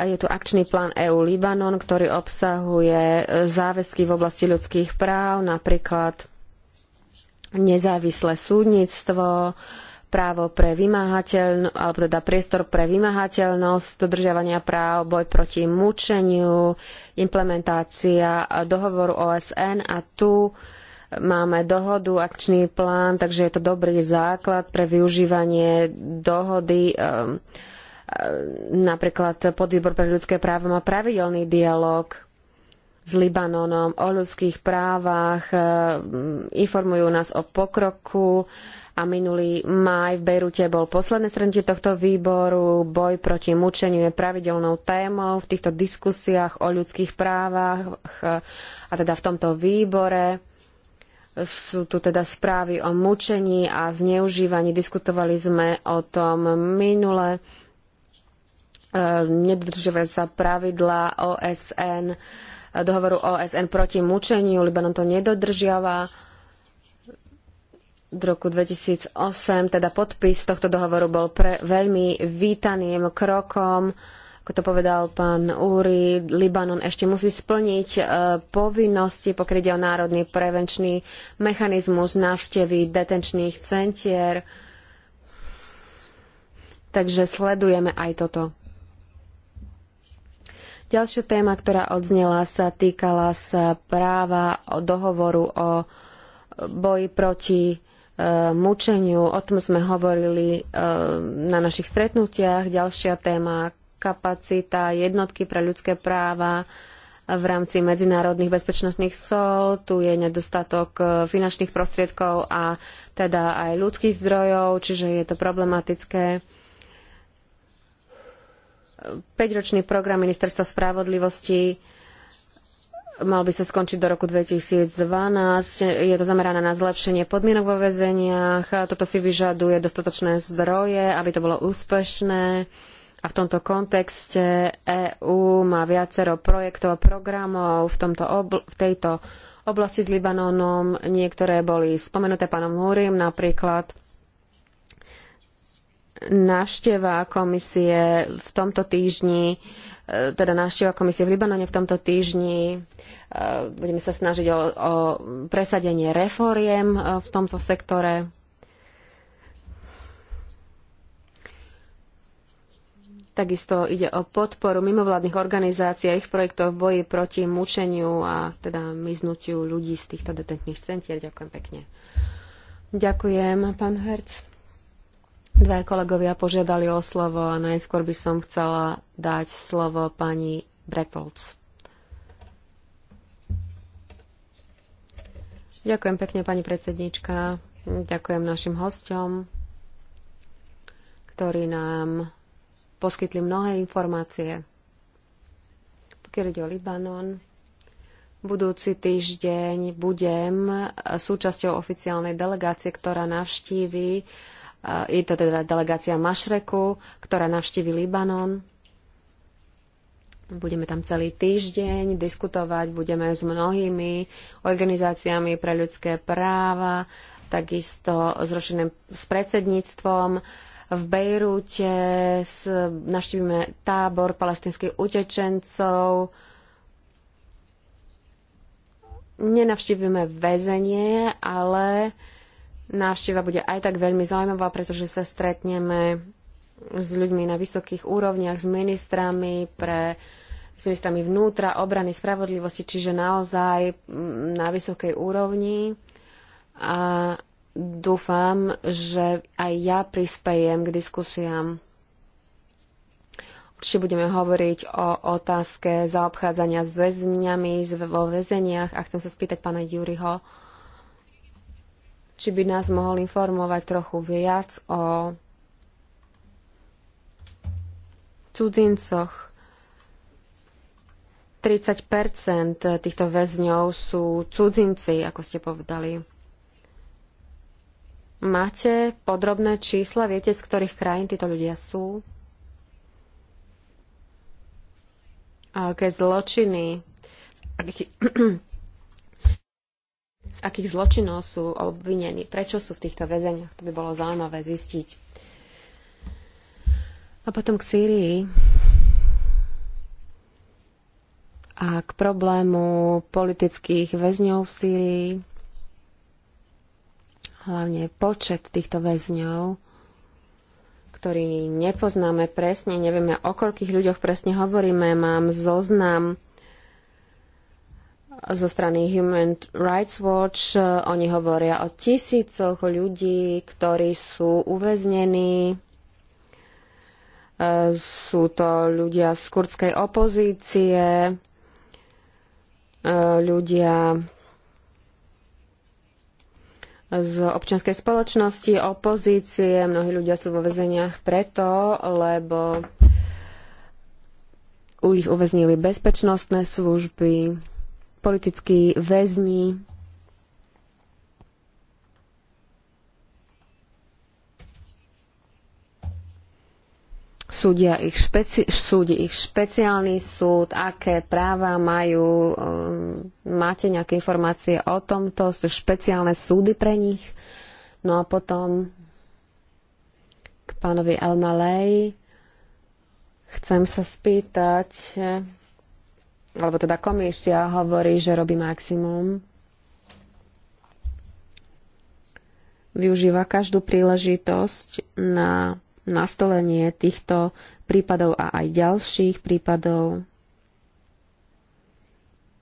Je tu akčný plán EU Libanon, ktorý obsahuje e, záväzky v oblasti ľudských práv, napríklad nezávislé súdnictvo, právo pre vymáhateľnosť, alebo teda priestor pre vymáhateľnosť, dodržiavania práv, boj proti mučeniu, implementácia dohovoru OSN a tu Máme dohodu, akčný plán, takže je to dobrý základ pre využívanie dohody. Um, um, napríklad podvýbor pre ľudské práva má pravidelný dialog s Libanonom o ľudských právach, um, informujú nás o pokroku a minulý máj v Bejrute bol posledné stretnutie tohto výboru. Boj proti mučeniu je pravidelnou témou v týchto diskusiách o ľudských právach a teda v tomto výbore. Sú tu teda správy o mučení a zneužívaní. Diskutovali sme o tom minule. E, Nedodržiavajú sa pravidlá OSN, dohovoru OSN proti mučeniu. Libanon to nedodržiava od roku 2008. Teda podpis tohto dohovoru bol pre veľmi vítaným krokom ako to povedal pán Úri, Libanon ešte musí splniť e, povinnosti, pokiaľ ide o národný prevenčný mechanizmus návštevy detenčných centier. Takže sledujeme aj toto. Ďalšia téma, ktorá odznela, sa týkala sa práva o dohovoru o boji proti e, mučeniu. O tom sme hovorili e, na našich stretnutiach. Ďalšia téma, kapacita jednotky pre ľudské práva v rámci medzinárodných bezpečnostných sol, tu je nedostatok e, finančných prostriedkov a teda aj ľudských zdrojov, čiže je to problematické. Päťročný program Ministerstva spravodlivosti mal by sa skončiť do roku 2012. Je to zamerané na zlepšenie podmienok vo väzeniach. Toto si vyžaduje dostatočné zdroje, aby to bolo úspešné. A v tomto kontexte EÚ má viacero projektov a programov v, tomto obl- v tejto oblasti s Libanonom. Niektoré boli spomenuté pánom Húrim, napríklad návšteva komisie v tomto týždni, e, teda návšteva komisie v Libanone v tomto týždni. E, budeme sa snažiť o, o presadenie reforiem e, v tomto sektore. Takisto ide o podporu mimovládnych organizácií a ich projektov v boji proti mučeniu a teda miznutiu ľudí z týchto detentných centier. Ďakujem pekne. Ďakujem, pán Herc. Dva kolegovia požiadali o slovo a najskôr by som chcela dať slovo pani Brepolc. Ďakujem pekne, pani predsednička. Ďakujem našim hostom, ktorí nám poskytli mnohé informácie. Pokiaľ ide o Libanon, budúci týždeň budem súčasťou oficiálnej delegácie, ktorá navštívi, e, je to teda delegácia Mašreku, ktorá navštívi Libanon. Budeme tam celý týždeň diskutovať, budeme s mnohými organizáciami pre ľudské práva, takisto s s predsedníctvom. Uh, v Bejrúte, navštívime tábor palestinských utečencov, nenavštívime väzenie, ale návšteva bude aj tak veľmi zaujímavá, pretože sa stretneme s ľuďmi na vysokých úrovniach, s ministrami pre s ministrami vnútra, obrany, spravodlivosti, čiže naozaj mm, na vysokej úrovni. A dúfam, že aj ja prispejem k diskusiám. Určite budeme hovoriť o otázke zaobchádzania s väzňami, vo väzeniach a chcem sa spýtať pána Juriho, či by nás mohol informovať trochu viac o cudzincoch. 30 týchto väzňov sú cudzinci, ako ste povedali. Máte podrobné čísla? Viete, z ktorých krajín títo ľudia sú? A aké zločiny? Z akých, z *clears throat* akých zločinov sú obvinení? Prečo sú v týchto väzeniach? To by bolo zaujímavé zistiť. A potom k Sýrii a k problému politických väzňov v Sýrii hlavne počet týchto väzňov, ktorý nepoznáme presne, nevieme o koľkých ľuďoch presne hovoríme. Mám zoznam zo strany Human Rights Watch. Oni hovoria o tisícoch ľudí, ktorí sú uväznení. Sú to ľudia z kurdskej opozície, ľudia z občianskej spoločnosti, opozície. Mnohí ľudia sú vo väzeniach preto, lebo u ich uväznili bezpečnostné služby, politickí väzni, súdia ich špeci- súdi ich špeciálny súd, aké práva majú, um, máte nejaké informácie o tomto, sú špeciálne súdy pre nich. No a potom k pánovi Elmalej chcem sa spýtať, alebo teda komisia hovorí, že robí maximum. Využíva každú príležitosť na nastolenie týchto prípadov a aj ďalších prípadov.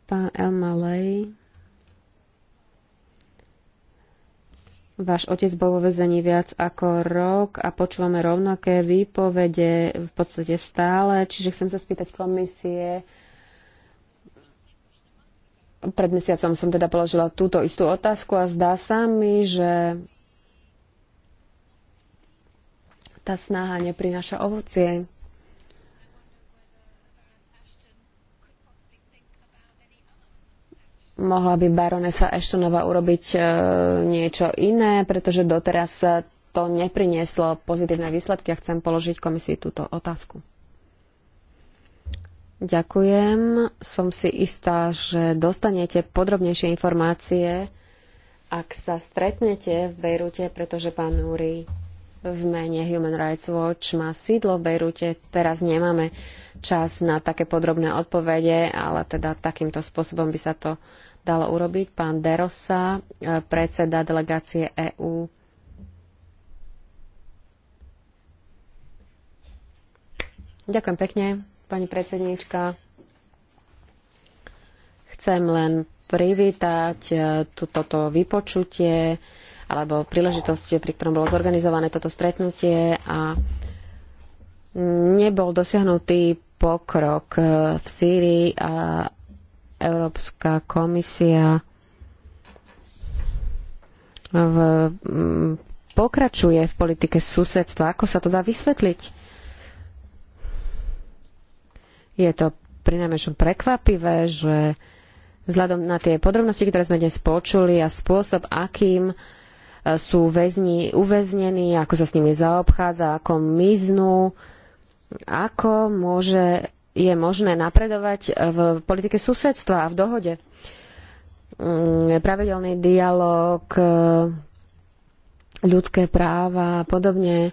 Pán Elmalej, váš otec bol vo vezení viac ako rok a počúvame rovnaké výpovede v podstate stále, čiže chcem sa spýtať komisie, pred mesiacom som teda položila túto istú otázku a zdá sa mi, že tá snaha neprináša ovocie. Mohla by baronesa Ashtonova urobiť e, niečo iné, pretože doteraz to neprinieslo pozitívne výsledky a chcem položiť komisii túto otázku. Ďakujem. Som si istá, že dostanete podrobnejšie informácie, ak sa stretnete v Bejrute, pretože pán Núri v mene Human Rights Watch má sídlo v Bejrute. Teraz nemáme čas na také podrobné odpovede, ale teda takýmto spôsobom by sa to dalo urobiť. Pán Derosa, e, predseda delegácie EÚ. Ďakujem pekne, pani predsedníčka. Chcem len privítať e, toto vypočutie alebo príležitosť, pri ktorom bolo zorganizované toto stretnutie a nebol dosiahnutý pokrok eh, v Sýrii a Európska komisia v, mm, pokračuje v politike susedstva. Ako sa to dá vysvetliť? Je to prinajmenšom prekvapivé, že vzhľadom na tie podrobnosti, ktoré sme dnes počuli a spôsob, akým uh, sú väzni, uväznení, ako sa s nimi zaobchádza, ako miznú, ako môže, je možné napredovať v politike susedstva a v dohode. Mm, pravidelný dialog, ľudské práva a podobne,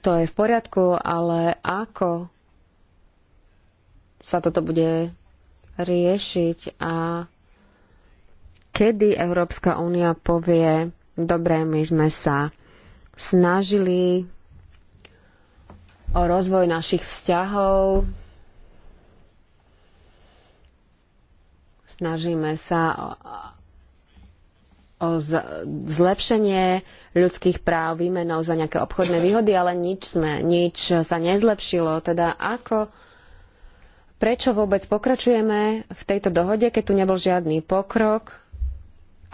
to je v poriadku, ale ako sa toto bude riešiť a Kedy Európska únia povie, dobre, my sme sa snažili o rozvoj našich vzťahov. Snažíme sa o, o zlepšenie ľudských práv výmenou za nejaké obchodné výhody, ale nič, sme, nič sa nezlepšilo. Teda ako, prečo vôbec pokračujeme v tejto dohode, keď tu nebol žiadny pokrok?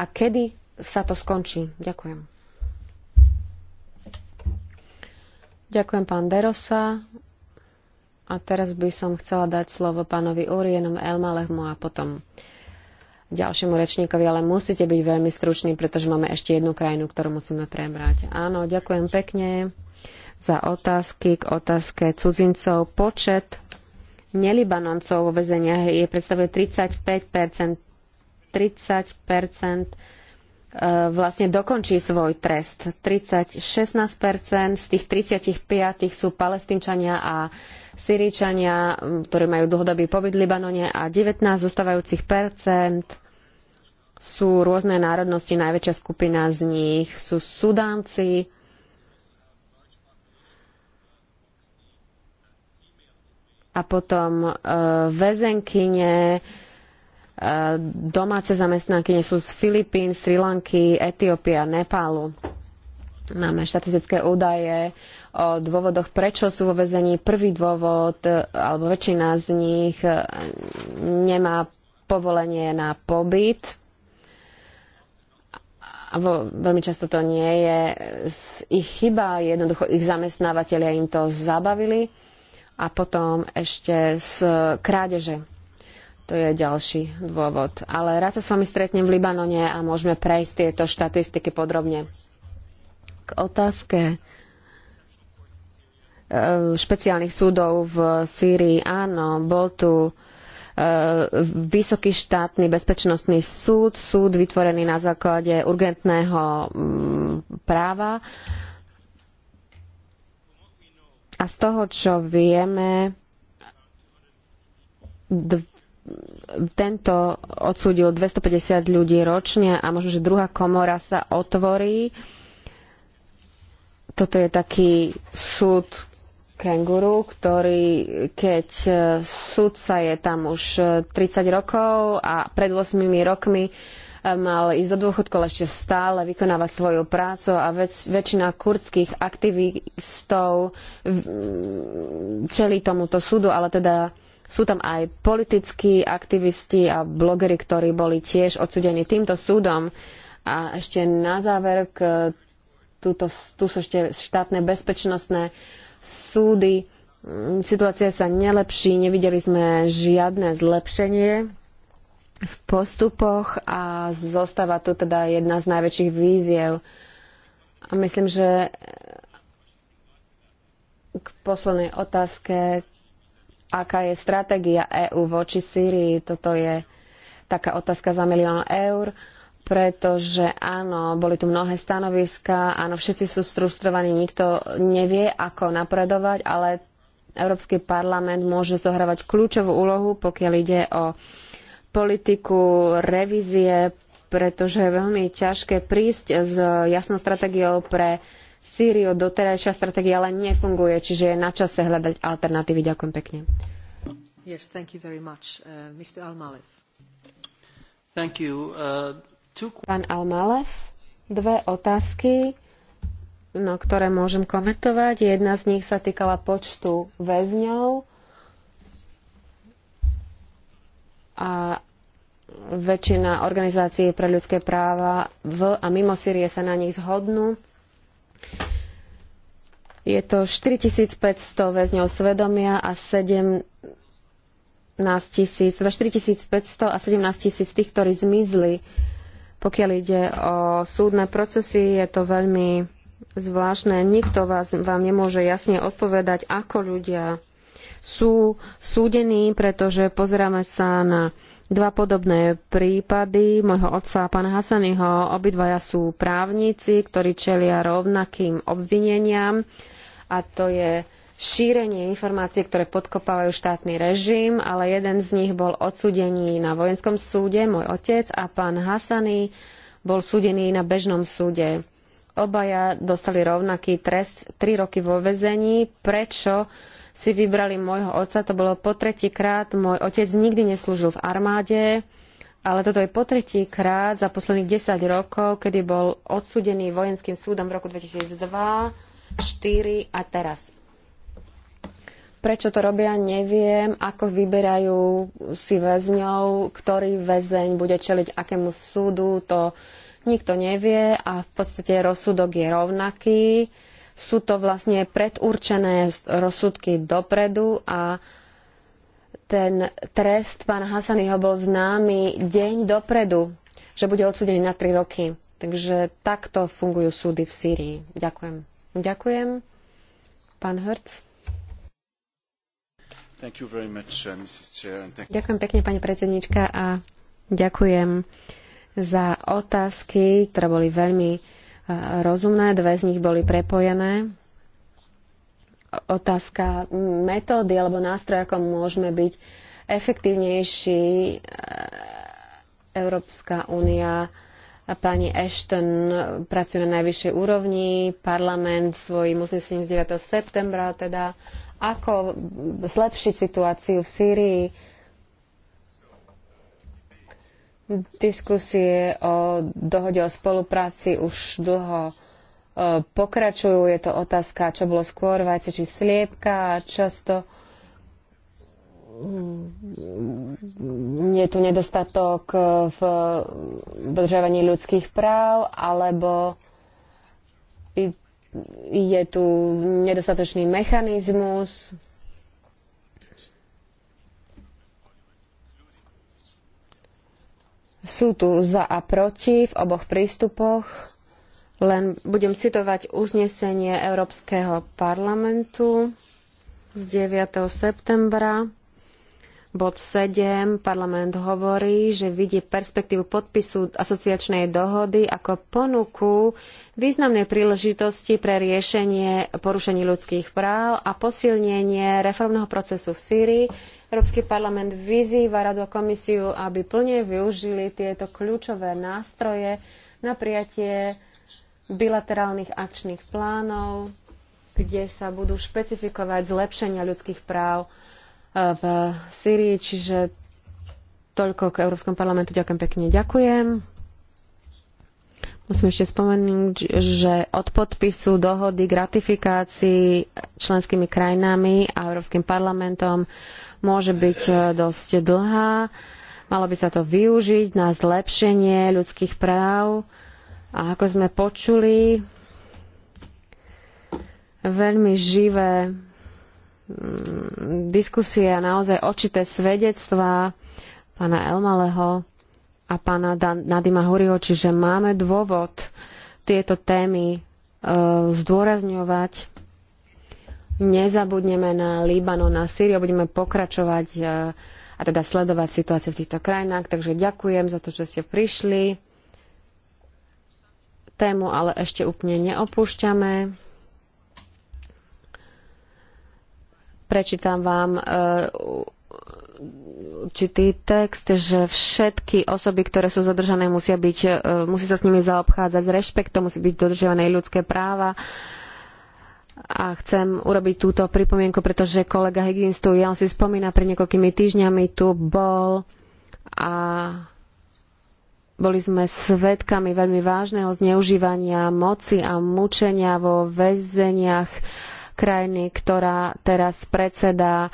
a kedy sa to skončí? Ďakujem. Ďakujem pán Derosa. A teraz by som chcela dať slovo pánovi Urienom Elmalehmu a potom ďalšiemu rečníkovi, ale musíte byť veľmi struční, pretože máme ešte jednu krajinu, ktorú musíme prebrať. Áno, ďakujem pekne za otázky k otázke cudzincov. Počet nelibanoncov vo väzeniach je predstavuje 35 30 e, vlastne dokončí svoj trest. 30, 16 z tých 35 sú palestinčania a syričania, ktorí majú dlhodobý pobyt v Libanone a 19 zostávajúcich percent sú rôzne národnosti, najväčšia skupina z nich sú Sudánci, a potom e, väzenkyne, Eh, domáce zamestnankyne sú z Filipín, Sri Lanky, Etiópia, Nepálu. Máme štatistické údaje o dôvodoch, prečo sú vo vezení. Prvý dôvod, eh, alebo väčšina z nich eh, nemá povolenie na pobyt. A vo, veľmi často to nie je ich chyba, jednoducho ich zamestnávateľia im to zabavili. A potom ešte z krádeže to je ďalší dôvod. Ale rád sa s vami stretnem v Libanone a môžeme prejsť tieto štatistiky podrobne. K otázke e, špeciálnych súdov v Sýrii. Áno, bol tu e, vysoký štátny bezpečnostný súd, súd vytvorený na základe urgentného mm, práva. A z toho, čo vieme, tento odsúdil 250 ľudí ročne a možno, že druhá komora sa otvorí. Toto je taký súd kenguru, ktorý, keď sudca je tam už 30 rokov a pred 8 rokmi eh, mal ísť do dôchodku, ale ešte stále vykonáva svoju prácu a väč- väčšina kurdských aktivistov čelí tomuto súdu, ale teda sú tam aj politickí aktivisti a blogeri, ktorí boli tiež odsudení týmto súdom. A ešte na záver, k, túto, tu sú ešte štátne bezpečnostné súdy. Mm, situácia sa nelepší, nevideli sme žiadne zlepšenie v postupoch a zostáva tu teda jedna z najväčších víziev. A myslím, že k poslednej otázke, aká je stratégia EÚ voči Sýrii. Toto je taká otázka za milión eur, pretože áno, boli tu mnohé stanoviská, áno, všetci sú strustrovaní, nikto nevie, ako napredovať, ale Európsky parlament môže zohrávať kľúčovú úlohu, pokiaľ ide o politiku revízie, pretože je veľmi ťažké prísť s jasnou stratégiou pre Sýriu. Doterajšia stratégia len nefunguje, čiže je na čase hľadať alternatívy. Ďakujem pekne. Yes, thank you very much. Uh, Mr. Thank you. Uh, two... Pán Almalev, dve otázky, no, ktoré môžem komentovať. Jedna z nich sa týkala počtu väzňov. A väčšina organizácií pre ľudské práva v a mimo Sýrie sa na nich zhodnú. Je to 4500 väzňov svedomia a 17 000, teda 4500 a 17 tisíc tých, ktorí zmizli. Pokiaľ ide o súdne procesy, je to veľmi zvláštne. Nikto vás, vám nemôže jasne odpovedať, ako ľudia sú súdení, pretože pozeráme sa na dva podobné prípady môjho otca a pána Hasanyho. Obidvaja sú právnici, ktorí čelia rovnakým obvineniam a to je šírenie informácií, ktoré podkopávajú štátny režim, ale jeden z nich bol odsudený na vojenskom súde, môj otec, a pán Hasany bol súdený na bežnom súde. Obaja dostali rovnaký trest tri roky vo väzení. Prečo si vybrali môjho otca, to bolo po tretí krát. Môj otec nikdy neslúžil v armáde, ale toto je po tretí krát za posledných 10 rokov, kedy bol odsudený vojenským súdom v roku 2002, 4 a teraz. Prečo to robia, neviem. Ako vyberajú si väzňov, ktorý väzeň bude čeliť akému súdu, to nikto nevie a v podstate rozsudok je rovnaký sú to vlastne predurčené rozsudky dopredu a ten trest pána Hasanyho bol známy deň dopredu, že bude odsudený na 3 roky. Takže takto fungujú súdy v Sýrii. Ďakujem. Ďakujem. Pán Hertz. Much, uh, Chair, ďakujem pekne, pani predsednička, a ďakujem za otázky, ktoré boli veľmi rozumné, dve z nich boli prepojené. Otázka metódy alebo nástroja, ako môžeme byť efektívnejší. E, Európska únia a pani Ashton pracuje na najvyššej úrovni, parlament svojím uznesením z 9. septembra, teda ako zlepšiť situáciu v Sýrii Diskusie o dohode o spolupráci už dlho e, pokračujú. Je to otázka, čo bolo skôr, vajce či sliepka. A často mm, je tu nedostatok e, v dodržovaní ľudských práv, alebo je tu nedostatočný mechanizmus, Sú tu za a proti v oboch prístupoch. Len budem citovať uznesenie Európskeho parlamentu z 9. septembra Bod 7. Parlament hovorí, že vidí perspektívu podpisu asociačnej dohody ako ponuku významnej príležitosti pre riešenie porušení ľudských práv a posilnenie reformného procesu v Sýrii. Európsky parlament vyzýva Radu a komisiu, aby plne využili tieto kľúčové nástroje na prijatie bilaterálnych akčných plánov, kde sa budú špecifikovať zlepšenia ľudských práv v Syrii, čiže toľko k Európskom parlamentu. Ďakujem pekne. Ďakujem. Musím ešte spomenúť, že od podpisu dohody k ratifikácii členskými krajinami a Európskym parlamentom môže byť e, dosť dlhá. Malo by sa to využiť na zlepšenie ľudských práv. A ako sme počuli, veľmi živé Mm, diskusia, naozaj očité svedectvá pána Elmaleho a pána Dan- Nadima Huriho, čiže máme dôvod tieto témy e, zdôrazňovať. Nezabudneme na Libanon, na Sýriu, budeme pokračovať e, a teda sledovať situáciu v týchto krajinách. Takže ďakujem za to, že ste prišli. Tému ale ešte úplne neopúšťame. Prečítam vám e, určitý text, že všetky osoby, ktoré sú zadržané, musia byť, e, musí sa s nimi zaobchádzať s rešpektom, musí byť dodržiavané ľudské práva. A chcem urobiť túto pripomienku, pretože kolega Higgins tu, ja on si spomína, pred niekoľkými týždňami tu bol a boli sme svedkami veľmi vážneho zneužívania moci a mučenia vo väzeniach krajiny, ktorá teraz predsedá e,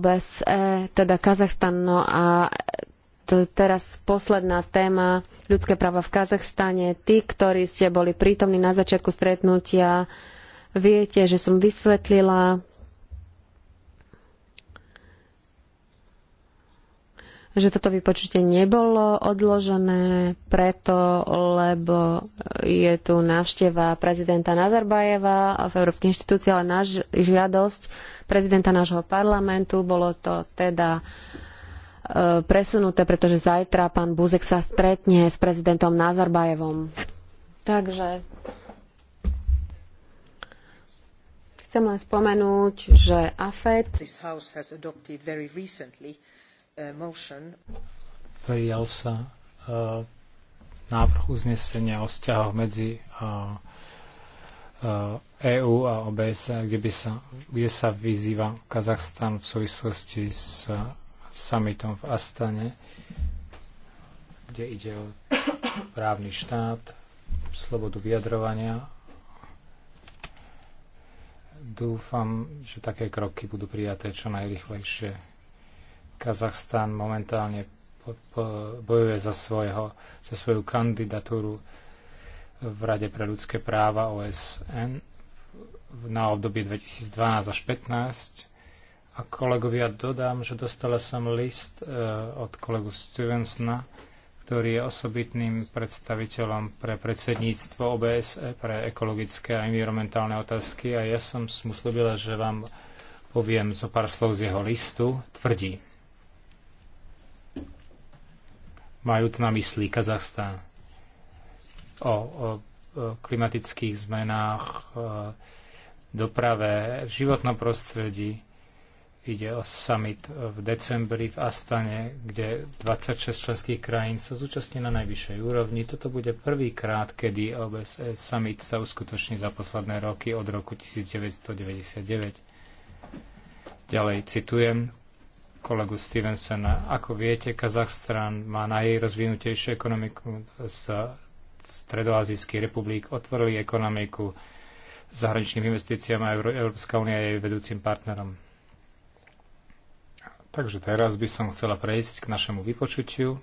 OBSE, teda Kazachstan. No a teraz posledná téma, ľudské práva v Kazachstane. Tí, ktorí ste boli prítomní na začiatku stretnutia, viete, že som vysvetlila že toto vypočutie nebolo odložené preto, lebo je tu návšteva prezidenta Nazarbajeva v Európskej inštitúcii, ale náš žiadosť prezidenta nášho parlamentu. Bolo to teda e, presunuté, pretože zajtra pán Buzek sa stretne s prezidentom Nazarbajevom. Takže chcem len spomenúť, že AFET Uh, Prijal sa uh, návrh uznesenia o vzťahoch medzi uh, EÚ a OBS, e, kde, by sa, kde sa vyzýva Kazachstan v súvislosti s summitom v Astane, kde ide o právny štát, slobodu vyjadrovania. Dúfam, že také kroky budú prijaté čo najrychlejšie. Kazachstan momentálne bojuje za, svojho, za svoju kandidatúru v Rade pre ľudské práva OSN na obdobie 2012 až 2015. A kolegovia dodám, že dostala som list e, od kolegu Stevensona, ktorý je osobitným predstaviteľom pre predsedníctvo OBSE pre ekologické a environmentálne otázky a ja som smuslobila, že vám poviem zo pár slov z jeho listu. Tvrdí, majúc na mysli Kazachstan o, o, o klimatických zmenách, o doprave, v životnom prostredí. Ide o summit v decembri v Astane, kde 26 členských krajín sa zúčastní na najvyššej úrovni. Toto bude prvýkrát, kedy OBSE summit sa uskutoční za posledné roky od roku 1999. Ďalej citujem kolegu Stevensona. Ako viete, Kazachstan má najrozvinutejšiu ekonomiku z stredoazijských republik, otvorili ekonomiku zahraničným investíciám a Európska únia je jej vedúcim partnerom. Takže teraz by som chcela prejsť k našemu vypočutiu.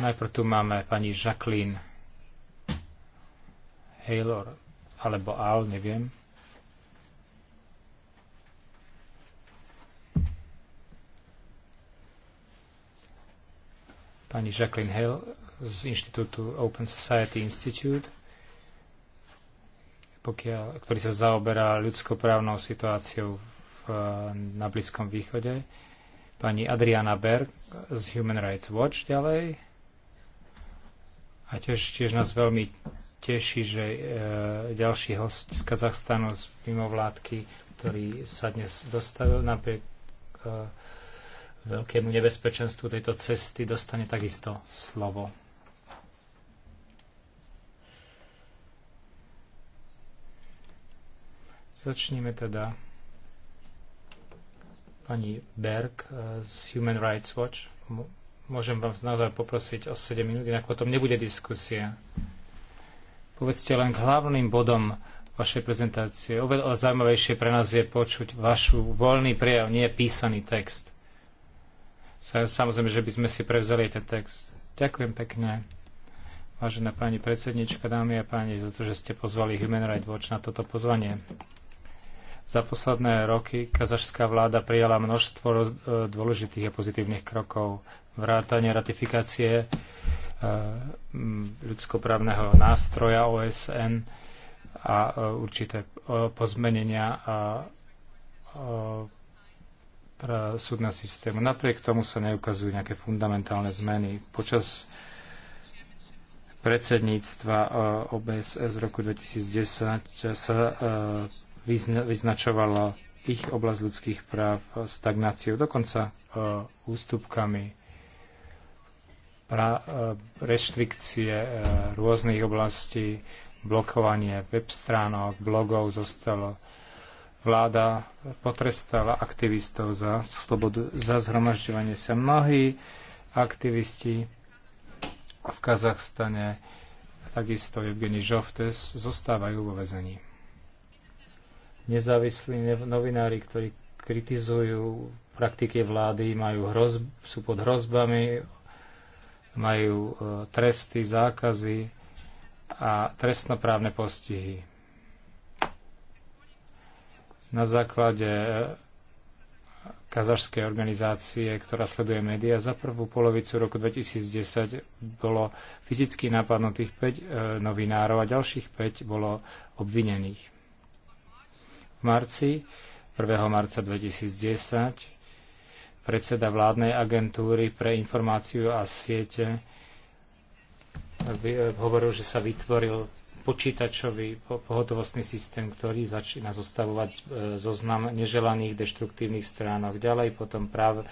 Najprv tu máme pani Jacqueline Haylor alebo Al, neviem. Pani Jacqueline Hale z Inštitútu Open Society Institute, pokiaľ, ktorý sa zaoberá ľudskoprávnou situáciou v, na Blízkom východe. Pani Adriana Berg z Human Rights Watch ďalej. A tiež, tiež nás veľmi teší, že e, ďalší host z Kazachstanu z mimovládky, ktorý sa dnes dostavil napriek e, veľkému nebezpečenstvu tejto cesty, dostane takisto slovo. Začníme teda pani Berg e, z Human Rights Watch. Môžem vám naozaj poprosiť o 7 minút, inak potom nebude diskusia. Povedzte len k hlavným bodom vašej prezentácie. Oveľa zaujímavejšie pre nás je počuť vašu voľný prejav, nie písaný text. Samozrejme, že by sme si prevzali ten text. Ďakujem pekne. Vážená pani predsednička, dámy a páni, za to, že ste pozvali Human Rights Watch na toto pozvanie. Za posledné roky kazašská vláda prijala množstvo e, dôležitých a pozitívnych krokov vrátanie ratifikácie Eh, ľudskoprávneho nástroja OSN a eh, určité eh, pozmenenia a súdneho systému. Napriek tomu sa neukazujú nejaké fundamentálne zmeny. Počas predsedníctva OBS z roku 2010 sa vyznačovala ich oblasť ľudských práv stagnáciou, dokonca ústupkami pra, e, reštrikcie e, rôznych oblastí, blokovanie web stránok, blogov zostalo. Vláda potrestala aktivistov za, slobodu, za zhromažďovanie sa. Mnohí aktivisti v Kazachstane, takisto Evgeni Žoftes, zostávajú vo vezení. Nezávislí novinári, ktorí kritizujú praktiky vlády, majú hrozb, sú pod hrozbami majú e, tresty, zákazy a trestnoprávne postihy. Na základe e, kazašskej organizácie, ktorá sleduje médiá, za prvú polovicu roku 2010 bolo fyzicky napadnutých 5 e, novinárov a ďalších 5 bolo obvinených. V marci, 1. marca 2010, predseda vládnej agentúry pre informáciu a siete eh, hovoril, že sa vytvoril počítačový pohotovostný systém, ktorý začína zostavovať eh, zoznam neželaných deštruktívnych stránok. Ďalej potom práve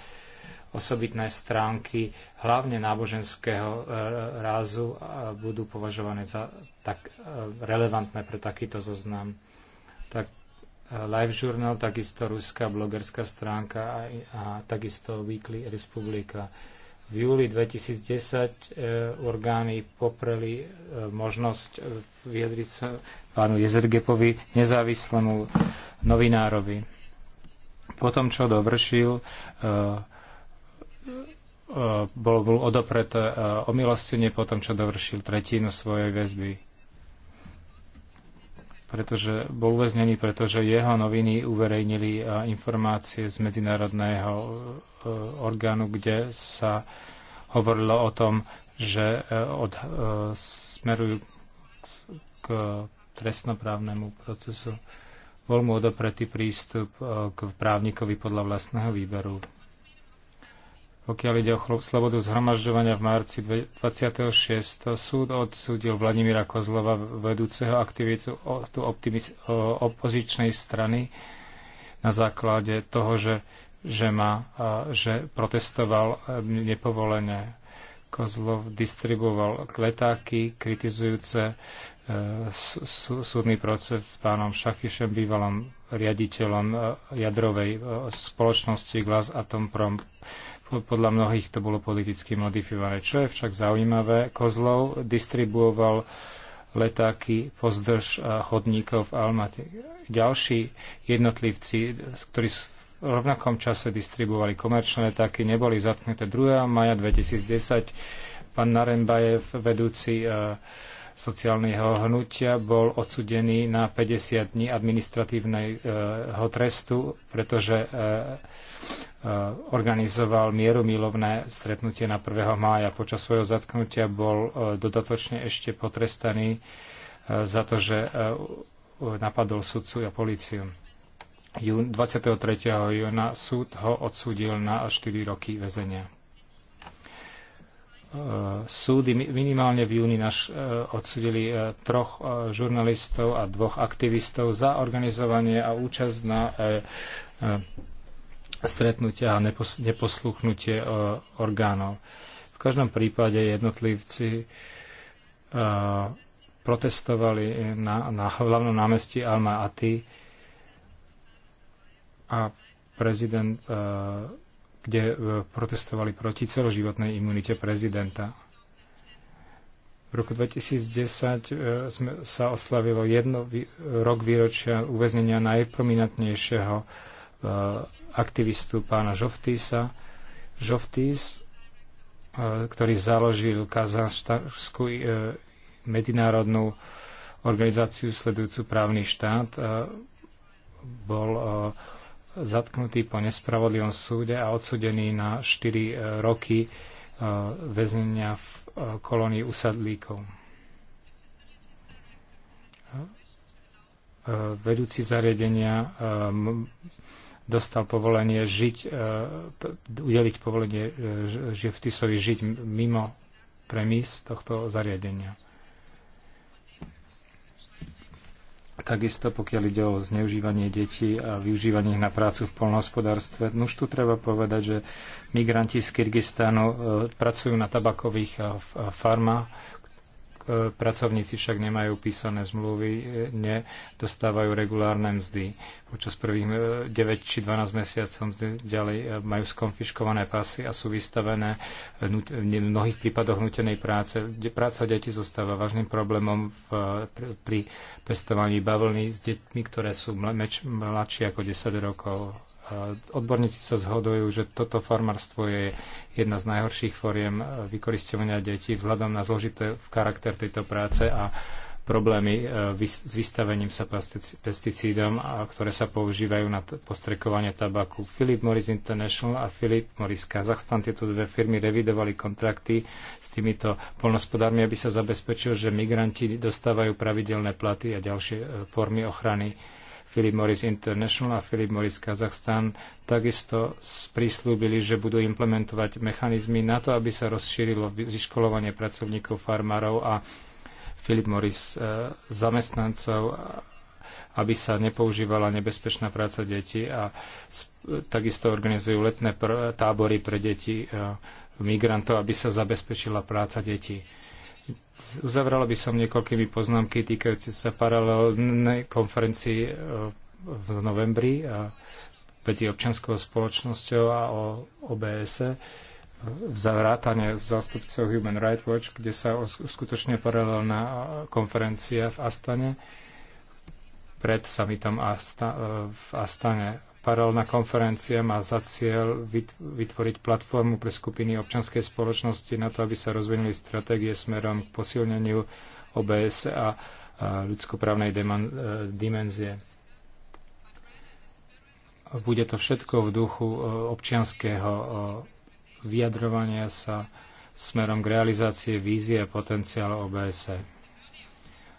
osobitné stránky, hlavne náboženského eh, rázu, budú považované za tak relevantné pre takýto zoznam. Tak Live Journal, takisto ruská blogerská stránka a, a takisto Weekly Republika. V júli 2010 e, orgány popreli e, možnosť e, vyjadriť sa pánu Jezergepovi, nezávislému novinárovi. Po tom, čo dovršil, e, e, bol, bol odopret e, omilostenie potom, čo dovršil tretinu svojej väzby pretože bol uväznený, pretože jeho noviny uverejnili e, informácie z medzinárodného e, orgánu, kde sa hovorilo o tom, že e, od, smerujú k trestnoprávnemu procesu. Bol mu odopretý prístup k právnikovi podľa vlastného výberu. Pokiaľ ide o slobodu zhromažďovania v marci 26. súd odsúdil Vladimíra Kozlova, vedúceho aktivitu tu opozičnej strany, na základe toho, že, že, ma, že protestoval e, nepovolené. Kozlov distribuoval letáky kritizujúce e, súdny proces s pánom Šachišem, bývalom riaditeľom e, jadrovej spoločnosti Glas Atomprom podľa mnohých to bolo politicky modifikované. Čo je však zaujímavé, Kozlov distribuoval letáky pozdrž chodníkov v Almaty. Ďalší jednotlivci, ktorí v rovnakom čase distribuovali komerčné letáky, neboli zatknuté 2. maja 2010. Pán Narenbajev, vedúci uh, sociálneho hnutia bol odsudený na 50 dní administratívneho trestu, pretože e, e, organizoval mierumilovné stretnutie na 1. mája. Počas svojho zatknutia bol e, dodatočne ešte potrestaný za to, že napadol sudcu a políciu. 23. júna súd ho odsúdil na 4 roky väzenia. E, súdy minimálne v júni naš e, odsudili e, troch žurnalistov a dvoch aktivistov za organizovanie a účasť na stretnutia a neposluchnutie orgánov. V každom prípade jednotlivci protestovali na, na hlavnom námestí Alma Aty a prezident kde e, protestovali proti celoživotnej imunite prezidenta. V roku 2010 e, sme, sa oslavilo jedno rok výročia uväznenia najprominentnejšieho e, aktivistu pána Žoftýsa. Žoftýs, ktorý založil kazachsku medzinárodnú organizáciu sledujúcu právny štát, bol zatknutý po nespravodlivom súde a odsudený na 4 e, roky e, väznenia v e, kolónii usadlíkov. Vedúci zariadenia dostal povolenie žiť, udeliť povolenie Žeftisovi žiť mimo premis tohto zariadenia. Takisto pokiaľ ide o zneužívanie detí a využívanie ich na prácu v polnohospodárstve, no už tu treba povedať, že migranti z Kyrgyzstánu e, pracujú na tabakových farmách, E, pracovníci však nemajú písané zmluvy, e, nedostávajú regulárne mzdy. Počas prvých 9 e, či 12 mesiacov ďalej majú skonfiškované pasy a sú vystavené v mnohých prípadoch nutenej práce. Práca detí zostáva vážnym problémom v, pri pestovaní bavlny s deťmi, ktoré sú mladšie ako 10 rokov Odborníci sa zhodujú, že toto farmárstvo je jedna z najhorších foriem vykoristovania detí vzhľadom na zložité charakter tejto práce a problémy e, s vystavením sa pesticídom, ktoré sa používajú na postrekovanie tabaku. Philip Morris International a Philip Morris Kazachstan, tieto dve firmy revidovali kontrakty s týmito polnospodármi, aby sa zabezpečil, že migranti dostávajú pravidelné platy a ďalšie e, formy ochrany Philip Morris International a Philip Morris Kazachstan takisto prislúbili, že budú implementovať mechanizmy na to, aby sa rozšírilo vyškolovanie pracovníkov, farmárov a Philip Morris e, zamestnancov, aby sa nepoužívala nebezpečná práca detí a takisto organizujú letné tábory pre deti e, migrantov, aby sa zabezpečila práca detí Uzavrala by som niekoľkými poznámky týkajúce sa paralelnej konferencii e, v novembri a medzi občanskou spoločnosťou a o obs e, v zavrátane zástupcov Human Rights Watch, kde sa skutočne paralelná e, konferencia v Astane pred summitom Asta, v Astane Paralelná konferencia má za cieľ vytvoriť platformu pre skupiny občanskej spoločnosti na to, aby sa rozvinuli stratégie smerom k posilneniu OBS a ľudskoprávnej e, dimenzie. Bude to všetko v duchu e, občianského e, vyjadrovania sa smerom k realizácii vízie a potenciálu OBSE.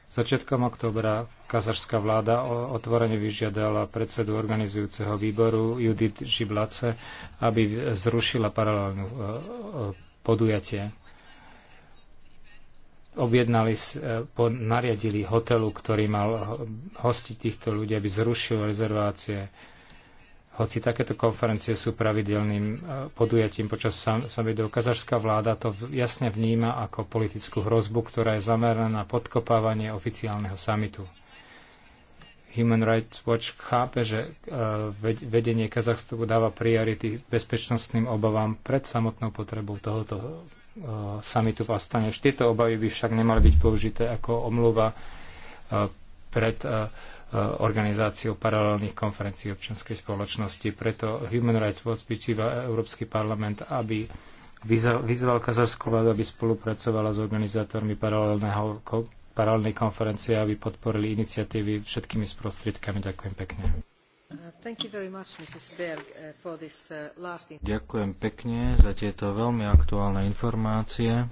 Začiatkom oktobra kazašská vláda otvorene vyžiadala predsedu organizujúceho výboru Judith Žiblace, aby zrušila paralelnú e, e, podujatie. Objednali, e, nariadili hotelu, ktorý mal hostiť týchto ľudí, aby zrušil rezervácie hoci takéto konferencie sú pravidelným e, podujatím počas samitu, kazašská vláda to jasne vníma ako politickú hrozbu, ktorá je zameraná na podkopávanie oficiálneho samitu. Human Rights Watch chápe, že e, vedenie Kazachstvu dáva priority bezpečnostným obavám pred samotnou potrebou tohoto e, samitu v Astane. Už tieto obavy by však nemali byť použité ako omluva pred Eh, organizáciou paralelných konferencií občianskej spoločnosti. Preto Human Rights Watch vyčíva Európsky parlament, aby vyzval kazarskú vládu, aby spolupracovala s organizátormi paralelného, paralelnej konferencie, aby podporili iniciatívy všetkými sprostriedkami. Ďakujem pekne. Eh, eh, Ďakujem pekne za tieto veľmi aktuálne informácie.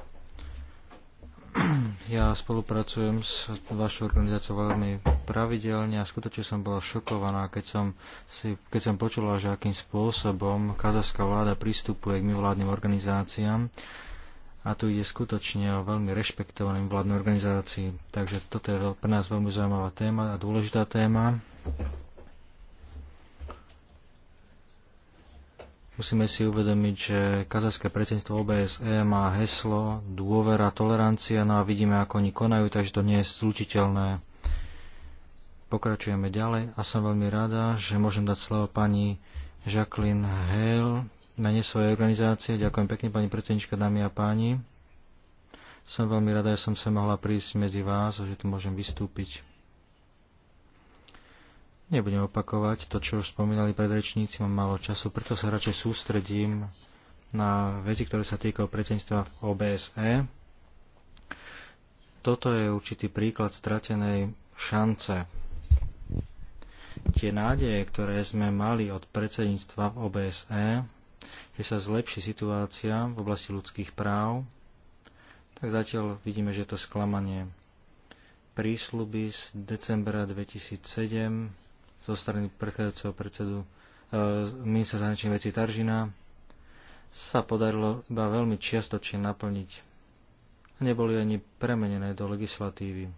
Ja spolupracujem s vašou organizáciou veľmi pravidelne a skutočne som bola šokovaná, keď som, si, keď som počula, že akým spôsobom kazachská vláda pristupuje k mimovládnym organizáciám. A tu ide skutočne o veľmi rešpektovaným vládnej organizácii. Takže toto je pre nás veľmi zaujímavá téma a dôležitá téma. Musíme si uvedomiť, že kazachské predsedníctvo OBSE má heslo dôvera, tolerancia, no a vidíme, ako oni konajú, takže to nie je slučiteľné. Pokračujeme ďalej a som veľmi rada, že môžem dať slovo pani Jacqueline Hale na ne svojej organizácie. Ďakujem pekne, pani predsednička, dámy a páni. Som veľmi rada, že som sa mohla prísť medzi vás a že tu môžem vystúpiť. Nebudem opakovať to, čo už spomínali predrečníci, mám málo času, preto sa radšej sústredím na veci, ktoré sa týkajú predsedníctva v OBSE. Toto je určitý príklad stratenej šance. Tie nádeje, ktoré sme mali od predsedníctva v OBSE, že sa zlepší situácia v oblasti ľudských práv, tak zatiaľ vidíme, že je to sklamanie. Prísľuby z decembra 2007 zo strany predchádzajúceho predsedu e, ministra zahraničných vecí Taržina sa podarilo iba veľmi čiastočne naplniť. A neboli ani premenené do legislatívy.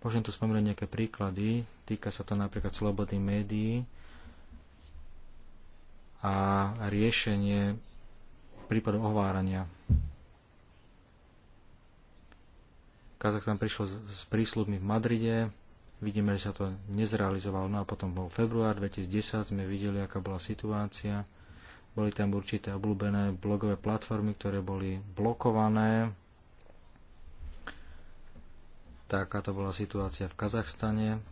Môžem tu spomenúť nejaké príklady. Týka sa to napríklad slobody médií a riešenie prípadov ohvárania. Kazachstan prišiel s prísľubmi v Madride, Vidíme, že sa to nezrealizovalo. No a potom bol február 2010, sme videli, aká bola situácia. Boli tam určité obľúbené blogové platformy, ktoré boli blokované. Taká to bola situácia v Kazachstane.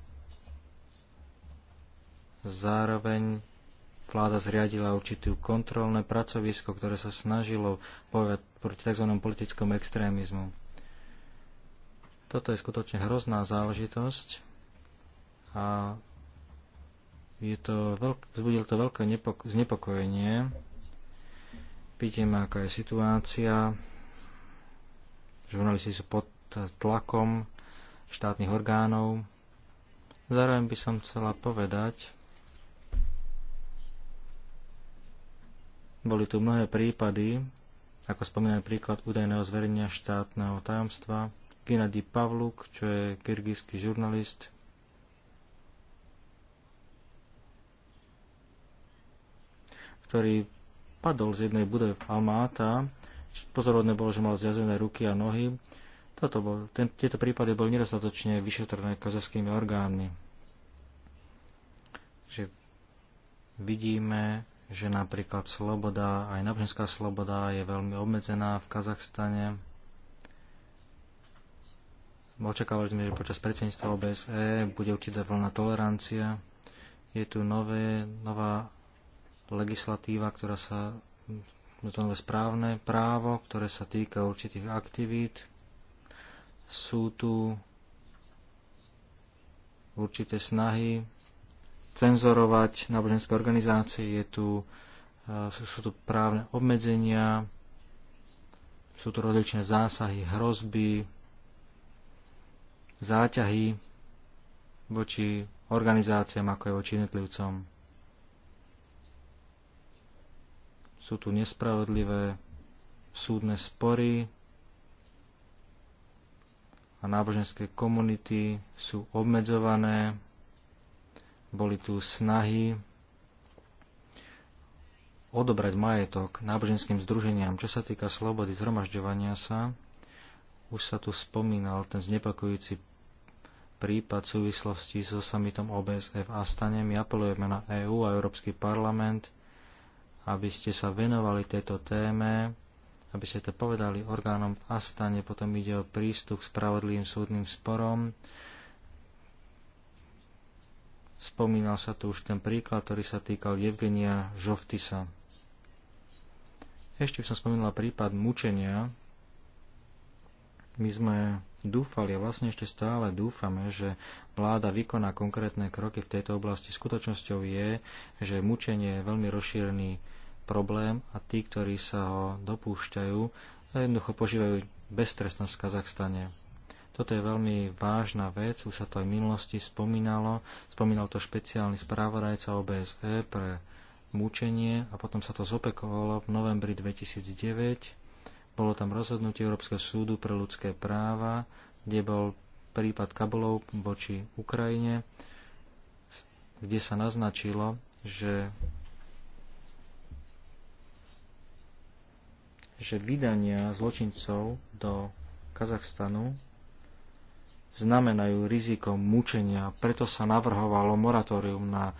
Zároveň vláda zriadila určitú kontrolné pracovisko, ktoré sa snažilo bojovať proti tzv. politickom extrémizmu. Toto je skutočne hrozná záležitosť a je to veľk, vzbudil to veľké nepok- znepokojenie. Vidíme, aká je situácia. Žurnalisti sú pod tlakom štátnych orgánov. Zároveň by som chcela povedať, boli tu mnohé prípady, ako spomínam príklad údajného zverenia štátneho tajomstva, Gennady Pavluk, čo je kyrgyzský žurnalist, ktorý padol z jednej budovy v Almáta. pozorovné bolo, že mal zviazené ruky a nohy. Toto bol, ten, tieto prípady boli nedostatočne vyšetrené kazachskými orgánmi. Že vidíme, že napríklad sloboda, aj náboženská sloboda je veľmi obmedzená v Kazachstane. Očakávali sme, že počas predsedníctva OBSE bude určitá vlna tolerancia. Je tu nové, nová legislatíva, ktorá sa hm, to nové správne právo, ktoré sa týka určitých aktivít. Sú tu určité snahy cenzorovať náboženské organizácie, je tu, e, sú tu právne obmedzenia, sú tu rozličné zásahy, hrozby, záťahy voči organizáciám, ako je voči jednotlivcom. Sú tu nespravodlivé súdne spory a náboženské komunity sú obmedzované. Boli tu snahy odobrať majetok náboženským združeniam. Čo sa týka slobody zhromažďovania sa, už sa tu spomínal ten znepokojujúci prípad v súvislosti so samitom OBSF a stanem. My apelujeme na EÚ a Európsky parlament, aby ste sa venovali tejto téme, aby ste to povedali orgánom v Astane, potom ide o prístup k spravodlivým súdnym sporom. Spomínal sa tu už ten príklad, ktorý sa týkal Evgenia Žoftisa. Ešte by som spomenula prípad mučenia. My sme dúfali a vlastne ešte stále dúfame, že vláda vykoná konkrétne kroky v tejto oblasti. Skutočnosťou je, že mučenie je veľmi rozšírený problém a tí, ktorí sa ho dopúšťajú, jednoducho požívajú beztrestnosť v Kazachstane. Toto je veľmi vážna vec, už sa to aj v minulosti spomínalo. Spomínal to špeciálny správodajca OBSE pre mučenie a potom sa to zopekovalo v novembri 2009 bolo tam rozhodnutie Európskeho súdu pre ľudské práva, kde bol prípad Kabulov voči Ukrajine, kde sa naznačilo, že že vydania zločincov do Kazachstanu znamenajú riziko mučenia, preto sa navrhovalo moratórium na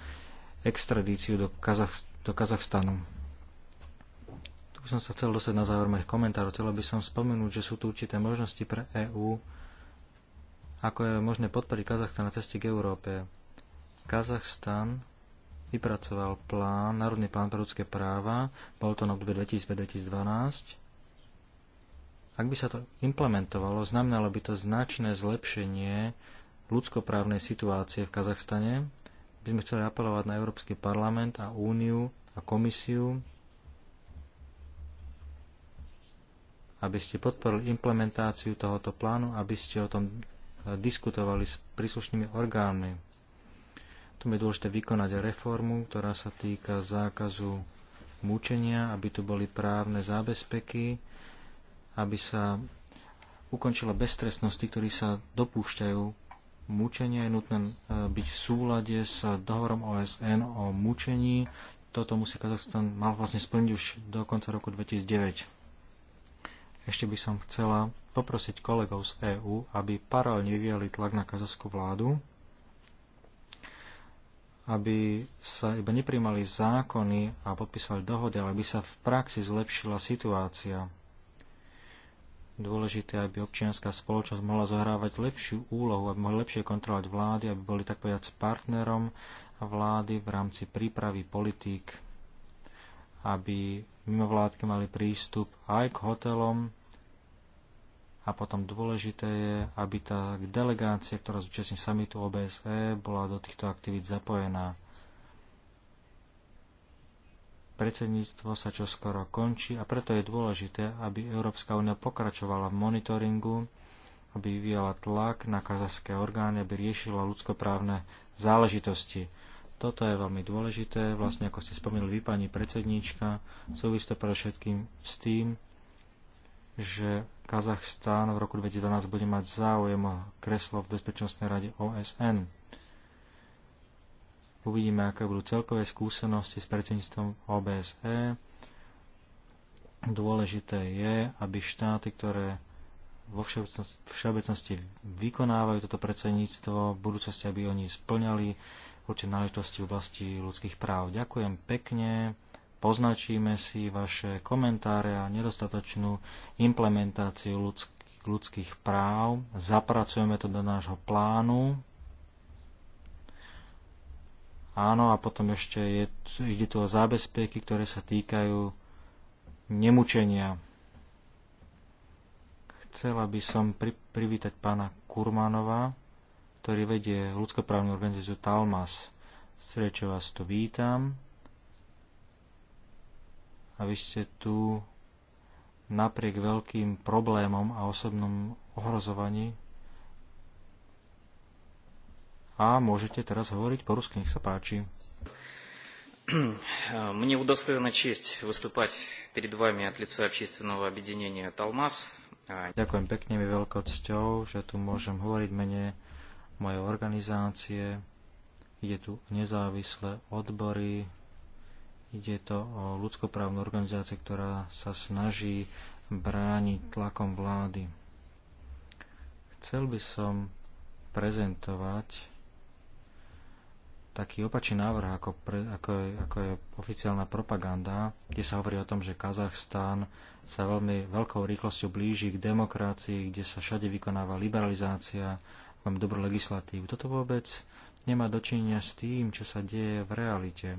extradíciu do, Kazach- do Kazachstanu. Tu by som sa chcel dostať na záver mojich komentárov. Chcel by som spomenúť, že sú tu určité možnosti pre EÚ, ako je možné podporiť Kazachstan na ceste k Európe. Kazachstan vypracoval plán, národný plán pre ľudské práva, bol to na obdobie 2005-2012. Ak by sa to implementovalo, znamenalo by to značné zlepšenie ľudskoprávnej situácie v Kazachstane. By sme chceli apelovať na Európsky parlament a úniu a komisiu, aby ste podporili implementáciu tohoto plánu, aby ste o tom eh, diskutovali s príslušnými orgánmi. Tu je dôležité vykonať reformu, ktorá sa týka zákazu mučenia, aby tu boli právne zábezpeky, aby sa ukončila beztrestnosť tých, ktorí sa dopúšťajú mučenia. Je nutné eh, byť v súlade s dohovorom OSN o mučení. Toto musí Kazachstan mal vlastne splniť už do konca roku 2009 ešte by som chcela poprosiť kolegov z EÚ, aby paralelne vyvíjali tlak na kazaskú vládu, aby sa iba neprimali zákony a podpisovali dohody, ale aby sa v praxi zlepšila situácia. Dôležité, aby občianská spoločnosť mohla zohrávať lepšiu úlohu, aby mohli lepšie kontrolovať vlády, aby boli tak povedať s partnerom vlády v rámci prípravy politík aby mimovládky mali prístup aj k hotelom a potom dôležité je, aby tá delegácia, ktorá zúčastní samitu OBSE, bola do týchto aktivít zapojená. Predsedníctvo sa čoskoro končí a preto je dôležité, aby Európska únia pokračovala v monitoringu, aby vyvíjala tlak na kazachské orgány, aby riešila ľudskoprávne záležitosti. Toto je veľmi dôležité. Vlastne, ako ste spomínali vy, pani predsedníčka, súvisí to všetkým s tým, že Kazachstán v roku 2012 bude mať záujem o kreslo v Bezpečnostnej rade OSN. Uvidíme, aké budú celkové skúsenosti s predsedníctvom OBSE. Dôležité je, aby štáty, ktoré vo všeobecnosti vykonávajú toto predsedníctvo, v budúcnosti, aby oni splňali určité náležitosti v oblasti ľudských práv. Ďakujem pekne, poznačíme si vaše komentáre a nedostatočnú implementáciu ľudských, ľudských práv, zapracujeme to do nášho plánu. Áno, a potom ešte je, ide tu o zábezpeky, ktoré sa týkajú nemučenia. Chcela by som pri, privítať pána Kurmanova, ktorý vedie ľudskoprávnu organizáciu Talmas. Srdečne vás tu vítam. A vy ste tu napriek veľkým problémom a osobnom ohrozovaní. A môžete teraz hovoriť po rusky, nech sa páči. *clears throat* Мне удостоена честь выступать перед вами от лица общественного объединения «Талмас». Ďakujem pekne, mi veľkou cťou, že tu môžem hovoriť mene moje organizácie, ide tu nezávislé odbory, ide to o ľudskoprávnu organizáciu, ktorá sa snaží brániť tlakom vlády. Chcel by som prezentovať taký opačný návrh, ako, pre, ako, je, ako je oficiálna propaganda, kde sa hovorí o tom, že Kazachstán sa veľmi veľkou rýchlosťou blíži k demokracii, kde sa všade vykonáva liberalizácia máme dobrú legislatívu. Toto vôbec nemá dočinenia s tým, čo sa deje v realite.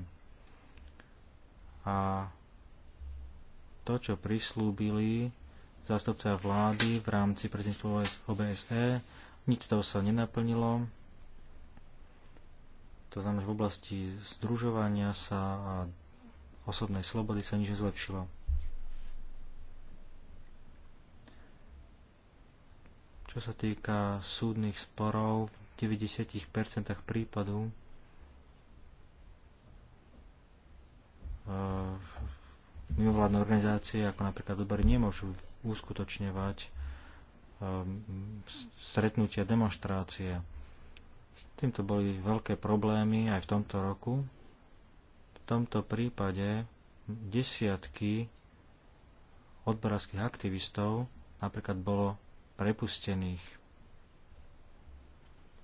A to, čo prislúbili zástupca vlády v rámci predsedníctva OBSE, nič z toho sa nenaplnilo. To znamená, že v oblasti združovania sa a osobnej slobody sa nič nezlepšilo. Čo sa týka súdnych sporov, v 90% prípadov e, mimovládne organizácie, ako napríklad odbory, nemôžu uskutočňovať e, stretnutia, demonstrácie. S týmto boli veľké problémy aj v tomto roku. V tomto prípade desiatky odborárskych aktivistov napríklad bolo prepustených.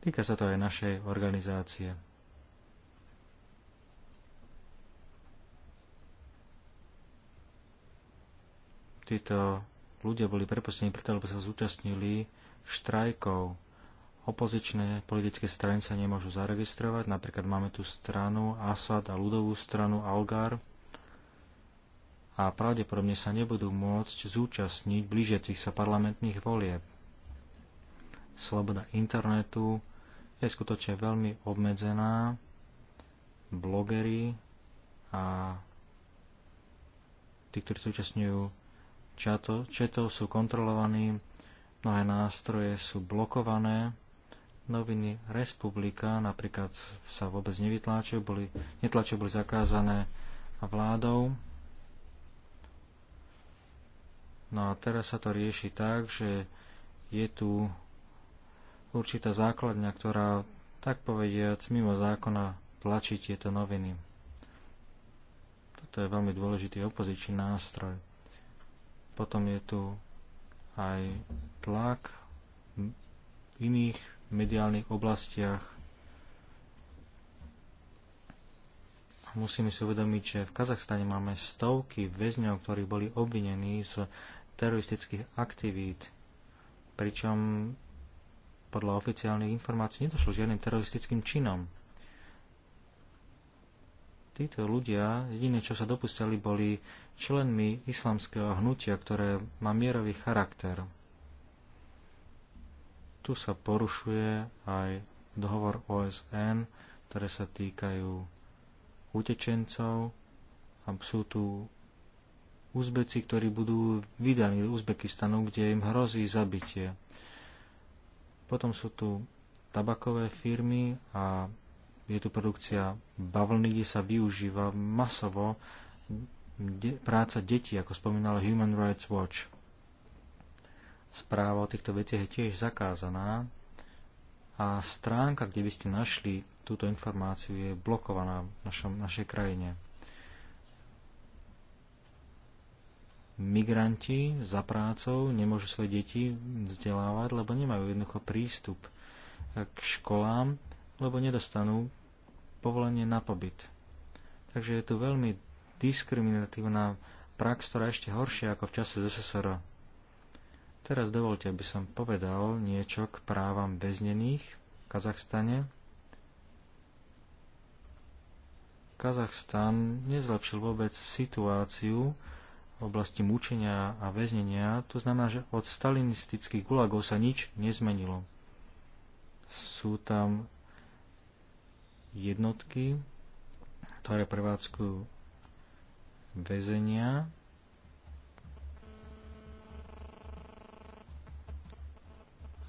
Týka sa to aj našej organizácie. Títo ľudia boli prepustení preto, lebo sa zúčastnili štrajkov. Opozičné politické strany sa nemôžu zaregistrovať, napríklad máme tu stranu Asad a ľudovú stranu Algar, a pravdepodobne sa nebudú môcť zúčastniť blížiacich sa parlamentných volieb. Sloboda internetu je skutočne veľmi obmedzená. Blogery a tí, ktorí zúčastňujú četov, sú kontrolovaní, mnohé nástroje sú blokované, noviny Respublika napríklad sa vôbec nevytláčajú, boli, netlačia boli zakázané vládou. No a teraz sa to rieši tak, že je tu určitá základňa, ktorá tak povediac mimo zákona tlačí tieto noviny. Toto je veľmi dôležitý opozičný nástroj. Potom je tu aj tlak v iných mediálnych oblastiach. Musíme si uvedomiť, že v Kazachstane máme stovky väzňov, ktorí boli obvinení z teroristických aktivít, pričom podľa oficiálnych informácií nedošlo žiadnym teroristickým činom. Títo ľudia, jediné čo sa dopustili, boli členmi islamského hnutia, ktoré má mierový charakter. Tu sa porušuje aj dohovor OSN, ktoré sa týkajú utečencov a sú tu Uzbeci, ktorí budú vydaní z Uzbekistanu, kde im hrozí zabitie. Potom sú tu tabakové firmy a je tu produkcia bavlny, kde sa využíva masovo de- práca detí, ako spomínal Human Rights Watch. Správa o týchto veciach je tiež zakázaná a stránka, kde by ste našli túto informáciu, je blokovaná v našom, našej krajine. migranti za prácou nemôžu svoje deti vzdelávať, lebo nemajú jednoducho prístup k školám, lebo nedostanú povolenie na pobyt. Takže je tu veľmi diskriminatívna prax, ktorá je ešte horšia ako v čase ZSSR. Teraz dovolte, aby som povedal niečo k právam väznených v Kazachstane. Kazachstan nezlepšil vôbec situáciu v oblasti mučenia a väznenia, to znamená, že od stalinistických gulagov sa nič nezmenilo. Sú tam jednotky, ktoré prevádzkujú väzenia,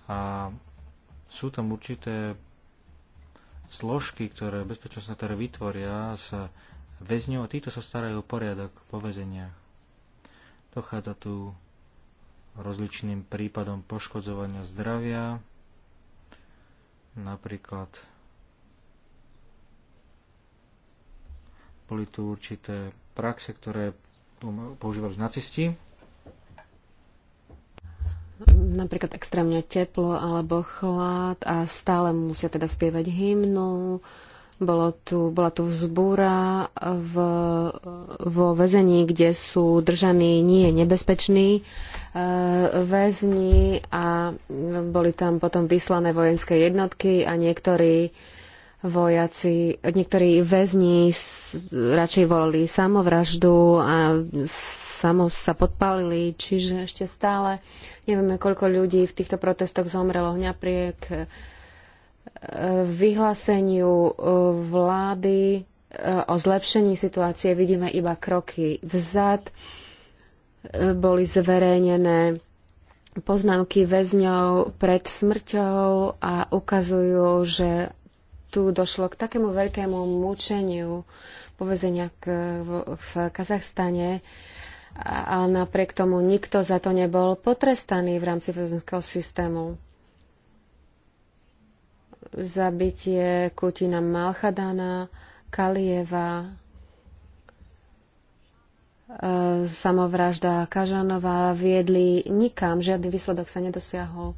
a sú tam určité zložky, ktoré bezpečnostné, ktoré vytvoria sa väzňov a títo sa starajú o poriadok po väzeniach. Dochádza tu rozličným prípadom poškodzovania zdravia, napríklad boli tu určité praxe, ktoré používali nacisti. Napríklad extrémne teplo alebo chlad a stále musia teda spievať hymnu bolo tu, bola tu vzbúra v, vo väzení, kde sú držaní nie nebezpeční e, väzni a boli tam potom vyslané vojenské jednotky a niektorí vojaci, niektorí väzni radšej volili samovraždu a samo sa podpálili, čiže ešte stále nevieme, koľko ľudí v týchto protestoch zomrelo hňapriek vyhláseniu e, vlády e, o zlepšení situácie vidíme iba kroky vzad. E, boli zverejnené poznámky väzňov pred smrťou a ukazujú, že tu došlo k takému veľkému mučeniu povezenia k, v, v Kazachstane, ale napriek tomu nikto za to nebol potrestaný v rámci väzenského systému zabitie Kutina Malchadana, Kalieva, e, samovražda Kažanova viedli nikam, žiadny výsledok sa nedosiahol. E,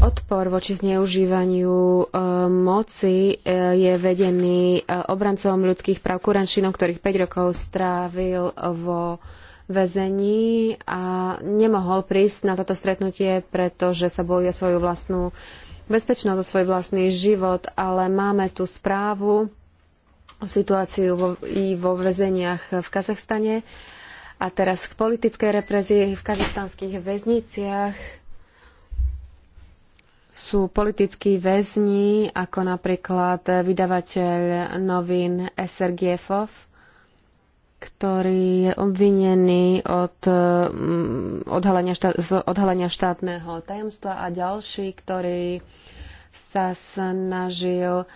odpor voči zneužívaniu e, moci je vedený obrancom ľudských práv Kurančinom, ktorých 5 rokov strávil vo väzení a nemohol prísť na toto stretnutie, pretože sa bojuje svoju vlastnú bezpečnosť, o svoj vlastný život, ale máme tu správu o situáciu vo, i vo väzeniach v Kazachstane a teraz k politickej reprezii v kazachstanských väzniciach sú politickí väzni, ako napríklad vydavateľ novín SRGFov, ktorý je obvinený od mm, odhalenia, štát, z odhalenia štátneho tajomstva a ďalší, ktorý sa snažil e,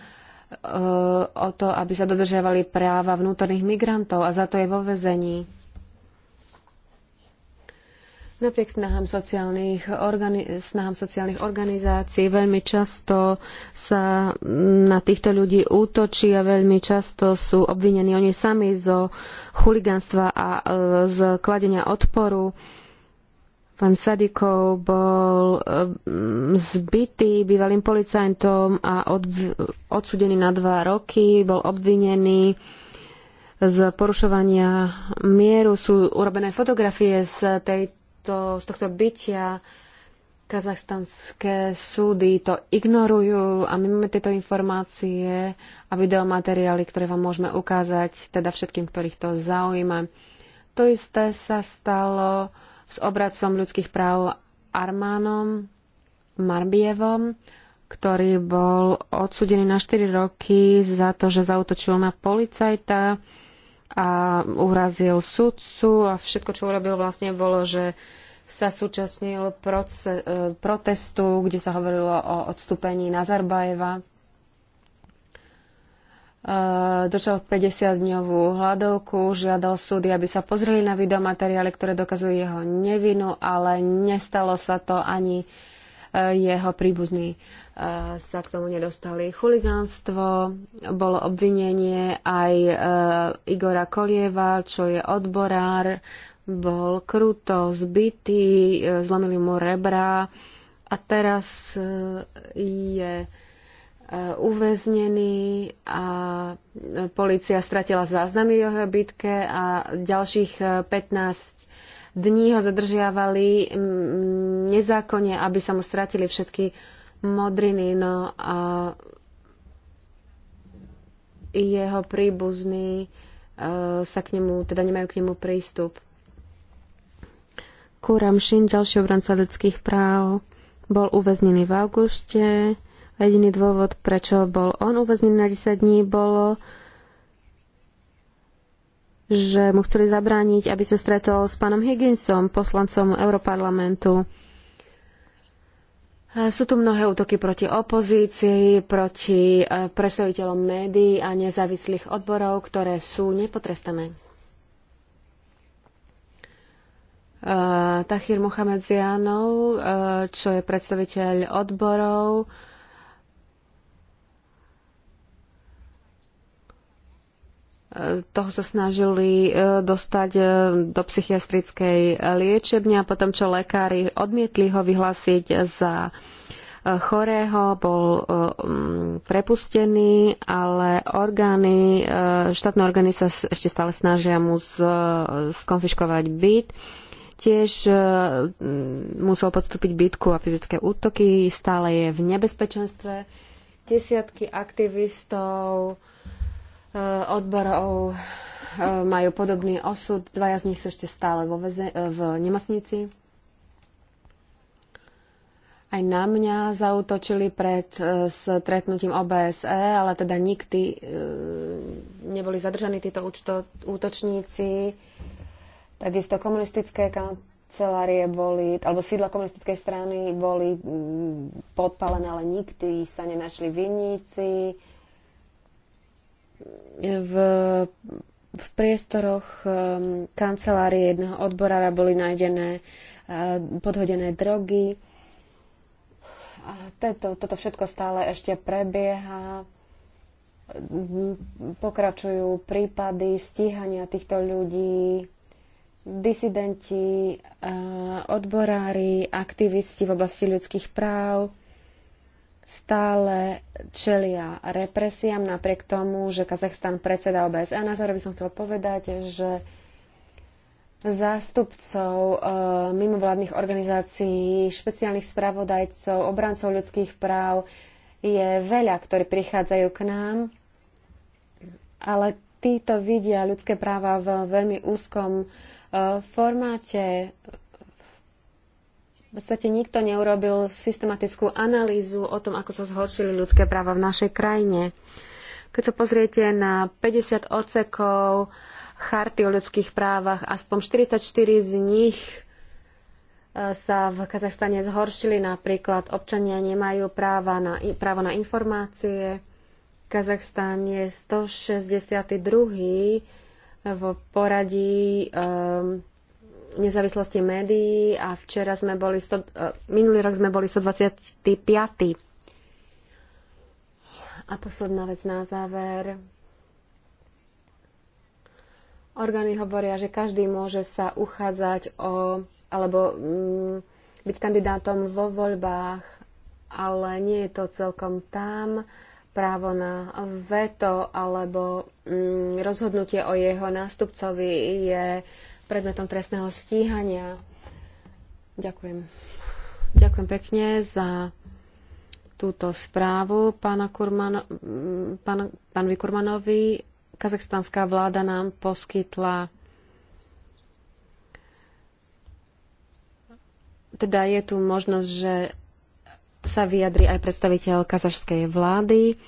o to, aby sa dodržiavali práva vnútorných migrantov a za to je vo vezení. Napriek snahám sociálnych, organi- snahám sociálnych organizácií veľmi často sa na týchto ľudí útočí a veľmi často sú obvinení oni sami zo chuligánstva a e, z kladenia odporu. Pán Sadikov bol e, zbytý bývalým policajtom a odsudený na dva roky, bol obvinený z porušovania mieru. Sú urobené fotografie z tejto tohto, z tohto bytia. Kazachstanské súdy to ignorujú a my máme tieto informácie a videomateriály, ktoré vám môžeme ukázať, teda všetkým, ktorých to zaujíma. To isté sa stalo s obradcom ľudských práv Armánom Marbievom, ktorý bol odsudený na 4 roky za to, že zautočil na policajta a urazil sudcu a všetko, čo urobil vlastne bolo, že sa súčasnil proces, e, protestu, kde sa hovorilo o odstúpení Nazarbajeva. E, Dočal 50-dňovú hľadovku, žiadal súdy, aby sa pozreli na videomateriály, ktoré dokazujú jeho nevinu, ale nestalo sa to ani e, jeho príbuzní sa k tomu nedostali. Chuligánstvo, bolo obvinenie aj Igora Kolieva, čo je odborár bol kruto zbytý, e, zlomili mu rebra a teraz e, je e, uväznený a policia stratila záznamy o jeho bitke a ďalších 15 dní ho zadržiavali nezákonne, aby sa mu stratili všetky modriny. No a jeho príbuzní sa k nemu, teda nemajú k nemu prístup. Šin, ďalší obranca ľudských práv, bol uväznený v auguste. Jediný dôvod, prečo bol on uväznený na 10 dní, bolo, že mu chceli zabrániť, aby sa stretol s pánom Higginsom, poslancom Európarlamentu. Sú tu mnohé útoky proti opozícii, proti eh, predstaviteľom médií a nezávislých odborov, ktoré sú nepotrestané. Tahir Mohamedzianov, čo je predstaviteľ odborov, toho sa snažili dostať do psychiatrickej liečebne a potom, čo lekári odmietli ho vyhlásiť za chorého, bol prepustený, ale orgány, štátne orgány sa ešte stále snažia mu skonfiškovať byt tiež e, musel podstúpiť bitku a fyzické útoky, stále je v nebezpečenstve. Desiatky aktivistov, e, odborov e, majú podobný osud, dvaja z nich sú ešte stále vo väze- v nemocnici. Aj na mňa zautočili pred e, stretnutím OBSE, ale teda nikdy e, neboli zadržaní títo účto, útočníci. E, Takisto komunistické kancelárie boli, alebo sídla komunistickej strany boli mm, podpálené, ale nikdy sa nenašli vinníci. V, v priestoroch um, kancelárie jedného odborára boli nájdené uh, podhodené drogy. A toto, toto všetko stále ešte prebieha. Mm, pokračujú prípady stíhania týchto ľudí disidenti, odborári, aktivisti v oblasti ľudských práv stále čelia represiám, napriek tomu, že Kazachstan predseda OBS a e. Na záver by som chcela povedať, že zástupcov mimovládnych organizácií, špeciálnych spravodajcov, obrancov ľudských práv je veľa, ktorí prichádzajú k nám, ale títo vidia ľudské práva v veľmi úzkom v formáte. V podstate nikto neurobil systematickú analýzu o tom, ako sa zhoršili ľudské práva v našej krajine. Keď sa pozriete na 50 odsekov charty o ľudských právach, aspoň 44 z nich e, sa v Kazachstane zhoršili. Napríklad občania nemajú práva na, právo na informácie. Kazachstán je 162 v poradí um, nezávislosti médií a včera sme boli, 100, uh, e, minulý rok sme boli 125. A posledná vec na záver. Orgány hovoria, že každý môže sa uchádzať o, alebo um, byť kandidátom vo voľbách, ale nie je to celkom tam právo na veto alebo mm, rozhodnutie o jeho nástupcovi je predmetom trestného stíhania. Ďakujem. Ďakujem pekne za túto správu pána Kurman, pán, mm, pán Vikurmanovi. Kazachstanská vláda nám poskytla teda je tu možnosť, že sa vyjadri aj predstaviteľ kazašskej vlády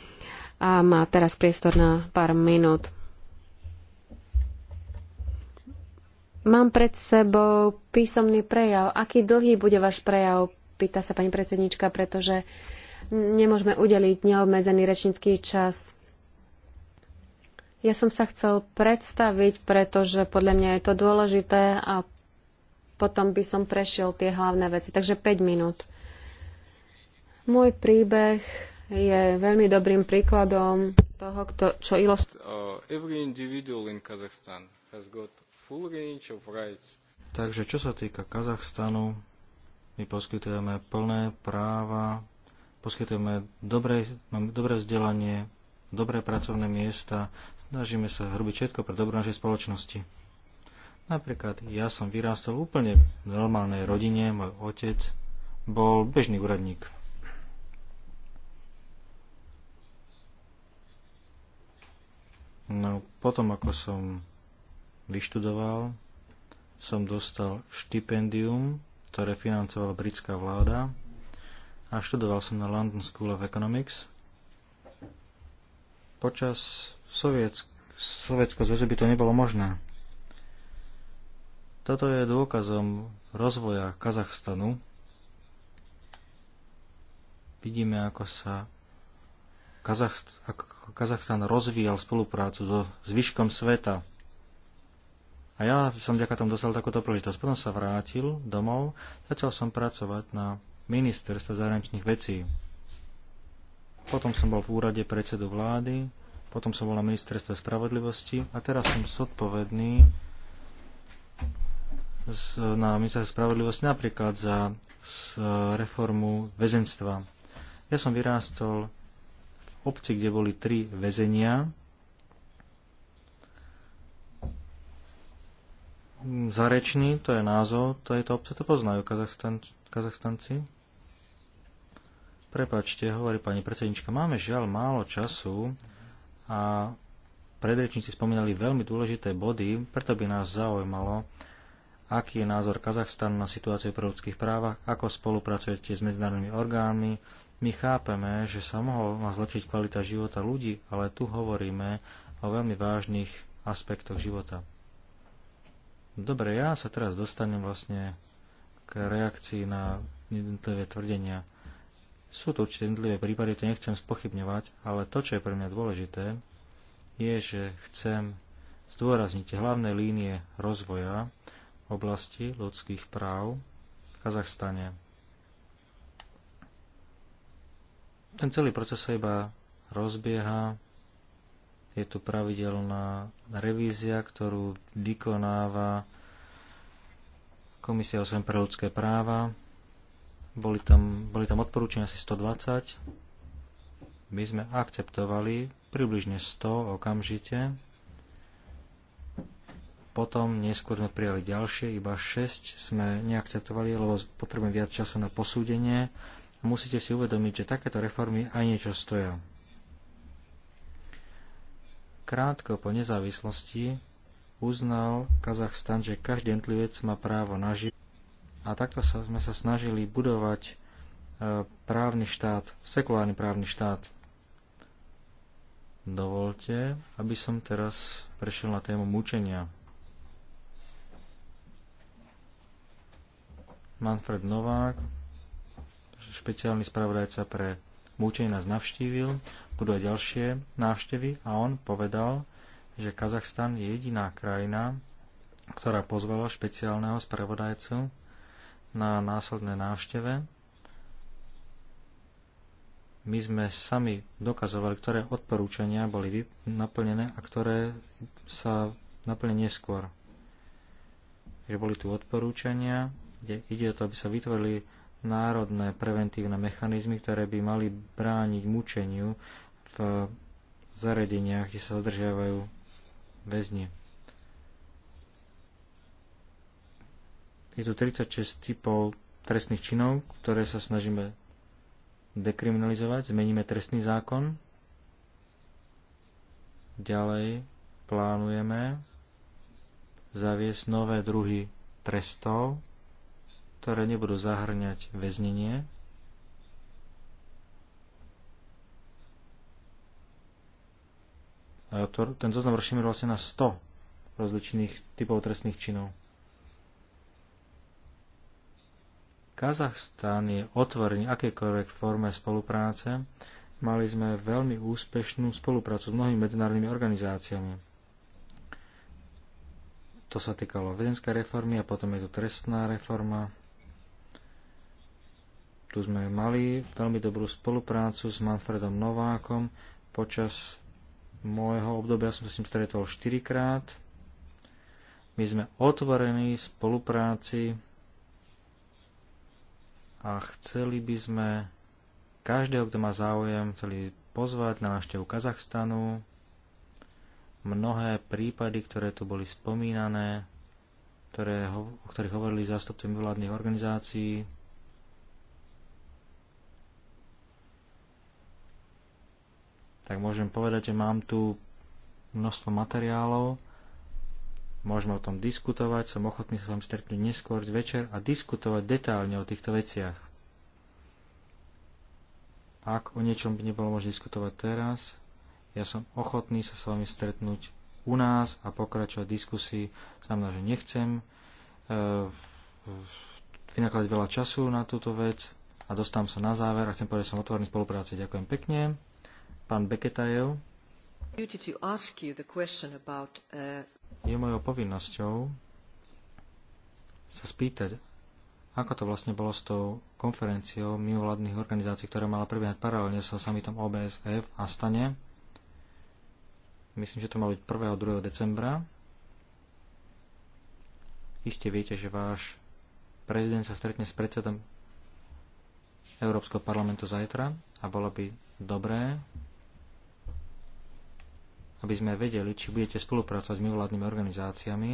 a má teraz priestor na pár minút. Mám pred sebou písomný prejav. Aký dlhý bude váš prejav? Pýta sa pani predsednička, pretože nemôžeme udeliť neobmedzený rečnícky čas. Ja som sa chcel predstaviť, pretože podľa mňa je to dôležité a potom by som prešiel tie hlavné veci. Takže 5 minút. Môj príbeh je veľmi dobrým príkladom toho, kto, čo ilustruje. Uh, Takže čo sa týka Kazachstanu, my poskytujeme plné práva, poskytujeme dobré, máme dobré vzdelanie, dobré pracovné miesta, snažíme sa robiť všetko pre dobro našej spoločnosti. Napríklad ja som vyrástol úplne v normálnej rodine, môj otec bol bežný úradník No potom, ako som vyštudoval, som dostal štipendium, ktoré financovala britská vláda a študoval som na London School of Economics. Počas Sovietského zväzu by to nebolo možné. Toto je dôkazom rozvoja Kazachstanu. Vidíme, ako sa Kazachst- Kazachstan rozvíjal spoluprácu so zvyškom sveta. A ja som vďaka tomu dostal takúto príležitosť. Potom sa vrátil domov, začal som pracovať na ministerstve zahraničných vecí. Potom som bol v úrade predsedu vlády, potom som bol na ministerstve spravodlivosti a teraz som zodpovedný na ministerstve spravodlivosti napríklad za eh, reformu väzenstva. Ja som vyrástol obci, kde boli tri väzenia. Zarečný to je názov to obce, to poznajú Kazachstan, Kazachstanci. Prepačte, hovorí pani predsednička, máme žiaľ málo času a predrečníci spomínali veľmi dôležité body, preto by nás zaujímalo, aký je názor Kazachstanu na situáciu pre ľudských právach, ako spolupracujete s medzinárodnými orgánmi, my chápeme, že sa mohla zlepšiť kvalita života ľudí, ale tu hovoríme o veľmi vážnych aspektoch života. Dobre, ja sa teraz dostanem vlastne k reakcii na jednotlivé tvrdenia. Sú to určite jednotlivé prípady, to nechcem spochybňovať, ale to, čo je pre mňa dôležité, je, že chcem zdôrazniť hlavné línie rozvoja oblasti ľudských práv v Kazachstane. Ten celý proces sa iba rozbieha. Je tu pravidelná revízia, ktorú vykonáva Komisia 8 pre ľudské práva. Boli tam, boli tam odporúčania asi 120. My sme akceptovali približne 100 okamžite. Potom neskôr sme prijali ďalšie, iba 6 sme neakceptovali, lebo potrebujeme viac času na posúdenie musíte si uvedomiť, že takéto reformy aj niečo stoja. Krátko po nezávislosti uznal Kazachstan, že každý jednotlivec má právo na život a takto sa, sme sa snažili budovať e, právny štát, sekulárny právny štát. Dovolte, aby som teraz prešiel na tému mučenia. Manfred Novák, špeciálny spravodajca pre mučenie nás navštívil, budú aj ďalšie návštevy a on povedal, že Kazachstan je jediná krajina, ktorá pozvala špeciálneho spravodajcu na následné návšteve. My sme sami dokazovali, ktoré odporúčania boli naplnené a ktoré sa naplne neskôr. Že boli tu odporúčania, kde ide o to, aby sa vytvorili národné preventívne mechanizmy, ktoré by mali brániť mučeniu v zariadeniach, kde sa zadržiavajú väzni. Je tu 36 typov trestných činov, ktoré sa snažíme dekriminalizovať. Zmeníme trestný zákon. Ďalej plánujeme zaviesť nové druhy trestov, ktoré nebudú zahrňať väznenie. Ten zoznam rozšimil vlastne na 100 rozličných typov trestných činov. Kazachstán je otvorený akékoľvek forme spolupráce. Mali sme veľmi úspešnú spoluprácu s mnohými medzinárodnými organizáciami. To sa týkalo vedenskej reformy a potom je tu trestná reforma, tu sme mali veľmi dobrú spoluprácu s Manfredom Novákom. Počas môjho obdobia som sa s ním stretol 4 krát. My sme otvorení spolupráci a chceli by sme každého, kto má záujem, chceli pozvať na návštevu Kazachstanu. Mnohé prípady, ktoré tu boli spomínané, ktoré, o ktorých hovorili zástupci vládnych organizácií, tak môžem povedať, že mám tu množstvo materiálov, môžeme o tom diskutovať, som ochotný sa tam stretnúť neskôr večer a diskutovať detálne o týchto veciach. Ak o niečom by nebolo možné diskutovať teraz, ja som ochotný sa s vami stretnúť u nás a pokračovať diskusii. Znamená, že nechcem e, vynakladať veľa času na túto vec a dostám sa na záver a chcem povedať, že som otvorený spolupráci. Ďakujem pekne. Pán Beketajev. Uh, Je mojou povinnosťou sa spýtať, ako to vlastne bolo s tou konferenciou mimovládnych organizácií, ktorá mala prebiehať paralelne so summitom OBSF a stane. Myslím, že to malo byť 1. a 2. decembra. Iste viete, že váš prezident sa stretne s predsedom Európskeho parlamentu zajtra a bolo by dobré, aby sme vedeli, či budete spolupracovať s mimovládnymi organizáciami.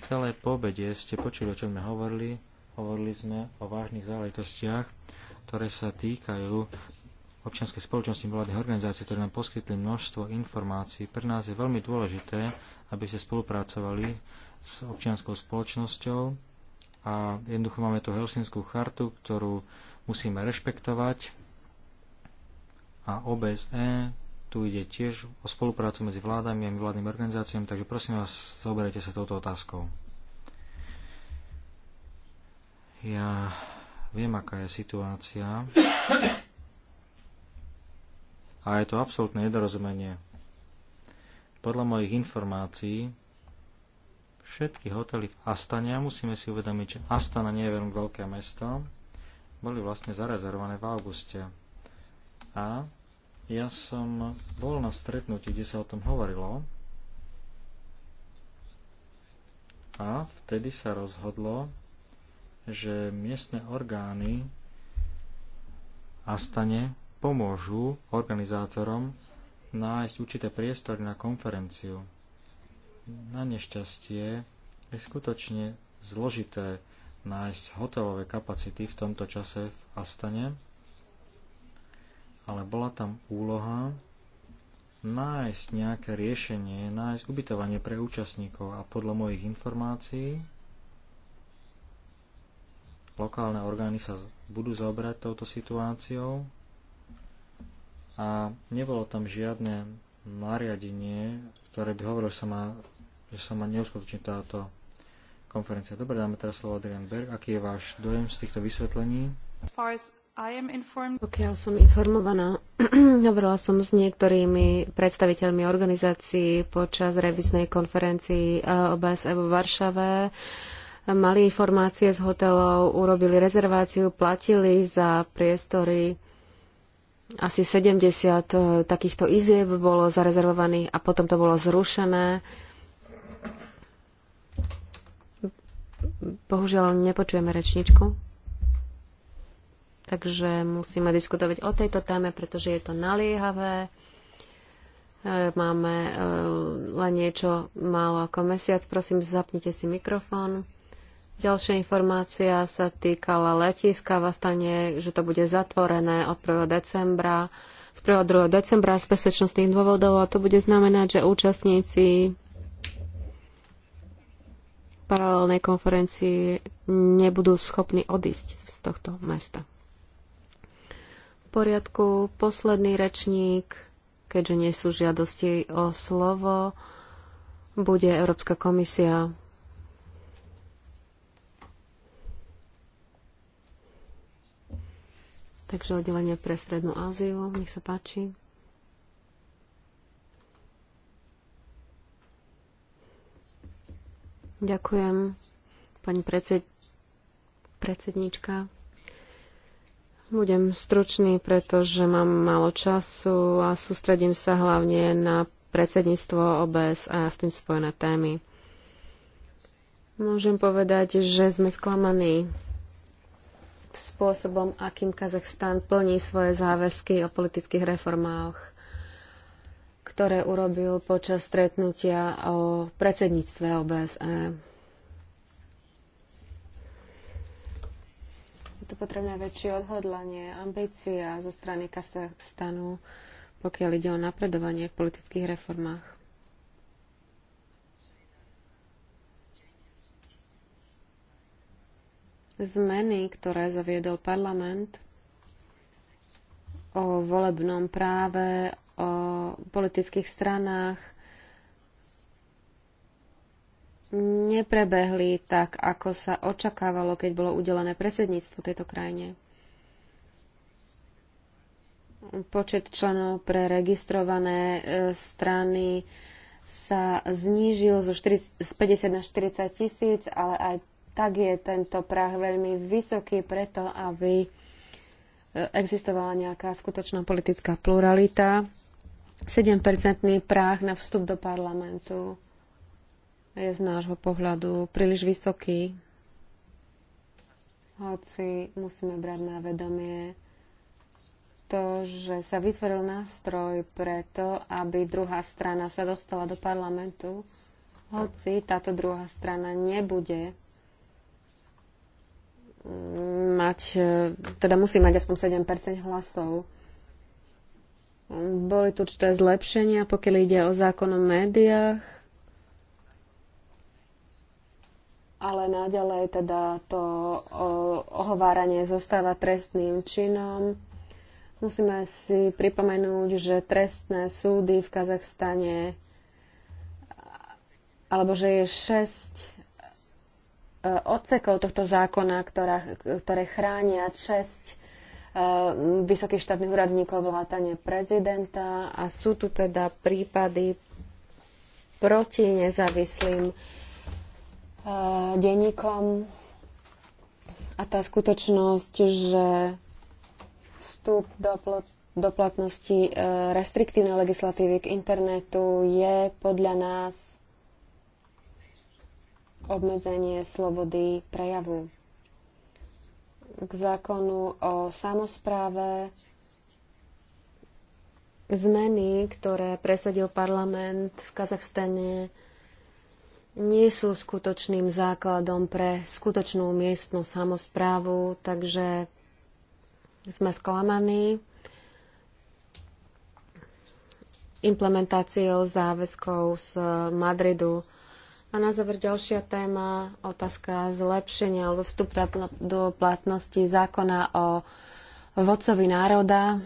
Celé po ste počuli, o čom sme hovorili. Hovorili sme o vážnych záležitostiach, ktoré sa týkajú občianskej spoločnosti mimovládnych organizácií, ktoré nám poskytli množstvo informácií. Pre nás je veľmi dôležité, aby ste spolupracovali s občianskou spoločnosťou a jednoducho máme tú Helsinskú chartu, ktorú musíme rešpektovať a OBSE, tu ide tiež o spoluprácu medzi vládami a vládnym organizáciám, takže prosím vás, zoberajte sa touto otázkou. Ja viem, aká je situácia. A je to absolútne nedorozumenie. Podľa mojich informácií, všetky hotely v Astane, musíme si uvedomiť, že Astana nie je veľmi veľké mesto, boli vlastne zarezervované v auguste. A ja som bol na stretnutí, kde sa o tom hovorilo a vtedy sa rozhodlo, že miestne orgány Astane pomôžu organizátorom nájsť určité priestory na konferenciu. Na nešťastie je skutočne zložité nájsť hotelové kapacity v tomto čase v Astane ale bola tam úloha nájsť nejaké riešenie, nájsť ubytovanie pre účastníkov a podľa mojich informácií lokálne orgány sa budú zaoberať touto situáciou a nebolo tam žiadne nariadenie, ktoré by hovorilo, že sa má, má neuskutočniť táto konferencia. Dobre, dáme teraz slovo Adrian Berg. Aký je váš dojem z týchto vysvetlení? As far as pokiaľ som informovaná, *clears throat* hovorila som s niektorými predstaviteľmi organizácií počas revíznej konferencii eh, OBSE vo Varšave. Mali informácie z hotelov, urobili rezerváciu, platili za priestory. Asi 70 eh, takýchto izieb bolo zarezervovaných a potom to bolo zrušené. Bohužiaľ, nepočujeme rečničku. Takže musíme diskutovať o tejto téme, pretože je to naliehavé. E, máme e, len niečo málo ako mesiac. Prosím, zapnite si mikrofón. Ďalšia informácia sa týkala letiska v Astane, že to bude zatvorené od 1. decembra z 1. 2. decembra z bezpečnostných dôvodov a to bude znamenať, že účastníci paralelnej konferencii nebudú schopní odísť z tohto mesta poriadku, posledný rečník, keďže nie sú žiadosti o slovo, bude Európska komisia. Takže oddelenie pre Strednú Áziu, nech sa páči. Ďakujem, pani predsed... predsedníčka. Budem stručný, pretože mám málo času a sústredím sa hlavne na predsedníctvo OBS a s tým spojené témy. Môžem povedať, že sme sklamaní spôsobom, akým Kazachstan plní svoje záväzky o politických reformách, ktoré urobil počas stretnutia o predsedníctve OBSE. tu potrebné väčšie odhodlanie, ambícia zo strany Kazachstanu, pokiaľ ide o napredovanie v politických reformách. Zmeny, ktoré zaviedol parlament o volebnom práve, o politických stranách, neprebehli tak, ako sa očakávalo, keď bolo udelené predsedníctvo tejto krajine. Počet členov pre registrované e, strany sa znížil zo 40, z 50 na 40 tisíc, ale aj tak je tento prah veľmi vysoký preto, aby e, existovala nejaká skutočná politická pluralita. 7-percentný práh na vstup do parlamentu je z nášho pohľadu príliš vysoký, hoci musíme brať na vedomie to, že sa vytvoril nástroj preto, aby druhá strana sa dostala do parlamentu, hoci táto druhá strana nebude mať, teda musí mať aspoň 7% hlasov. Boli tu určité zlepšenia, pokiaľ ide o zákon o médiách. ale naďalej teda to ohováranie zostáva trestným činom. Musíme si pripomenúť, že trestné súdy v Kazachstane alebo že je 6 e, odsekov tohto zákona, ktorá, ktoré chránia česť e, vysokých štátnych úradníkov vrátane prezidenta a sú tu teda prípady proti nezávislým Eh, denníkom a tá skutočnosť, že vstup do, pl- do platnosti eh, restriktívnej legislatívy k internetu je podľa nás obmedzenie slobody prejavu. K zákonu o samozpráve zmeny, ktoré presadil parlament v Kazachstane, nie sú skutočným základom pre skutočnú miestnu samozprávu, takže sme sklamaní implementáciou záväzkov z Madridu. A na záver ďalšia téma, otázka zlepšenia alebo vstup do platnosti zákona o vodcovi národa.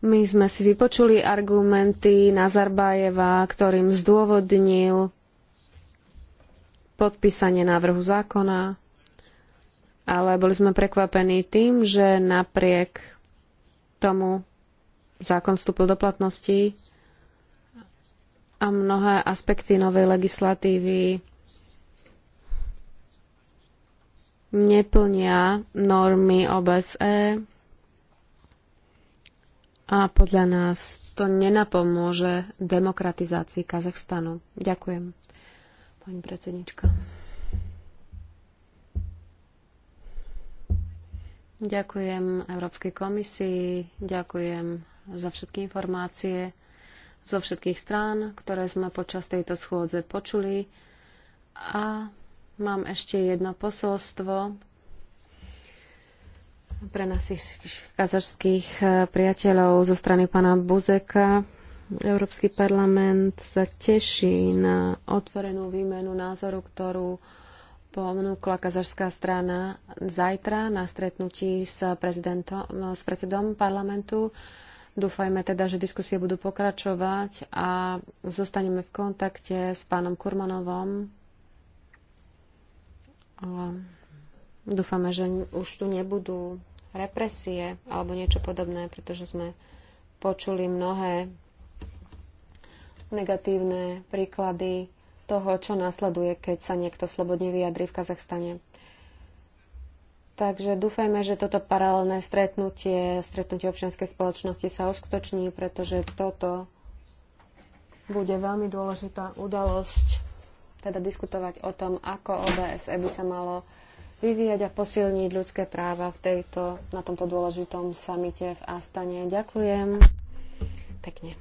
My sme si vypočuli argumenty Nazarbájeva, ktorým zdôvodnil podpísanie návrhu zákona, ale boli sme prekvapení tým, že napriek tomu zákon vstúpil do platnosti a mnohé aspekty novej legislatívy neplnia normy OBSE, a podľa nás to nenapomôže demokratizácii Kazachstanu. Ďakujem, pani predsednička. Ďakujem Európskej komisii, ďakujem za všetky informácie zo všetkých strán, ktoré sme počas tejto schôdze počuli. A mám ešte jedno posolstvo, pre našich kazašských e, priateľov zo strany pána Buzeka. Európsky parlament sa teší na otvorenú výmenu názoru, ktorú ponúkla kazašská strana zajtra na stretnutí s, no, s predsedom parlamentu. Dúfajme teda, že diskusie budú pokračovať a zostaneme v kontakte s pánom Kurmanovom. A dúfame, že už tu nebudú represie alebo niečo podobné, pretože sme počuli mnohé negatívne príklady toho, čo následuje, keď sa niekto slobodne vyjadrí v Kazachstane. Takže dúfajme, že toto paralelné stretnutie, stretnutie občianskej spoločnosti sa uskutoční, pretože toto bude veľmi dôležitá udalosť, teda diskutovať o tom, ako OBSE by sa malo vyvíjať a posilniť ľudské práva v tejto, na tomto dôležitom samite v Astane. Ďakujem pekne.